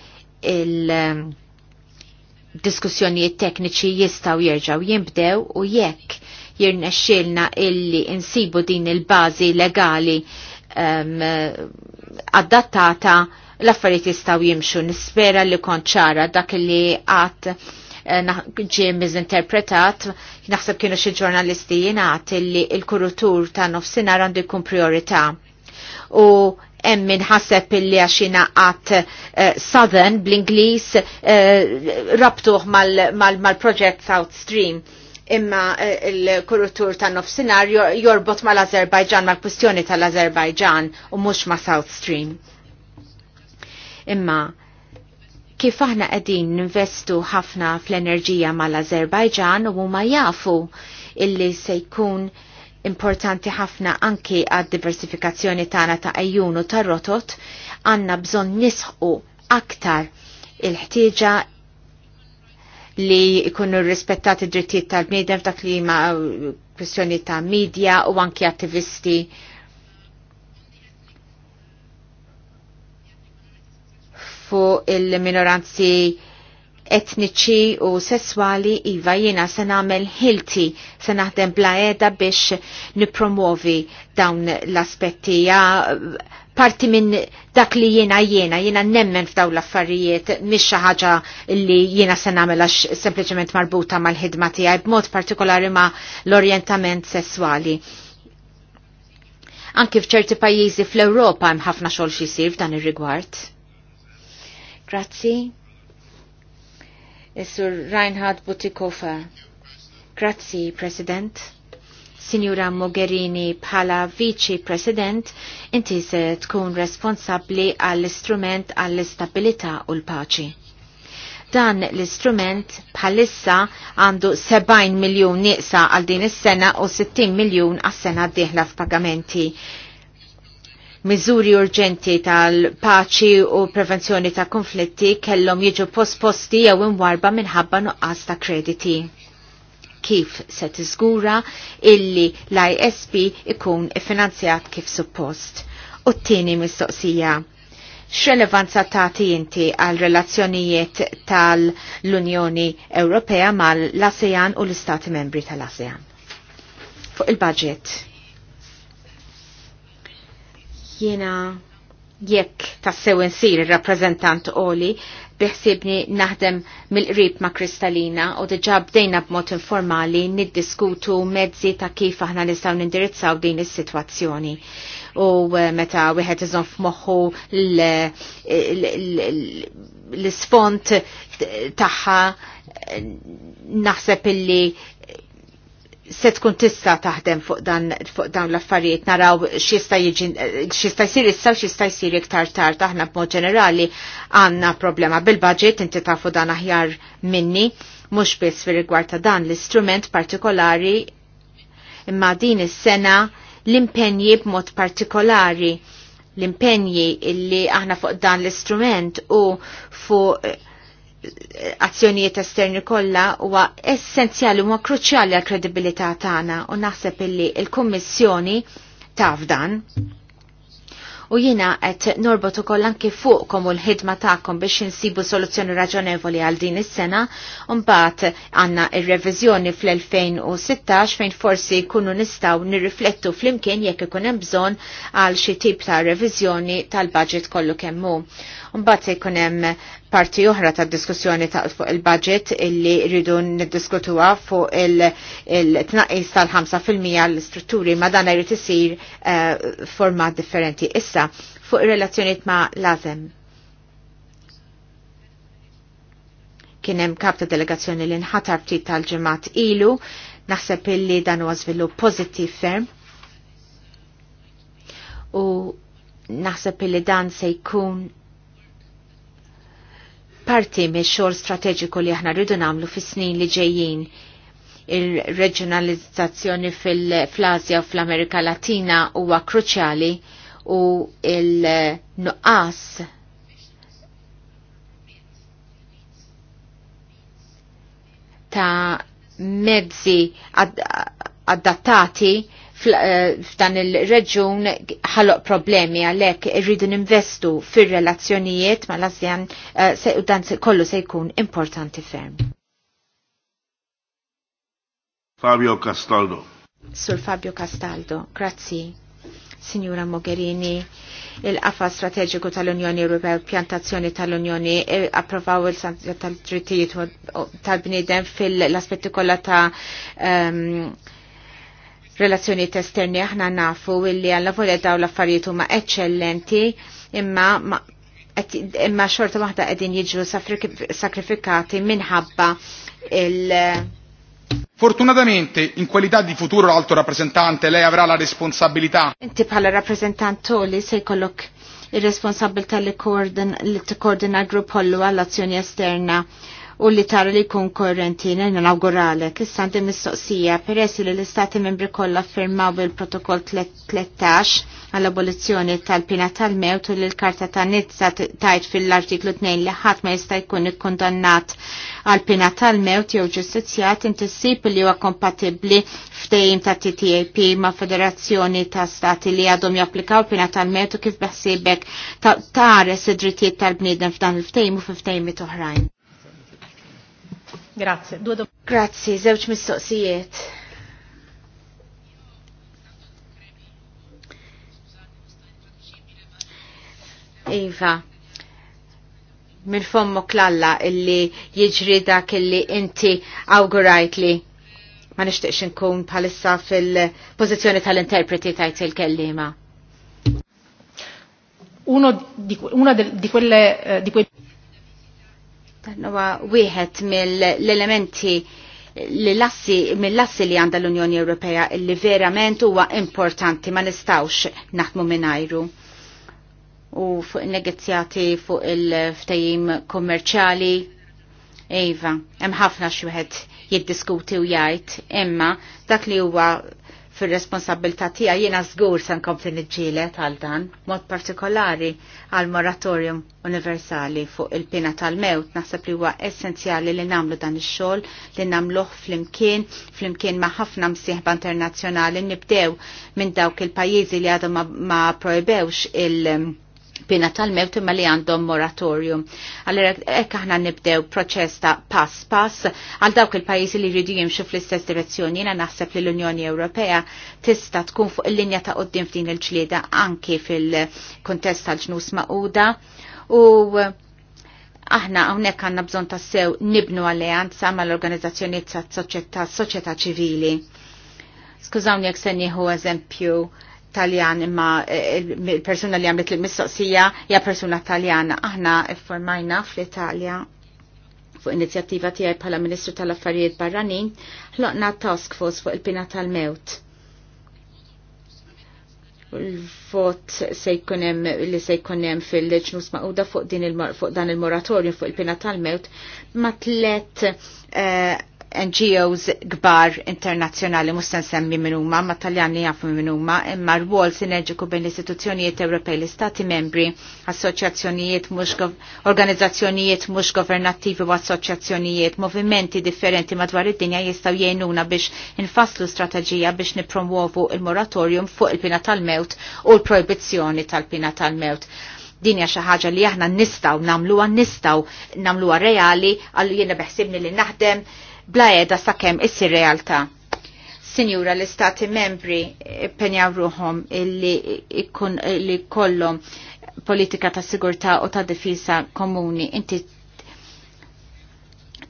il- diskussjonijiet tekniċi jistaw jirġaw jimbdew u jekk jirnexxilna illi insibu din il-bazi legali um, adattata l-affarijiet jistaw jimxu. Nispera li kont ċara dak li għat eh, ġie mizinterpretat, naħseb kienu xi ġurnalisti jingħat li l-kurutur ta' nofsinhar għandu jkun priorità. U hemm min ħaseb illi għax inaqat eh, Southern bl-Ingliż eh, rabtuh mal-proġett South Stream imma eh, il-kurutur tan nofsinhar jorbot mal-Azerbajġan mal-kwistjoni tal-Azerbajġan u mhux ma' South Stream. Imma kif aħna qegħdin investu ħafna fl-enerġija mal-Azerbajġan u huma jafu illi se jkun uh, importanti ħafna anki għad diversifikazzjoni tagħna ta' ejjunu ta' rotot għandna bżonn nisħu aktar il-ħtieġa li jkunu rispettati drittijiet tal-bniedem f'dak li ma' kwestjoni ta' medja u anki attivisti. Fu il-minoranzi etniċi u sessuali iva jiena se nagħmel ħilti se naħdem bla qiegħda biex nippromovi dawn l-aspetti ja parti minn dak li jiena jiena jiena nemmen f'daw l-affarijiet mhix ħaġa li jiena se namel għax sempliċement marbuta mal-ħidma tiegħi b'mod partikolari ma' l-orjentament sessuali. Anki f'ċerti pajjiżi fl-Ewropa hemm ħafna xogħol xi f'dan ir-rigward. Grazzi. Sir sur Reinhard Butikofer. Grazzi, President. Signora Mogherini bħala Vice President, inti se tkun responsabli għall-istrument għall-istabilità u l-paċi. Dan l-istrument bħalissa għandu 70 miljon nieqsa għal din is-sena u 60 miljon għas-sena d-dieħla f'pagamenti miżuri urġenti tal-paċi u prevenzjoni ta' konflitti kellhom jiġu posposti jew imwarba minħabba nuqqas ta' krediti. Kif se tiżgura illi l-ISP ikun iffinanzjat kif suppost. U t-tieni mistoqsija x'relevanza tagħti inti għal relazzjonijiet tal-Unjoni Ewropea mal-ASEAN u l-Istati Membri tal-ASEAN? Fuq il-budget Jiena jekk tassew insir il-rappresentant Oli, biħsibni naħdem mill-qrib ma' Kristalina u diġa bdejna b'mod informali niddiskutu mezzi ta' kif aħna nistgħu nindirizzaw din is-sitwazzjoni. U meta wieħed iżon f'moħħu l sfont tagħha naħseb illi se tkun tista taħdem fuq dan fuq dawn l-affarijiet naraw x'jista' jiġi x'jista' jsir issa u x'jista' jsir iktar tard aħna b'mod ġenerali għandna problema bil baġit inti tafu dan aħjar minni mhux biss fir-rigward ta' dan l-istrument partikolari imma din is-sena l-impenji b'mod partikolari l-impenji illi aħna fuq dan l-istrument u fuq azzjonijiet esterni kollha huwa essenzjali huwa kruċjali għal kredibilità tagħna u naħseb illi l-Kummissjoni taf dan. U jiena qed norbot ukoll anki fuqkom u l-ħidma tagħkom biex insibu soluzzjoni raġonevoli għal din is-sena u mbagħad għandna ir-reviżjoni fl-2016 fejn forsi jkunu nistgħu nirriflettu flimkien jekk ikun hemm bżonn għal xi tip ta' reviżjoni tal-budget kollu kemm hu. Mbagħad se jkun hemm parti oħra ta' diskussjoni ta' fuq il-budget illi rridu niddiskutuha fuq il-tnaqis tal-5% l-istrutturi ma dan jrid isir uh, format differenti. Issa fuq ir-relazzjoniet ma' lazem. Kien hemm kap ta' delegazzjoni li nħatar ftit tal-ġemat ilu, naħseb illi dan huwa żvilupp pożittiv ferm. U naħseb illi dan se jkun parti me xogħol strateġiku li aħna rridu nagħmlu fis-snin li ġejjin il reġionalizzazzjoni fil flazja u fl-Amerika Latina huwa kruċjali u il-nuqqas ta' mezzi adattati ad Eh, f'dan il-reġun ħaloq problemi għalek irridu ninvestu fir-relazzjonijiet mal-ASEAN eh, u dan kollu se jkun importanti ferm. Fabio Castaldo. Sur Fabio Castaldo, grazzi. Signora Mogherini, il-qafa strategiku tal-Unjoni Ewropew, pjantazzjoni tal-Unjoni e, approvaw il-sanzjoni tal-drittijiet tal-bnidem fil-aspetti kollha ta' ehm, relazzjoniet esterni aħna nafu illi għalla volja daw l-affarijiet huma eccellenti imma imma xorta waħda qegħdin jiġu sakrifikati minħabba il Fortunatamente, in qualità di futuro alto rappresentante, lei avrà la responsabilità. Inti bħala rappresentant li se jkollok ir-responsabilità li t-koordina l-grupp kollu għall-azzjoni esterna u li tara li kun korrenti nawguralek. Issa mistoqsija peress li l-istati membri kollha firmaw bil-protokoll 13 għall-abolizzjoni tal-pina tal-mewt u li l-karta ta' Nizza tajt fil-artiklu 2 li ħadd ma jista' jkun ikkondannat għal pina tal-mewt jew ġustizzjat intissib li huwa kompatibbli f'dejjem ta' TTIP ma' federazzjoni ta' stati li għadhom japplikaw pina tal-mewt u kif beħsibek ta' tares id-drittijiet tal-bniedem f'dan il-ftejm u f'ftejmiet oħrajn. Grazie. Due Grazie, zewċ mistoqsijiet. Iva, mil-fommu klalla illi jiġri dak illi inti augurajt li ma nishtiqx nkun palissa fil-pozizjoni tal-interpreti tajt il-kellima. Uno di, una di quelle eh, di quei Dan huwa wieħed mill-elementi l lassi mill lassi li għanda l-Unjoni Ewropea li verament huwa importanti ma nistawx naħdmu mingħajru. U fuq negozjati fuq il-ftajim kommerċali. Iva, hemm ħafna xi wieħed jiddiskuti u jgħid, imma dak li huwa fil-responsabilta tija jiena zgur san kompli nġilet għal dan, mod partikolari għal moratorium universali fuq il-pina tal-mewt, naħseb li huwa essenzjali li namlu dan ix-xogħol li fl-imkien, flimkien, flimkien ma' ħafna msieħba internazzjonali nibdew minn dawk il-pajjiżi li għadhom ma, ma proibewx il- pina tal-mewt imma li għandhom moratorium. Allora ekk aħna nibdew proċess ta' pass pass għal dawk il-pajjiżi li jridu jimxu fl-istess direzzjoni jiena naħseb li l-Unjoni Ewropea tista' tkun fuq il-linja ta' qoddim f'din il-ġlieda anke fil-kontest tal-ġnus maquda u aħna hawnhekk għandna bżonn tassew nibnu alleanza mal-organizzazzjonijiet tas-soċjetà ċivili. Skużawni jekk se nieħu eżempju Taljan imma eh, il-persuna li għamlet l-mistoqsija hija persuna Taljana. Aħna informajna fl-Italja fuq inizjattiva tiegħi bħala Ministru tal-Affarijiet Barranin ħloqna task force fuq il-pina tal-mewt. Il-vot se li se fil-ġnus maquda fuq din il fuq dan il-moratorium fuq il-pina tal-mewt ma tlet uh, NGOs gbar internazzjonali mhux se nsemmi minn huma, ma Taljani jafu minn huma, imma rwol sinerġiku bejn l-istituzzjonijiet Ewropej, l stati membri, assoċjazzjonijiet mhux organizzazzjonijiet mhux governattivi u assoċjazzjonijiet, movimenti differenti madwar id-dinja jistgħu jgħinuna biex infasslu strateġija biex nipromuovu il-moratorium fuq il-pina tal-mewt u l-proibizzjoni tal-pina tal-mewt Dinja xi ħaġa li aħna nistgħu nagħmluha nistgħu nagħmluha reali għal jiena beħsibni li naħdem bla edha sakemm issir realtà. Sinjura l-Istati membri penjaw ruhom illi ikkun li kollom politika ta' sigurtà u ta' difisa komuni. Inti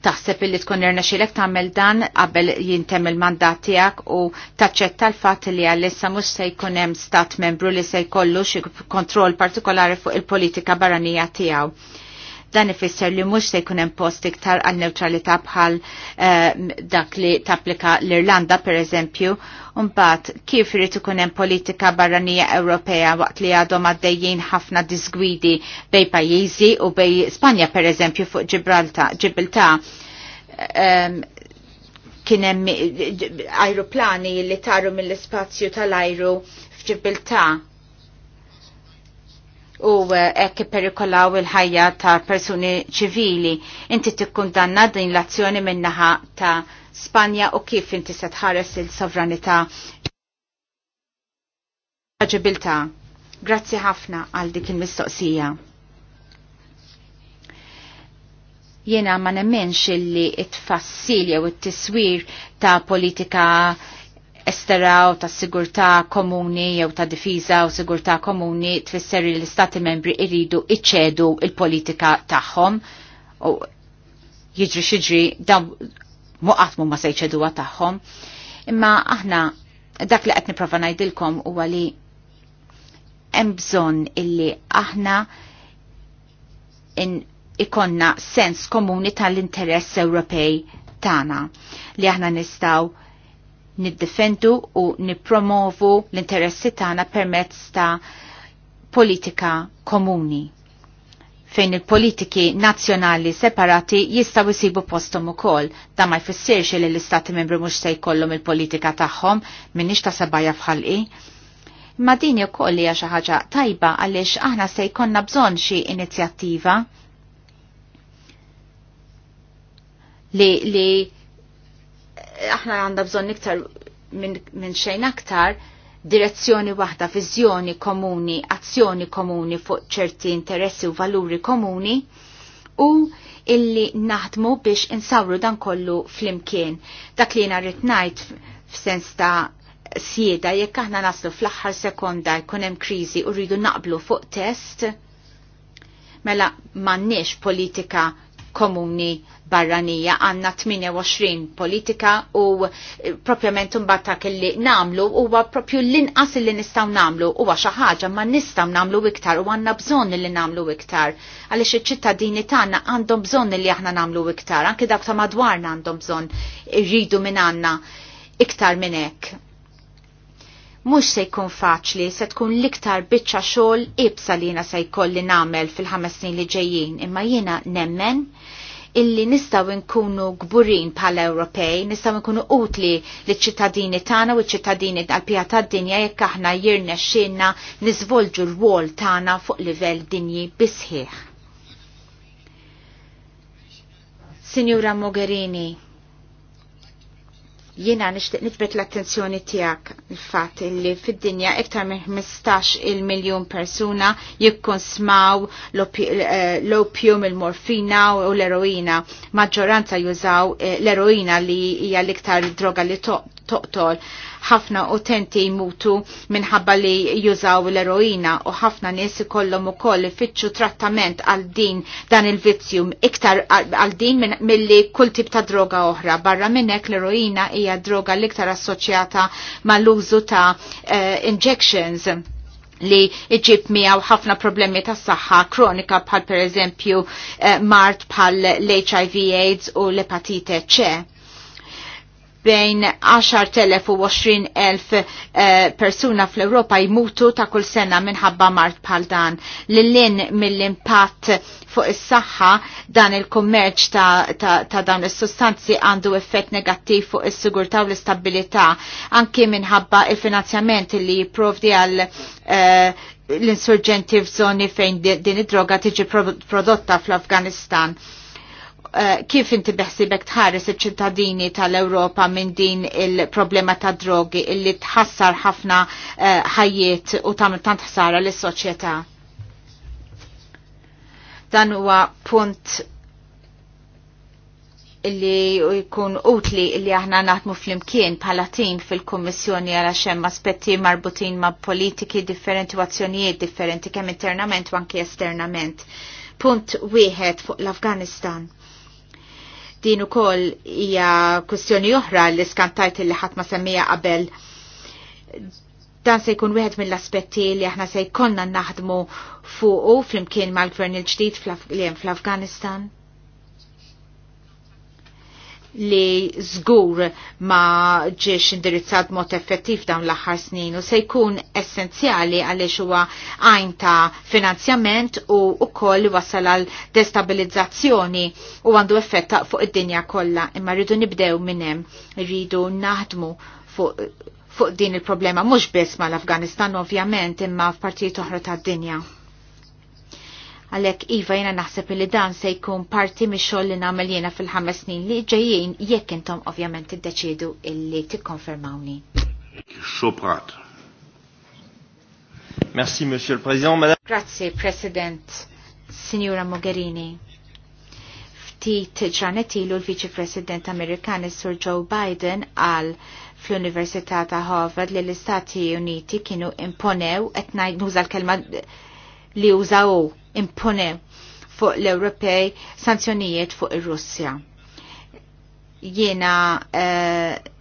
taħseb illi tkun irna xilek tagħmel dan qabel jintem il-mandat tiegħek u taċċetta l-fatt li għalissa mhux se jkun hemm stat membru li se jkollu xi kontroll partikolari fuq il-politika barranija tiegħu. Dan ifisser li mhux se jkun hemm post iktar għal neutralità bħal eh, dak li tapplika l-Irlanda pereżempju, Unbat, kif irid ikun hemm politika barranija Ewropea waqt li għadhom għaddejjin ħafna disgwidi bej pajjiżi u bej Spanja pereżempju fuq Ġibralta, Ġibilta ehm, hemm aeroplani li taru mill ispazju tal-ajru fġibilta u eh, hekk perikolaw il-ħajja ta' persuni ċivili. Inti tikkundanna din l-azzjoni minnaħa ta' Spanja u kif inti se tħares il-sovranità ġibilta. Grazzi ħafna għal dik il-mistoqsija. Jiena ma nemmenx illi it fassilja jew t tiswir ta' politika estera u ta' sigurtà komuni jew ta' difiza u sigurtà komuni tfisser li l-istati membri iridu iċċedu il-politika tagħhom u jiġri xiġri dan muqatmu ma se jċeduha tagħhom. Imma aħna dak li qed nipprova ngħidilkom huwa li hemm bżonn illi aħna in ikonna sens komuni tal-interess Ewropej tagħna li aħna nistgħu Niddefendu u nippromovu l-interessi tagħna permezz ta' politika komuni fejn il-politiki nazzjonali separati jistaw isibu postom ukoll. Da ma jfissirx li l-istati membri mhux se jkollhom il-politika tagħhom minix ta' sabajja fħalqi. Ma din ukoll hija xi ħaġa tajba għaliex aħna se jkollna bżonn xi inizjattiva li li aħna għandha bżonn iktar minn xejn aktar direzzjoni waħda, viżjoni komuni, azzjoni komuni fuq ċerti interessi u valuri komuni u illi naħdmu biex insawru dan kollu flimkien. Dak li jena rritnajt f'sens ta' sieda jekk aħna naslu fl-aħħar sekonda jkun hemm kriżi u rridu naqblu fuq test, mela m'għandniex politika komuni barranija għanna 28 politika u eh, propjament imbagħad dak li namlu huwa propju l-inqas li nistgħu namlu huwa xi ħaġa ma nistgħu namlu iktar u għandna bżonn li namlu iktar għaliex iċ-ċittadini tagħna għandhom bżonn li aħna namlu iktar anke dak ta' madwarna għandhom bżonn irridu minn għandna iktar minn hekk mhux se jkun faċli se tkun liktar biċċa xogħol ibsa li jina se jkolli nagħmel fil-ħames snin li ġejjin, imma jiena nemmen illi nistaw nkunu gburin pal Ewropej, nistaw nkunu utli li ċittadini tana u ċittadini għal-pija ta' dinja jekk aħna jirne xinna nizvolġu l-wol tana fuq livell dinji bisħiħ. Signora Mogherini, Jiena nixtieq nitbet l-attenzjoni tiegħek il-fatt li fid-dinja iktar minn 15 il-miljun persuna jikkun smaw, eh, l-opium, il-morfina u l-eroina. Maġġoranza jużaw eh, l-eroina li hija l-iktar droga li toqtol. ħafna utenti jmutu minħabba li jużaw l-eroina u ħafna nies ikollhom ukoll ifittxu trattament għal din dan il-vizzju iktar għal din milli kull tip ta' droga oħra. Barra minnek l-eroina hija droga l-iktar assoċjata mal-użu ta' uh, injections li iġib miegħu ħafna problemi tas saħħa kronika bħal pereżempju uh, mart bħal l-HIV AIDS u l-epatite C bejn 10.000 u 20.000 eh, persuna fl-Europa jmutu ta' kull sena minħabba mart bħal dan. Lillin mill-impatt fuq is-saħħa dan il-kummerċ ta, ta, ta, dawn is-sustanzi għandu effett negattiv fuq is-sigurtà u l-istabilità anke minħabba il-finanzjament li jipprovdi għal eh, l-insurġenti f'żoni fejn din id-droga tiġi prodotta fl-Afganistan Eh, kif inti beħsibek tħares il ċittadini tal-Ewropa minn din il-problema ta' drogi illi tħassar ħafna eh, ħajjiet u tagħmel tant ħsara lis-soċjetà. Dan huwa punt illi jkun utli illi aħna naħdmu fl-imkien palatin fil-Kummissjoni għal xemm aspetti marbutin ma' politiki differenti u azzjonijiet differenti kemm internament u anke esternament. Punt wieħed fuq l-Afganistan Din ukoll hija kustjoni oħra li skantajt li ħadd ma semmija qabel dan se jkun wieħed mill-aspetti li aħna se jkollna naħdmu fuqu flimkien mal-gvern il-ġdid fl hemm fl-Afganistan li żgur ma ġiex indirizzat mod effettiv dawn l-aħħar snin u se jkun essenzjali għaliex huwa għajn ta' finanzjament u wkoll wasal għal destabilizzazzjoni u għandu effett fuq id-dinja kollha imma rridu nibdew minn hemm rridu naħdmu fuq fuq din il-problema mhux biss mal-Afganistan ovvjament imma f'partijiet oħra tad-dinja. Għalek Iva jena naħseb li dan se jkun parti mi xoll li namel jena fil-ħames snin li ġejjien jekk intom ovvjament iddeċidu illi tikkonfermawni. Xoprat. Merci, Monsieur le Président. Madame... Grazie, President. Signora Mogherini ftit ġranet ilu l-Viċi President Amerikan Sir Joe Biden għal fl-Università ta' Harvard li l-Istati Uniti kienu imponew qed nuża l-kelma li użaw impone fuq l-Ewropej sanzjonijiet fuq ir-Russja. Jiena uh,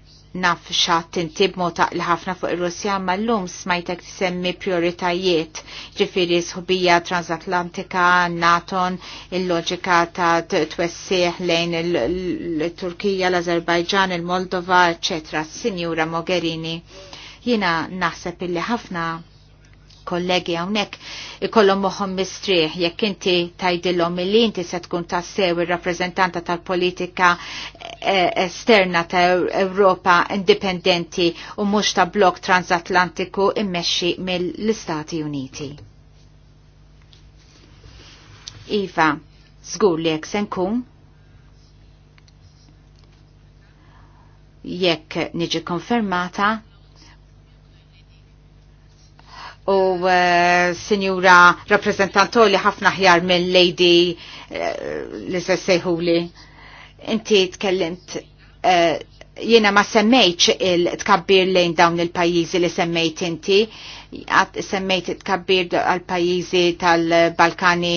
naf xat inti b'mod ħafna fuq ir-Russja ma llum smajtek tisemmi prioritajiet ġifieri sħubija transatlantika, Naton, il-loġika ta' twessieħ lejn il-Turkija, l-Azerbajġan, il-Moldova, eċetra. Sinjura Mogherini, jiena naħseb illi ħafna kollegi hawnhekk ikollhom moħħom mistrieħ jekk inti tajdilhom illi inti se tkun tassew il rappreżentanta tal-politika eh, esterna ta' Ewropa indipendenti u mhux ta' blok transatlantiku immexxi mill-Istati Uniti. Iva, żgur li jekk se nkun jekk niġi konfermata u eh, sinjura sinjura li ħafna ħjar minn lady eh, li se sejhuli. Inti tkellimt eh, jiena ma semmejċ il-tkabbir lejn dawn il-pajjiżi li semmejt inti, għat semmejt tkabbir għal-pajjiżi tal-Balkani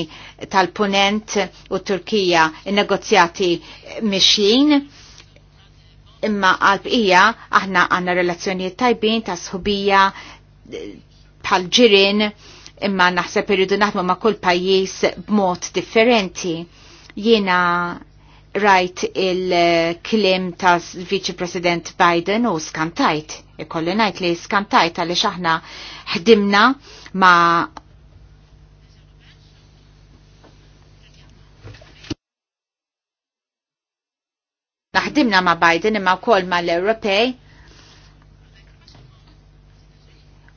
tal-Punent u Turkija, il-negozjati mixjin imma għalbqija aħna għanna relazzjonijiet tajbin ta' sħubija bħal ġirien imma naħseb irridu naħdmu ma' kull pajjiż b'mod differenti. Jiena rajt il-klim ta' Viċi President Biden u skantajt. Ikolli ngħid li skantajt għaliex aħna ħdimna ma' Naħdimna ma' Biden imma wkoll mal-Ewropej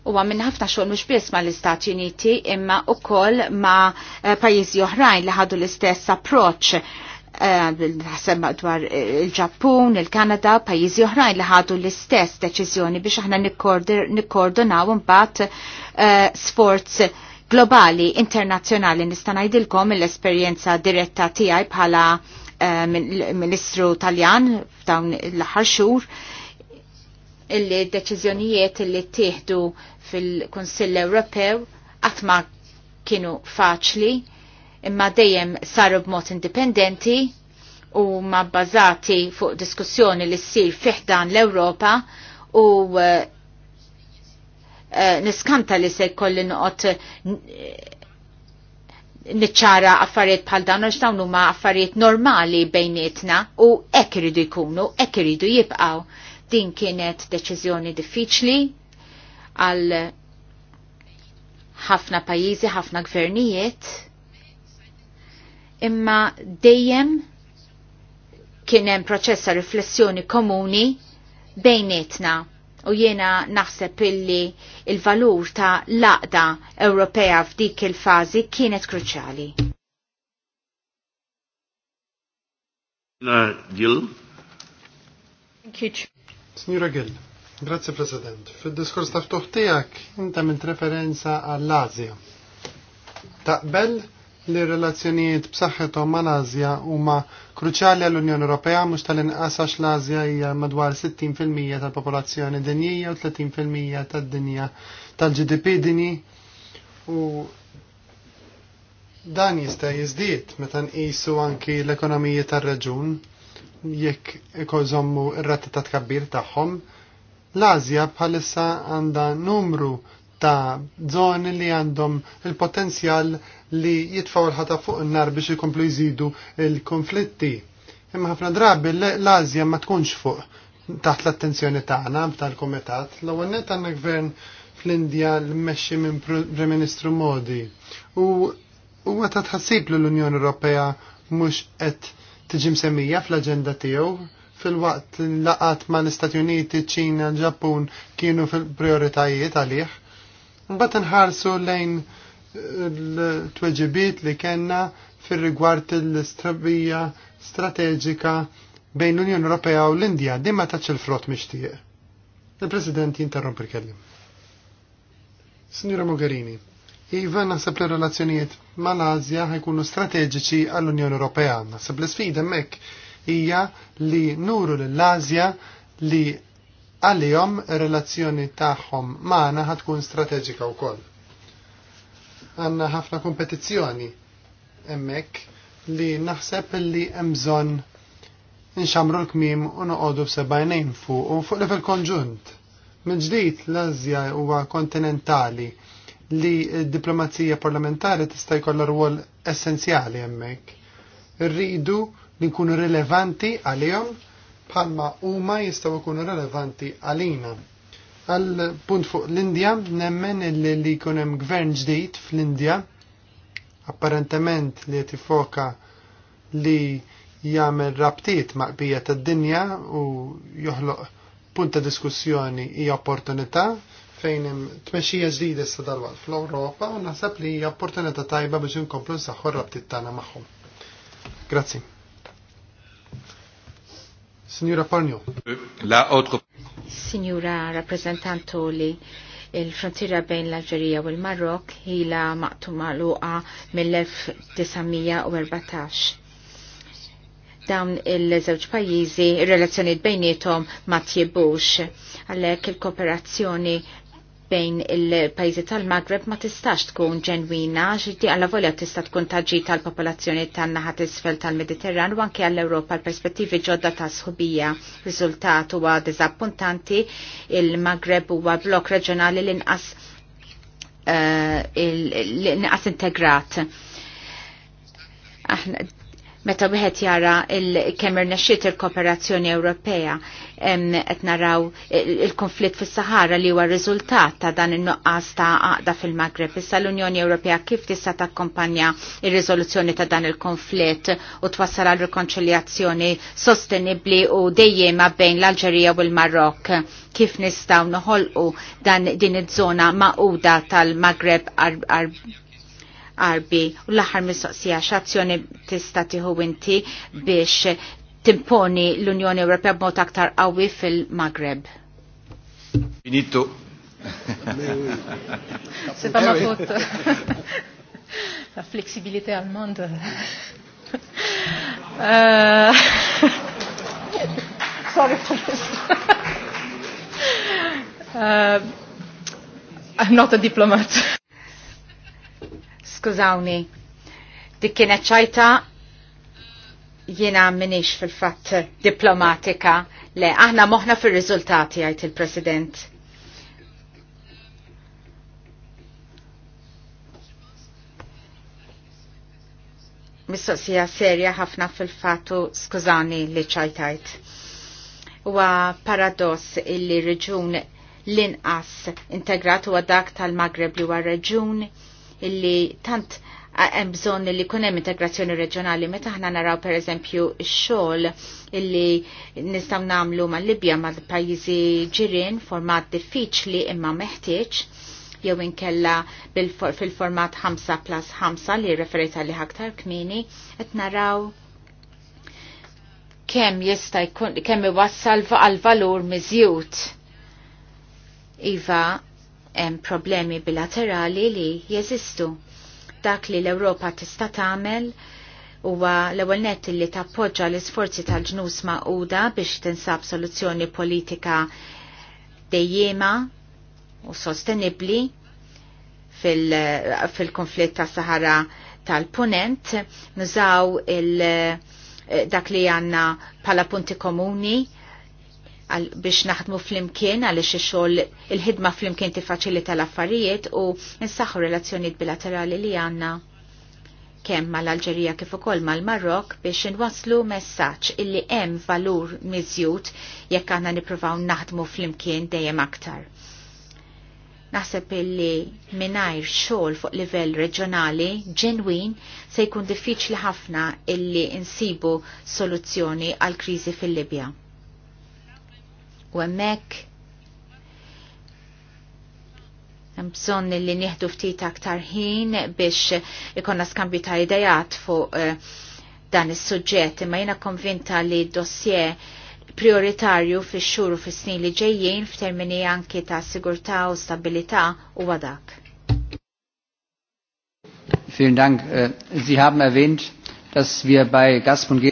huwa minn ħafna xogħol mhux biss mal-Istati Uniti imma wkoll ma' eh, pajjiżi oħrajn li ħadu l-istess approċċ eh, ħasem dwar eh, il-Ġappun, il-Kanada, pajjiżi oħrajn li ħadu l-istess deċiżjoni biex aħna nikkoordonaw imbagħad sforz globali, internazzjonali, nista' ngħidilkom l-esperjenza diretta tiegħi bħala Ministru Taljan f'dawn l-aħħar xhur illi deċiżjonijiet li tieħdu fil-Kunsill Ewropew qatt ma kienu faċli imma dejjem saru b'mod indipendenti u ma bbażati fuq diskussjoni li ssir fiħdan l-Ewropa u uh, niskanta li se kolli noqgħod niċċara affarijiet bħal dawn għax dawn huma affarijiet normali bejnietna u hekk iridu jkunu, hekk iridu jibqgħu. Din kienet deċiżjoni diffiċli għal ħafna pajjiżi, ħafna gvernijiet, imma dejjem kien hemm proċess riflessjoni komuni bejnietna u jiena naħseb illi il-valur ta' laqda Ewropea f'dik il-fażi kienet kruċjali. Thank you. Signora Gill, grazie President. Fil-diskors ta' ftuħ tiegħek inta minn referenza għall-Azja. Taqbel li relazzjonijiet b'saħħithom mal-Azja huma kruċjali għall-Unjoni Ewropea mhux tal-inqas għax l-Azja hija madwar 60% tal-popolazzjoni dinjija u 30% tad-dinja tal-GDP dinji u dan jista' jiżdied meta nqisu anki l-ekonomiji tar-reġun jekk ikolżommu r-rati ta' tkabbir tagħhom, l-Azja bħalissa għandha numru ta' zoni li għandhom il-potenzjal li jitfaw l-ħata fuq n-nar biex ikomplu jżidu il-konflitti. Imma ħafna drabi l-Azja ma tkunx fuq taħt l-attenzjoni tagħna tal-Kumitat. L-ewwel net għandna gvern fl-Indja l mexxi minn Prim Ministru Modi. U huwa ta' tħassib l l-Unjoni Ewropea mhux qed tiġi msemmija fl-aġenda tiegħu fil-waqt laqat ma' l-Istati Uniti, ċina, Ġappun kienu fil-prioritajiet għalih. Mbagħad nħarsu lejn eh, l-tweġibiet li kellna fir-rigward l-istrabija strateġika bejn l-Unjoni Ewropea u l-Indja din ma taċ il-frott mixtieq. Il-President jinterromp il-kellim. Signora Mogherini, Iva naħseb li relazzjonijiet mal-Azja ħajkunu strateġiċi għall-Unjoni Ewropea. Naħseb li sfida hemmhekk hija li nuru lill-Azja li għalihom ir-relazzjoni tagħhom magħna ħatkun strateġika wkoll. Għandna ħafna kompetizzjoni hemmhekk li naħseb li hemm bżonn nxamru l-kmim u noqogħdu b'sebajnejn fuq u fuq level konġunt. mill ġdid l-Azja huwa kontinentali li d-diplomazija parlamentari tista' jkollha rwol essenzjali hemmhekk. Irridu li nkunu rilevanti għalihom bħalma huma jistgħu jkunu rilevanti għalina. Għal punt fuq l-Indja, nemmen li li jkun hemm gvern ġdid fl-Indja, apparentement li qed ifoka li jagħmel rabtiet ma' qbija tad-dinja u joħloq punt ta' diskussjoni hija opportunità fejn hemm tmexxija ġdida issa darba fl-Ewropa u naħseb li hija opportunità tajba biex inkomplu nsaħħu rabtit tagħna magħhom. Grazzi. Signora Parnio. La otro. Signora rappresentantoli, il-frontiera bejn l-Alġerija u l-Marok ila maqtuma luqa mill-1914 dawn il-żewġ pajjiżi ir-relazzjonijiet bejnietom ma tjibux. Għalhekk il-kooperazzjoni bejn il-pajzi tal-Magreb ma tistax tkun ġenwina ġiddi għalla volja tista tkun taġġi tal-popolazzjoni tan-naħat isfel tal-Mediterran u anke għall-Europa l-perspettivi ġodda ta' sħubija. Riżultat huwa diżappuntanti il-Magreb huwa blok reġjonali l-inqas eh, l-inqas integrat meta wieħed jara kemm irnexxiet il-Kooperazzjoni Ewropea qed naraw il-konflitt fis-Sahara li huwa riżultat ta' dan in-nuqqas ta' għaqda fil-Magreb. Issa l-Unjoni Ewropea kif tista' takkompanja ir-riżoluzzjoni ta' dan il-konflitt u twassal għall rikonċiljazzjoni sostenibbli u dejjema bejn l-Alġerija u l-Marokk kif nistgħu noħolqu dan din iż-żona maquda tal-Magreb qarbi u l-aħħar mistoqsija x'azzjoni tista' tieħu inti biex timponi l-Unjoni Ewropea b'mod aktar qawwi fil-Maghreb. Finito. Se pas ma faute. La flexibilité al mondo. Eh, sorry for this. uh, I'm not a diplomat. Skużawni, dik kienet ċajta jiena minix fil-fatt diplomatika. Le, aħna moħna fil-rizultati għajt il-President. Mistoqsija serja ħafna fil-fatu skużani li ċajtajt. Huwa paradoss illi reġun l-inqas integrat huwa dak tal-Magreb li huwa reġun illi tant hemm bżonn li jkun hemm integrazzjoni reġjonali meta aħna naraw pereżempju ix xogħol illi nistgħu nagħmlu mal-Libja mal-pajjiżi ġirien format diffiċli imma meħtieġ jew inkella fil-format 5 plus 5 li referita li aktar kmini qed naraw kemm jista' jkun kemm iwassal għal valur miżjud. Iva, hemm problemi bilaterali li jeżistu. Dak li l-Ewropa tista' tagħmel huwa l-ewwel nett li tappoġġa l-isforzi tal-ġnus maquda biex tinsab soluzzjoni politika dejjema u sostenibbli fil-konflitt fil tas Sahara tal-Punent, nużaw il- dak li għanna pala punti komuni biex naħdmu fl-imkien għalix xogħol il-ħidma fl-imkien tiffaċilita l-affarijiet u nsaħħu relazzjonijiet bilaterali li għandna kemm mal-Alġerija kif ukoll mal-Marok biex inwaslu messaġġ illi hemm valur miżjud jekk għandna nippruvaw naħdmu flimkien dejjem aktar. Naħseb illi mingħajr xogħol fuq livell reġjonali ġenwin se jkun diffiċli ħafna illi insibu soluzzjoni għal kriżi fil-Libja u hemmhekk bżon li nieħdu ftit aktar ħin biex ikonna skambju ta' idejat fuq eh, dan is-suġġett imma jiena konvinta li dossier prioritarju fix xhur u fis-snin li ġejjin f'termini anki ta' sigurtà u stabilità huwa dak. Vielen Dank. Äh, Sie haben erwähnt, dass wir bei Gas und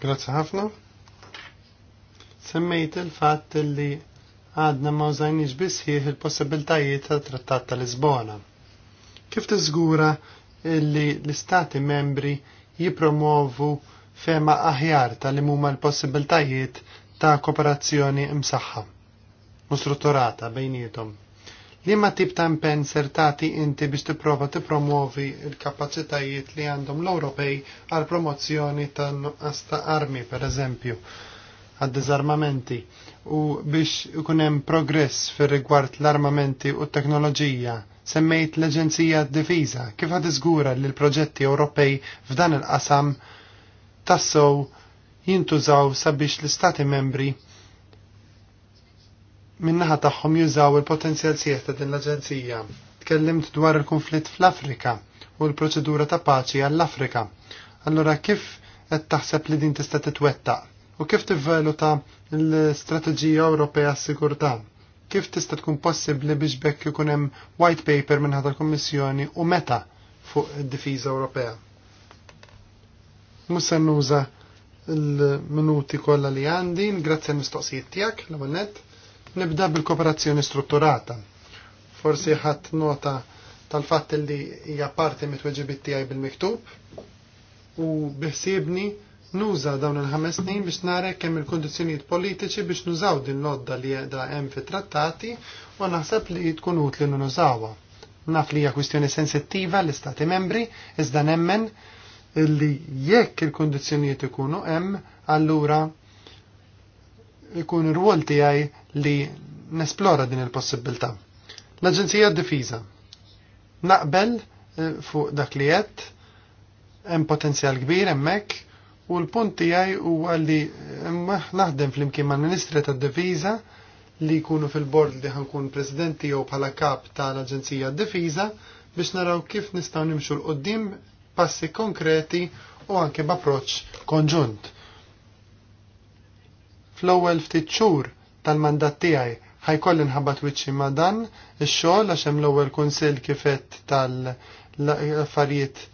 Grazie ħafna semmejt il-fatt li għadna ma użajniġ bisħiħ il-possibiltajiet ta' trattat ta' Lisbona. Kif tiżgura li l-istati membri jipromovu fema aħjar tal-imuma l-possibiltajiet ta' kooperazzjoni imsaħħa mustrutturata bejnietom. Liema tip ta' impen sertati inti biex tipprova tippromuovi l-kapaċitajiet li għandhom l-Ewropej għal promozzjoni ta' nuqqas ta' armi, per eżempju, għad-dizarmamenti u biex ikunem hemm progress fir-rigward l-armamenti u t-teknoloġija semmejt l-Aġenzija d-Difiża kif għad iżgura li l-proġetti Ewropej f'dan il-qasam tassow jintużaw sabiex l-Istati membri minnaħa tagħhom jużaw il-potenzjal sieħ ta' din l-Aġenzija. Tkellimt dwar il-konflitt fl-Afrika u l-proċedura ta' paċi għall-Afrika. Allora kif qed taħseb li din tista' titwettaq? u kif tivvaluta l-Strateġija Ewropea s-Sigurtà. Kif tista' tkun possibbli biex bekk ikun hemm white paper minn ħadha l-Kummissjoni u meta fuq id-difiża Ewropea? Mhux se nuża l-minuti kollha li għandi, grazzi għal mistoqsijiet tiegħek l-ewwel nett. Nibda bil-kooperazzjoni strutturata. Forsi ħadd nota tal-fatt li hija parti mitweġibit tiegħi bil-miktub u biħsiebni nuża dawn il-ħames snin biex nara kemm il-kondizzjonijiet politiċi biex nużaw din l-odda li qiegħda hemm fit-trattati u naħseb li tkun utli nużawha. Naf li hija kwistjoni sensittiva l-Istati membri iżda nemmen li jekk il-kondizzjonijiet ikunu hemm allura ikun ir-rwol tiegħi li nesplora din il-possibilità. L-Aġenzija d-Difiża. Naqbel eh, fuq dak li qed hemm potenzjal kbir hemmhekk U l-punt tiegħi huwa li eh, naħdem flimkien mal-Ministri tad defiza li jkunu fil-bord li ħankun presidenti jew bħala kap tal-Aġenzija d-Difiża biex naraw kif nistgħu nimxu l qoddim passi konkreti u anke b'approċċ konġunt. Fl-ewwel ftit xhur tal-mandat tiegħi ħajkolli nħabbat wiċċi ma' dan ix-xogħol għax hemm l-ewwel kunsill kifet tal-affarijiet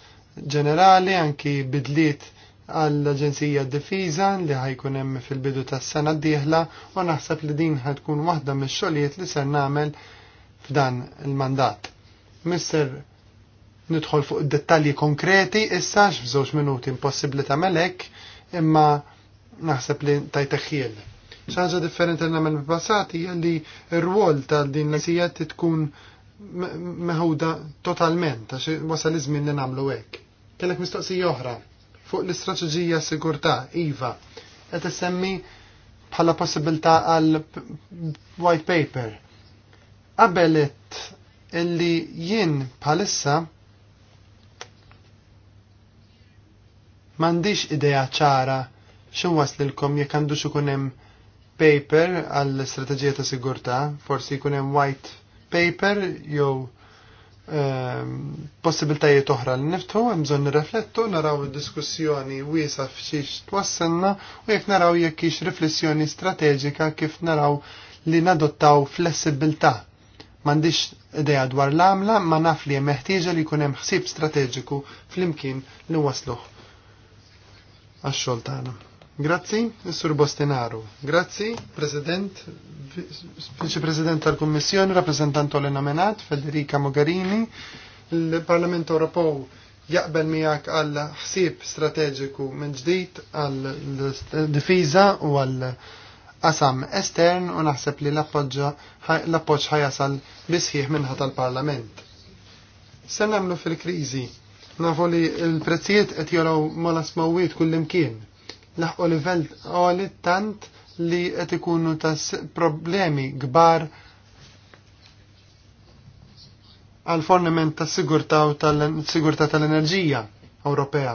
ġenerali anki bidliet għall-Aġenzija d-Difiża li ħajkun hemm fil-bidu tas-sena d-dieħla u naħseb li din ħadkun waħda mix-xogħlijiet li ser nagħmel f'dan il-mandat. Mister nidħol fuq dettalji konkreti issa f'żewġ minuti impossibbli tagħmel hekk imma naħseb li tajteħħiel. ċaġa differenti nagħmel passati hija li r-rwol tal din l-aġenzija tkun meħuda totalment għax wasal iż-żmien li nagħmlu hekk. Kellek mistoqsija oħra fuq l-istrateġija sigurtà IVA qed issemmi bħala possibilità għal white paper. Qabelet illi jien bħalissa m'għandix idea ċara x'in waslilkom jekk għandux ikun hemm paper għall istrateġija ta' sigurtà, forsi jkun hemm white paper jew Ehm, possibiltajiet oħra li niftħu, hemm bżonn nirreflettu, naraw id-diskussjoni wiesa f'xiex twassenna u jekk naraw jekk hix riflessjoni strateġika kif naraw li nadottaw flessibilità. M'għandix idea dwar l-għamla, ma naf li hemm meħtieġa li jkun hemm ħsieb strateġiku flimkien li wasluh għax-xogħol tagħna. Grazzi, Sur Bostenaro. Grazzi, President, Vice President tal-Kommissjoni, rappresentant nominat Federica Mogherini. Il-Parlament Europeo jaqbel miegħek għal ħsieb strateġiku minn ġdid għal difiża u għal qasam estern u naħseb li l-appoġġ ħajasal bisħieħ minnħat tal-Parlament. Se nagħmlu fil-kriżi, nafu li l-prezzijiet qed jolgħu ma lasmawwiet kull imkien laħqu livell għoli tant li qed ikunu ta' problemi kbar għal fornament tas sigurta sigurta tal-enerġija Ewropea.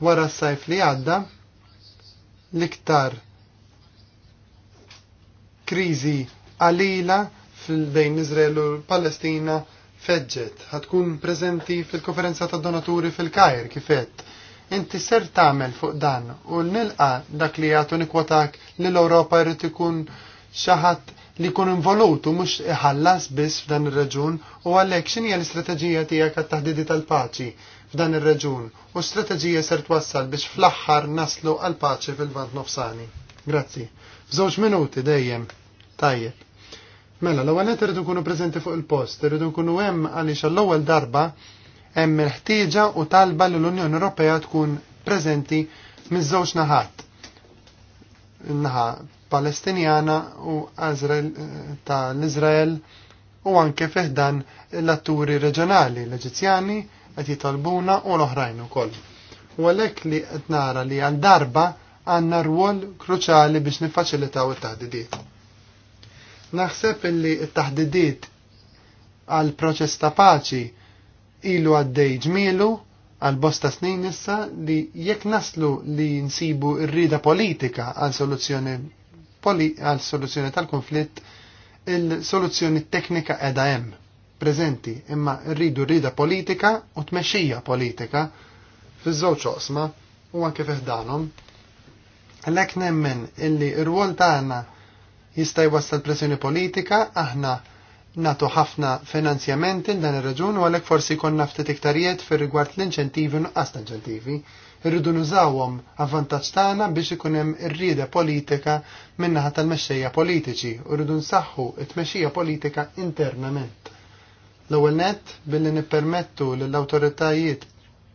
Wara s-sajf li għadda l-iktar kriżi għalila fil-bejn Izrael u Palestina feġġet. Għatkun preżenti fil-konferenza ta' donaturi fil-Kajr kifet inti ser tagħmel fuq dan u nilqa dak li jagħtu nikwatak li l-Ewropa jrid ikun xi ħadd li jkun involut u mhux iħallas biss f'dan ir-reġun u għalhekk x'inhi l-istrateġija tiegħek għat-taħdidi tal-paċi f'dan ir-reġun u strateġija ser twassal biex fl-aħħar naslu għal paċi fil-vant nofsani. Grazzi. F'żewġ minuti dejjem. Tajjeb. Mela, l-ewwel qed irridu nkunu preżenti fuq il-post, irridu nkunu hemm għaliex għall-ewwel darba hemm il-ħtieġa u talba li l-Unjoni Ewropea tkun preżenti miż-żewġ naħat. Naħa Palestinjana u tal-Iżrael u anke fiħdan l-atturi reġjonali l-Eġizzjani qed jitolbuna u l-oħrajn ukoll. U għalhekk li qed nara li għal darba għandna rwol kruċali biex niffaċilitaw it-taħdidiet. Naħseb illi t-taħdidiet għal proċess ta' paċi ilu għaddej ġmielu għal bosta snin issa li jekk naslu li nsibu rrida politika għal soluzzjoni poli għal soluzzjoni tal-konflitt il-soluzzjoni teknika edha hemm preżenti imma rridu rrida politika u tmexxija politika fiż-żewġ oqsma u anke fiħdanhom. Lek nemmen illi r-rwol tagħna jista' jwassal pressjoni politika aħna natu ħafna finanzjament il dan ir-raġun u għalhekk forsi konna ftit iktarijiet fir-rigward l-inċentivi u nuqqas l-inċentivi. Irridu nużawhom avvantaġġ tagħna biex ikun hemm irrieda politika min-naħa tal-mexxejja politiċi u rridu nsaħħu t tmexxija politika internament. L-ewwel nett billi nippermettu lill-awtoritajiet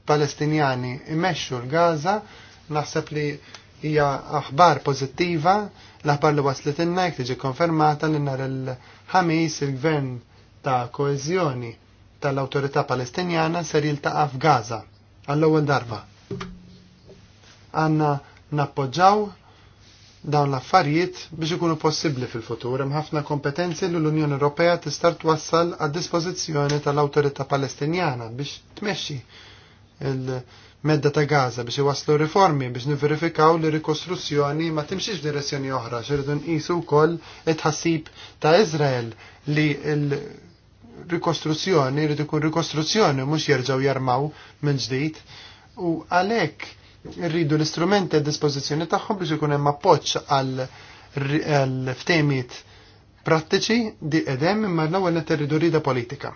Palestinjani imexxu l-Gaza naħseb li hija aħbar pożittiva l-aħbar li waslet inna jek tiġi konfermata li nhar il- ħamis il-gvern ta' koezjoni tal-autorità palestinjana ser jiltaqa' f'Gaza għall-ewwel darba. Għanna nappoġġaw dawn l-affarijiet biex ikunu possibbli fil-futur hemm ħafna kompetenzi li l-Unjoni Ewropea tista' twassal għad dispożizzjoni tal-Awtorità Palestinjana biex tmexxi l medda ta' Gaza biex iwaslu riformi biex niverifikaw li rikostruzzjoni ma timxiex direzzjoni oħra xirridu nqisu wkoll it-ħassib ta' Izrael li l rikostruzzjoni jrid ikun rikostruzzjoni mhux jerġgħu jarmaw minn ġdid u għalhekk rridu l-istrumenti għad dispożizzjoni tagħhom biex ikun hemm appoġġ għal ftemiet prattiċi di edem imma l-ewwel qed rida politika.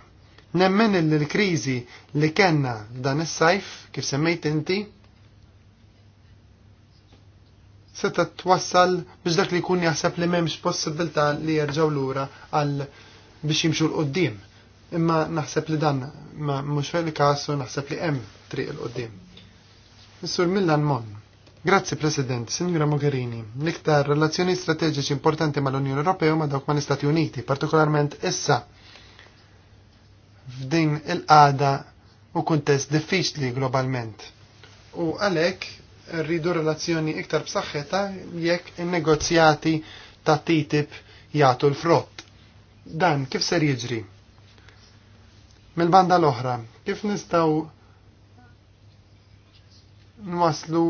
Nemmen il l-kriżi li kenna dan is-sajf, kif semmejt inti, seta twassal biex dak li kun jaħseb li m'hemmx possibilità li l lura għal biex jimxu l-qoddim. Imma naħseb li dan ma mhux il-każ u naħseb li hemm triq il-qoddim. Missur Millan Mon. Grazzi President, Signora Mogherini. L-iktar relazzjoni strateġiċi importanti mal-Unjoni Ewropea ma dawk mal-Istati Uniti, partikolarment issa f'din il-qada u kuntest diffiċli globalment. U għalhekk rridu relazzjoni iktar b'saħħetha jekk in-negozjati ta' TTIP jagħtu l-frott. Dan kif ser jiġri? Mill-banda l-oħra, kif nistgħu nwaslu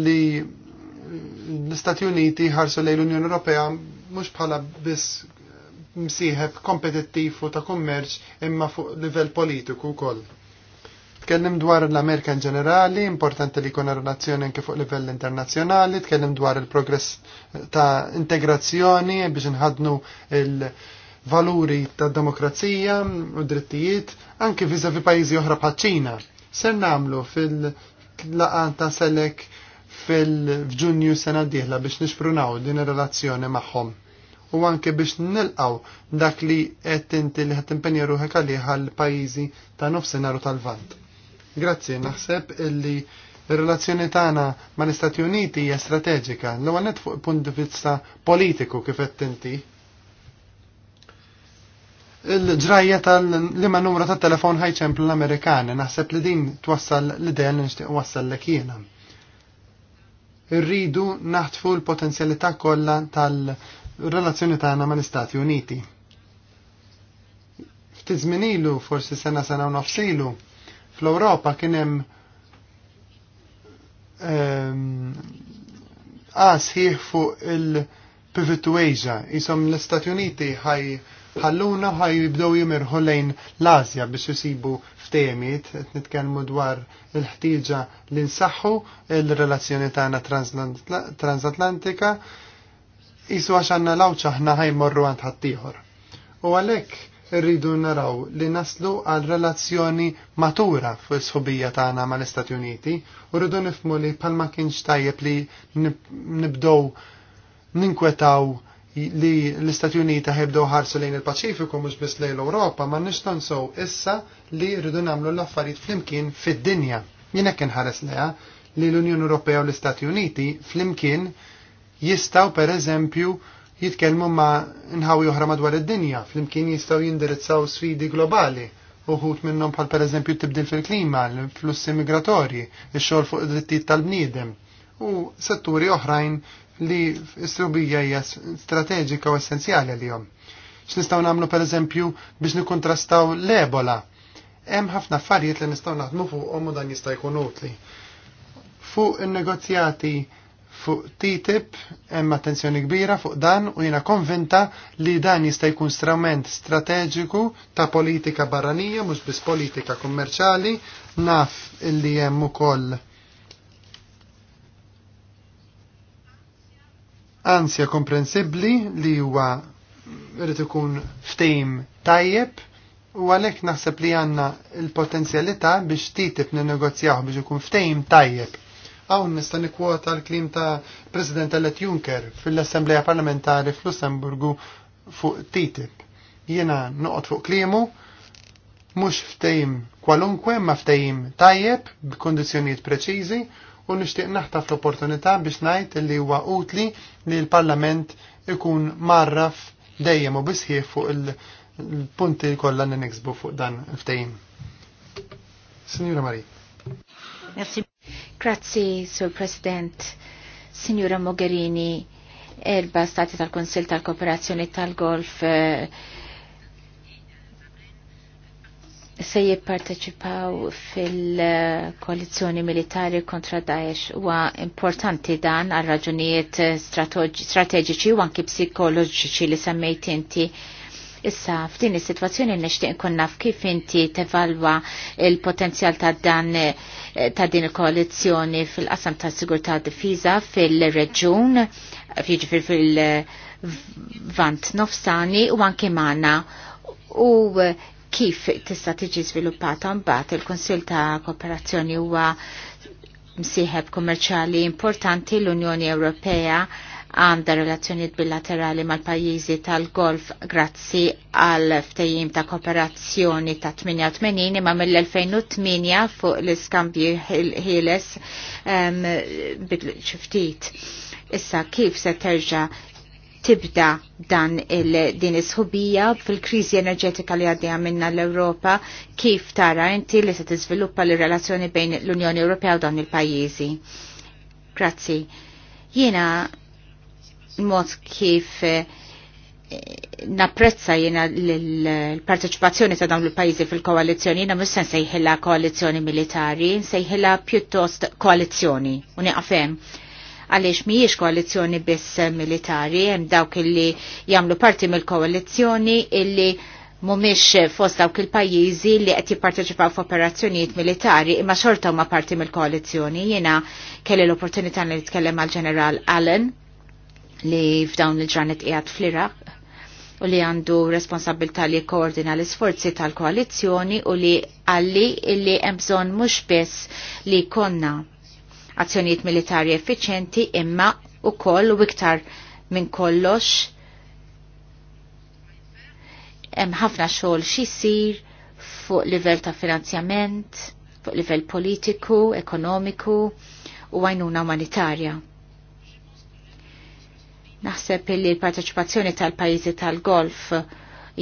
li l-Istati Uniti ħarsu lejn l-Unjoni Ewropea mhux bħala biss msieħeb kompetittiv u ta' kummerċ imma fuq livell politiku wkoll. Tkellim dwar l-Amerika in ġenerali, importanti li kuna relazzjoni anke fuq livell internazzjonali, tkellim dwar il-progress ta' integrazzjoni biex nħadnu il- valuri ta' demokrazija u drittijiet anke vizavi pajjiżi oħra bħaċ-Ċina. Ser nagħmlu fil-laqa ta' selek fil-ġunju sena d-dieħla biex nixprunaw din ir-relazzjoni magħhom u anke biex nilqaw dak li qed inti li qed impenja ruħek għalih għall-pajjiżi ta' nofsinhar u tal-Vant. Grazzi, naħseb illi ir-relazzjoni tagħna mal-Istati Uniti hija strateġika, l ewwel fuq punt di vista politiku kif qed inti. Il-ġrajja tal-lima numru ta' telefon ħajċem l-Amerikani, naħseb li din twassal l-idea li nixtieq wassal l jiena. Irridu naħtfu l-potenzjalità kollha tal- relazzjoni tagħna mal-Istati Uniti. Ftit żmien ilu, forsi sena sena u nofsilu, fl-Ewropa kien hemm għasħiħ ehm, fuq il-pivot Asia. Isom l-Istati Uniti ħaj ħalluna ħaj jibdow jimirħu lejn l azja biex jisibu ftejmiet, nitkellmu dwar il-ħtieġa li nsaħħu il-relazzjoni tagħna transatlantika. Trans Isu għax għanna lawċa ħna ħajmorru għand ħaddieħor. U għalhekk rridu naraw li naslu għal relazzjoni matura fuq is-sħubija tagħna mal-Istati Uniti u rridu nifmu li palma kienx tajjeb li nibdow ninkwetaw li l-Istati Uniti ħibdew ħarsu lejn il-Paċifiku mhux bis lejn l-Ewropa, ma nishton tonsew issa li rridu nagħmlu l-affarijiet flimkien fid-dinja. Jina kien inħares leja li l-Unjoni Ewropea u l-Istati Uniti flimkien jistaw per eżempju jitkellmu ma' nħawi oħra madwar id-dinja, flimkien jistaw jindirizzaw sfidi globali, uħut minnhom bħal per eżempju tibdil fil-klima, l-flussi migratorji, il xogħol fuq id-drittijiet tal-bniedem u setturi oħrajn li s-subija hija strateġika u essenzjali għalihom. X'nistgħu nagħmlu pereżempju biex nikontrastaw l-ebola. Hemm ħafna affarijiet li nistgħu naħdmu fuqhom u dan jista' jkun utli. Fuq in-negozjati fuq TTIP hemm attenzjoni kbira fuq dan u jiena konvinta li dan jista' jkun strament strateġiku ta' politika barranija mhux biss politika kummerċjali naf illi hemm ukoll ansja komprensibbli li huwa rrid ikun ftehim tajjeb u għalhekk naħseb li għandna l-potenzjalità biex TTIP ninnegozjawh biex ikun ftehim tajjeb Hawn nista' nikkwota l-klim ta' President elett Juncker fil-Assembleja Parlamentari fl-Lussemburgu fuq TTIP. Jiena noqgħod fuq klimu mhux ftejim kwalunkwe ma ftehim tajjeb b'kondizzjonijiet preċiżi u nixtieq naħtaf l-opportunità biex ngħid li huwa utli li l-Parlament ikun marraf dejjem u bisħieħ fuq il-punti kollha li niksbu fuq dan il-ftehim. Signora Marie. Merci. Grazzi, Sur President, Signora Mogherini, erba stati tal-Konsil tal Cooperazione tal-Golf eh, se jipparteċipaw fil koalizjoni militari kontra Daesh huwa importanti dan għal raġunijiet strateġiċi u anki psikoloġiċi li semmejt inti Issa, f'din is-sitwazzjoni nixtieq inkun naf kif inti tevalwa il-potenzjal ta' dan eh, ta' din il-koalizzjoni fil-qasam ta' sigurtà difiża fil-reġun, jiġifier fil-vant nofsani u anke magħna u eh, kif tista' tiġi żviluppata mbagħad il kunsill ta' Kooperazzjoni huwa msieħeb kummerċjali importanti l-Unjoni Ewropea għanda relazzjoniet bilaterali mal-pajjiżi tal-Golf grazzi għal ftejim ta' kooperazzjoni ta' 88 imma mill-2008 fuq l-iskambju ħieles um, bil-ċiftit. Issa kif se terġa' tibda dan il-din isħubija fil-krizi enerġetika li għaddija minna l-Europa, kif tara inti li se tiżviluppa l-relazzjoni bejn l-Unjoni Ewropea u dan il-pajjiżi. Grazzi. Jiena mod kif eh, napprezza jena l-parteċipazzjoni ta' dawn il-pajizi fil-koalizjoni, jena mus sejħilla koalizjoni militari, sejħilla pjuttost koalizjoni, uniqafem. Għalix miħiex koalizjoni biss militari, jem dawk illi jamlu parti mill-koalizjoni illi mumiex fost dawk il-pajizi li qed jipparteċipaw f'operazzjonijiet militari imma xorta huma parti mill-koalizjoni. Jiena kelli l-opportunità li nitkellem għal-ġeneral Allen li f'dawn il-ġranet qiegħed fl-Iraq u li għandu responsabilta li koordina l-isforzi tal-koalizjoni u li għalli illi emżon mux biss li konna azzjoniet militari effiċenti imma u koll u iktar minn kollox hemm ħafna xogħol xisir fuq livell ta' finanzjament, fuq livell politiku, ekonomiku u għajnuna umanitarja Naħseb li l-parteċipazzjoni tal-pajjiżi tal-golf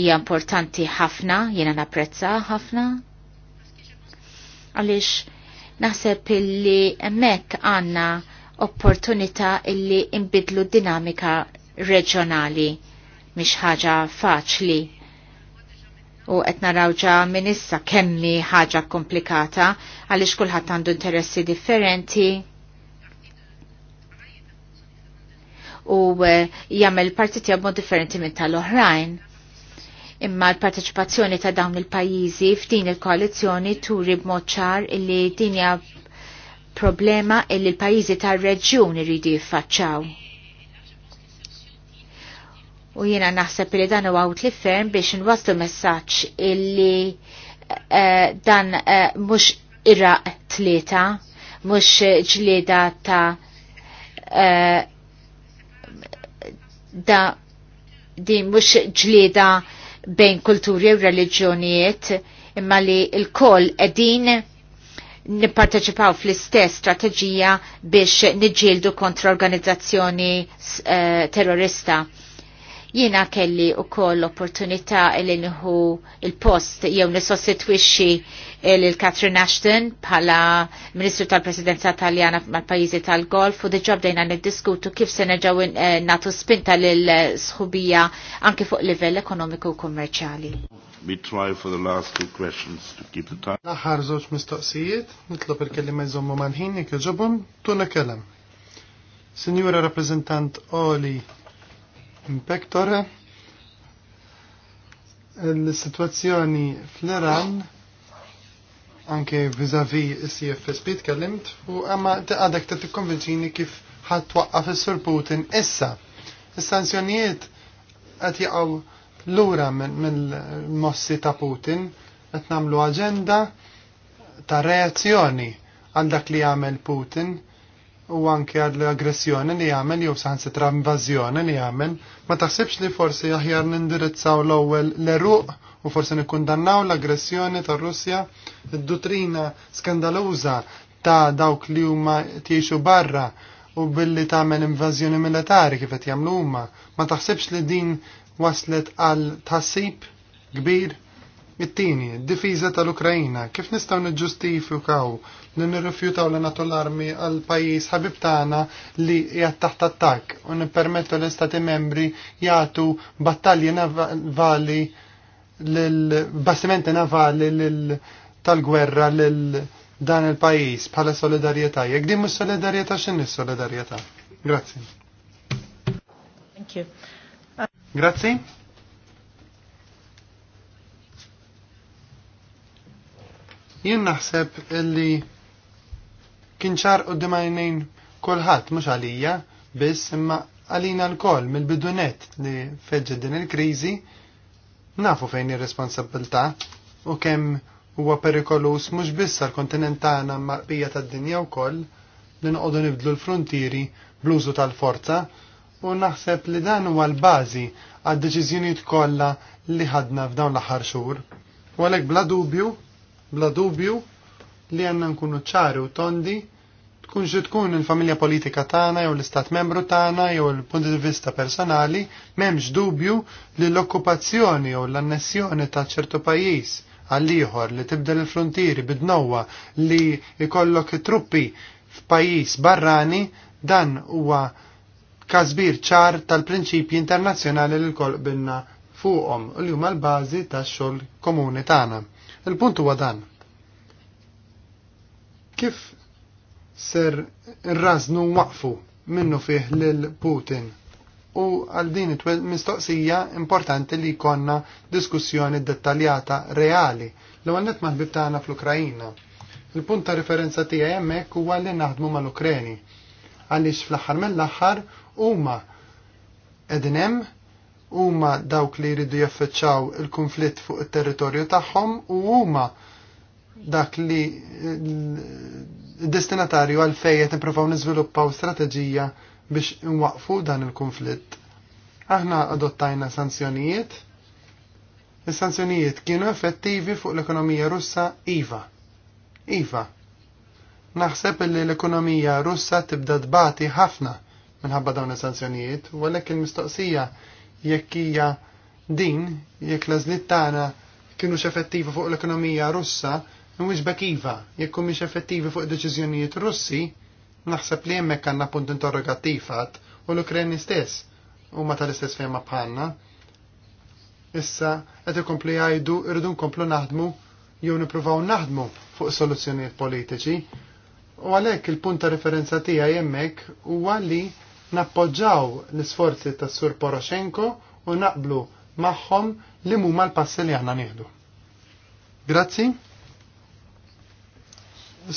hija importanti ħafna, jiena napprezza ħafna. Għaliex naħseb li hemmhekk għandna opportunità illi imbidlu dinamika reġjonali mhix ħaġa faċli u qed narawġa minn issa kemmi ħaġa komplikata għaliex kulħadd għandu interessi differenti u eh, parti partiti mod differenti minn tal-oħrajn. Imma l-parteċipazzjoni ta' dawn il-pajjiżi f'din il-koalizzjoni turi b'mod ċar illi din hija problema illi l-pajjiżi tar-reġjun iridu jiffaċċaw. U jiena naħseb li dan huwa li ferm biex inwasslu messaġġ illi eh, dan eh, mhux iraq tlieta, mhux ġlieda ta' Da di mhux ġlieda bejn kulturi u reliġjonijiet imma li l-koll qegħdin nipparteċipaw fl-istess strateġija biex niġġieldu kontra organizzazzjoni uh, terrorista Jiena kelli u koll opportunità il nħu il-post jew nisostitwixxi il-Katrin Ashton bħala Ministru tal-Presidenza Taljana mal-Pajjiżi tal-Golf u diġà bdejna niddiskutu kif se neġa'w eh, nagħtu spinta l sħubija anke fuq livell ekonomiku u kommerċali. We try for the last two questions to keep the time. Naħar zoċ mistoqsijiet, nitlob il-kelliema jżommu manħin jekk jogħġobhom tuna kellem. Sinjura rappreżentant Oli Inspektor il-situazzjoni fl-Iran anke vizavi spit kellimt u għamma għadek ta' tikkonvinċini kif ħadd waqqa' is-Sur Putin issa. Is-sanzjonijiet qed jaqgħu lura mill-mossi ta' Putin qed nagħmlu aġenda ta' reazzjoni għal dak li jagħmel Putin u anke għad aggressjoni li jagħmel jew saħansitra invażjoni li jagħmel, ma taħsibx li forsi aħjar nindirizzaw l-ewwel l-eruq u forsi nikkundannaw l-aggressjoni tar Russja, id-dutrina skandaluża ta' dawk li huma tiexu barra u billi tagħmel invażjoni militari kif qed jagħmlu huma, ma taħsibx li din waslet għal tassib kbir? It-tieni, difiża tal-Ukrajina, kif nistgħu niġġustifikaw li nirrifjutaw li nagħtu l-armi għal pajjiż ħabib tagħna li qiegħed taħt attakk u nippermettu l-Istati membri jagħtu battalji navali l-bastimenti navali tal-gwerra lil dan il-pajis bħala solidarjetà. Jekk din mhux solidarjetà x'inhi solidarjetà? Grazzi. Thank you. Grazzi. Jien naħseb illi kien ċar u dimajnejn kolħat, mux għalija, biss imma għalina l-kol mill-bidunet li feġġa din il-krizi, nafu fejn ir-responsabilta u kemm huwa perikolus mhux biss għall-kontinent tagħna maqbija tad-dinja wkoll li noqogħdu nibdlu l-frontieri bluzu tal-forza u naħseb li dan huwa l-bażi għad-deċiżjonijiet kollha li ħadna f'dawn l-aħħar xhur. U għalhekk bla dubju bla dubju li għanna nkunu ċari u tondi tkun xi tkun il-familja politika tagħna jew l-istat membru tagħna jew l punti di vista personali, m'hemmx dubju li l-okkupazzjoni jew l-annessjoni ta' ċertu pajjiż għal ieħor li tibdel il-frontieri bidnowa li jkollok truppi f'pajjiż barrani dan huwa kazbir ċar tal-prinċipji internazzjonali li l-kol binna fuqhom u li huma l-bażi tax-xogħol komuni tagħna. Il-punt huwa dan. Kif ser raznu waqfu minnu fih lil Putin? U għal din it-twel mistoqsija importanti li konna diskussjoni dettaljata reali l għannet maħbib taħna fl-Ukrajina. Il-punt ta' referenza tija jemmek u li naħdmu mal-Ukreni. Għalix fl-axar mill u huma ednem huma dawk li jridu jaffeċċaw il-konflitt fuq it-territorju tagħhom u huma dak li eh, destinatarju għal fejjet niprofaw niżviluppaw strateġija biex nwaqfu dan il-konflitt. Aħna adottajna sanzjonijiet. Is-sanzjonijiet kienu effettivi fuq l-ekonomija russa IVA. IVA. Naħseb li l-ekonomija russa tibda dbati ħafna minħabba dawn is-sanzjonijiet, u għalhekk il-mistoqsija jekk hija din jekk l-għażliet kienu kienux effettivi fuq l-ekonomija Russa mhuwiex bakiva jekk mhumiex effettivi fuq deċiżjonijiet Russi naħseb li hemmhekk għandna punt interrogattiv u l-Ukreni stess huma tal-istess fehma bħalna. Issa qed ikomplu jgħidu irridu nkomplu naħdmu jew nippruvaw naħdmu fuq soluzzjonijiet politiċi. U għalhekk il-punt ta' referenza tiegħi hemmhekk huwa li Nappoġġaw l-isforzi tas Sur Poroshenko u naqblu magħhom li huma l-passi li għanna nieħdu. Grazzi.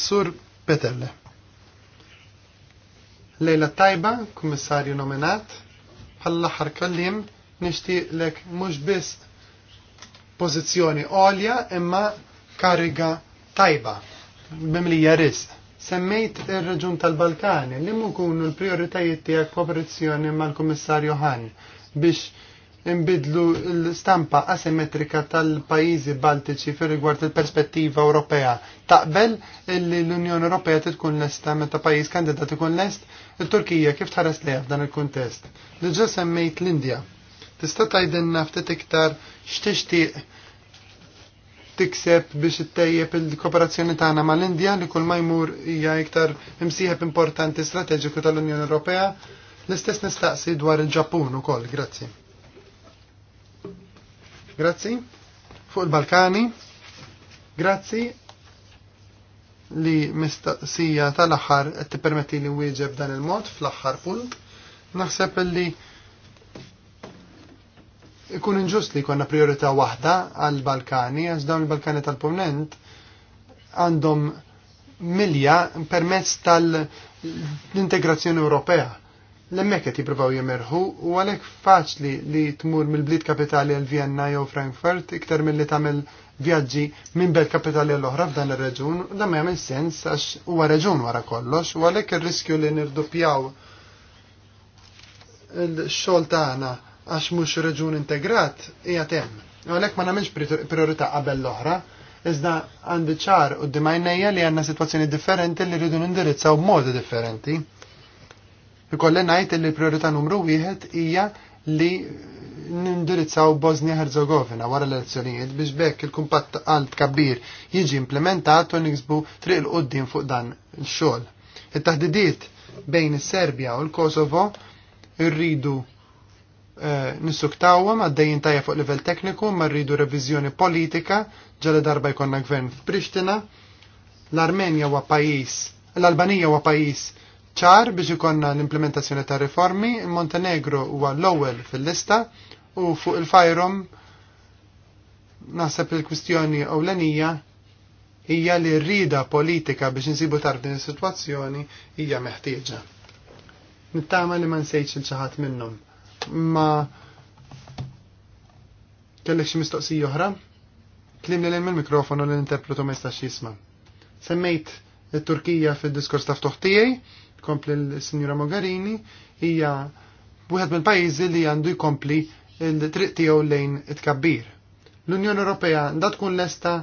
Sur Petelle. Lejla Tajba, kummissarju nominat, bħall kallim kellim lek mhux biss pożizzjoni għolja imma kariga tajba bimli rizq Semmejt ir-reġun tal-Balkani li mkunu l-prioritajiet tiegħek kooperazzjoni mal-Kummissarju Han biex imbidlu l-stampa asimetrika tal-pajjiżi Baltiċi fir rigward il-perspettiva Ewropea. Taqbel li l-Unjoni Ewropea tkun lesta meta pajjiż kandidat l lest, il-Turkija kif tħares lejha f'dan il-kuntest. Diġà semmejt l-Indja. Tista' tgħidilna ftit iktar x'tixtieq tikseb biex ittejjeb il-kooperazzjoni tagħna mal-Indja li kull ma jmur hija iktar imsieħeb importanti strateġiku tal-Unjoni Ewropea. L-istess nistaqsi dwar il-Ġappun ukoll, grazzi. Grazzi. Fuq il-Balkani. Grazzi li mistaqsija tal-aħħar qed tippermetti li wieġeb dan il-mod fl-aħħar punt. Naħseb li ikun inġust li konna priorita waħda għal-Balkani, għax dawn il-Balkani tal-Ponent għandhom milja permezz tal-integrazzjoni Ewropea. L-emmek qed jippruvaw jemerħu u għalhekk faċli li tmur mill-bliet kapitali għal Vienna jew Frankfurt iktar milli tagħmel vjaġġi minn belt kapitali għal oħra f'dan ir-reġun, u dan ma jagħmel sens għax huwa reġun wara kollox u għalhekk ir-riskju li nirdupjaw il-xogħol tagħna għax mhux reġun integrat hija hemm. Għalhekk ma nagħmilx priorità qabel l-oħra, iżda għandi ċar u d dimajnija li għandna sitwazzjoni differenti li rridu nindirizzaw b'modi differenti. kolle ngħid li priorita numru wieħed hija li nindirizzaw Bosnia Herzegovina wara l-elezzjonijiet biex bekk il-kumpat għal kabir jiġi implementat u niksbu triq il-qoddim fuq dan il-xogħol. it tahdidiet bejn is-Serbja u l-Kosovo irridu d eh, għaddejjin tajja fuq livell tekniku ma rridu reviżjoni politika ġala darba jkollna gvern f'Prixtina. L-Armenja huwa pajjiż, l-Albanija huwa pajjiż ċar biex ikonna l-implementazzjoni ta' riformi, il-Montenegro huwa l-ewwel fil-lista u fuq il-fajrom naħseb il-kwistjoni ewlenija hija li rrida politika biex insibu tarf din is-sitwazzjoni hija meħtieġa. Nittama li ma nsejx il-ċaħat minnhom ma kellek xi mistoqsija oħra? Klim lil mill-mikrofonu l-interpretu ma jistax jisma'. Semmejt it-Turkija fil diskors ta' ftuħ tiegħi, kompli l-Sinjura Mogherini, hija wieħed mill-pajjiżi li għandu jkompli il triq tiegħu lejn it-kabbir. L-Unjoni Ewropea da tkun lesta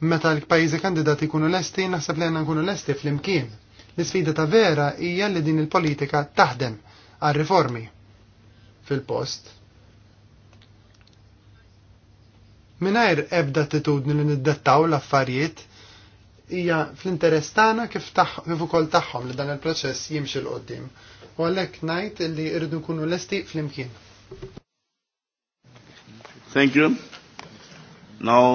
meta l-pajjiżi kandidati jkunu lesti, naħseb li għandna nkunu lesti fl-imkien. L-isfida ta' vera hija li din il-politika taħdem għal riformi fil-post. Minajr ebda titudni li niddettaw l-affarijiet hija fl-interess tagħna kif kif ukoll tagħhom li dan il-proċess jimxi l qoddim U għalhekk ngħid li rridu nkunu lesti flimkien. Thank you. Now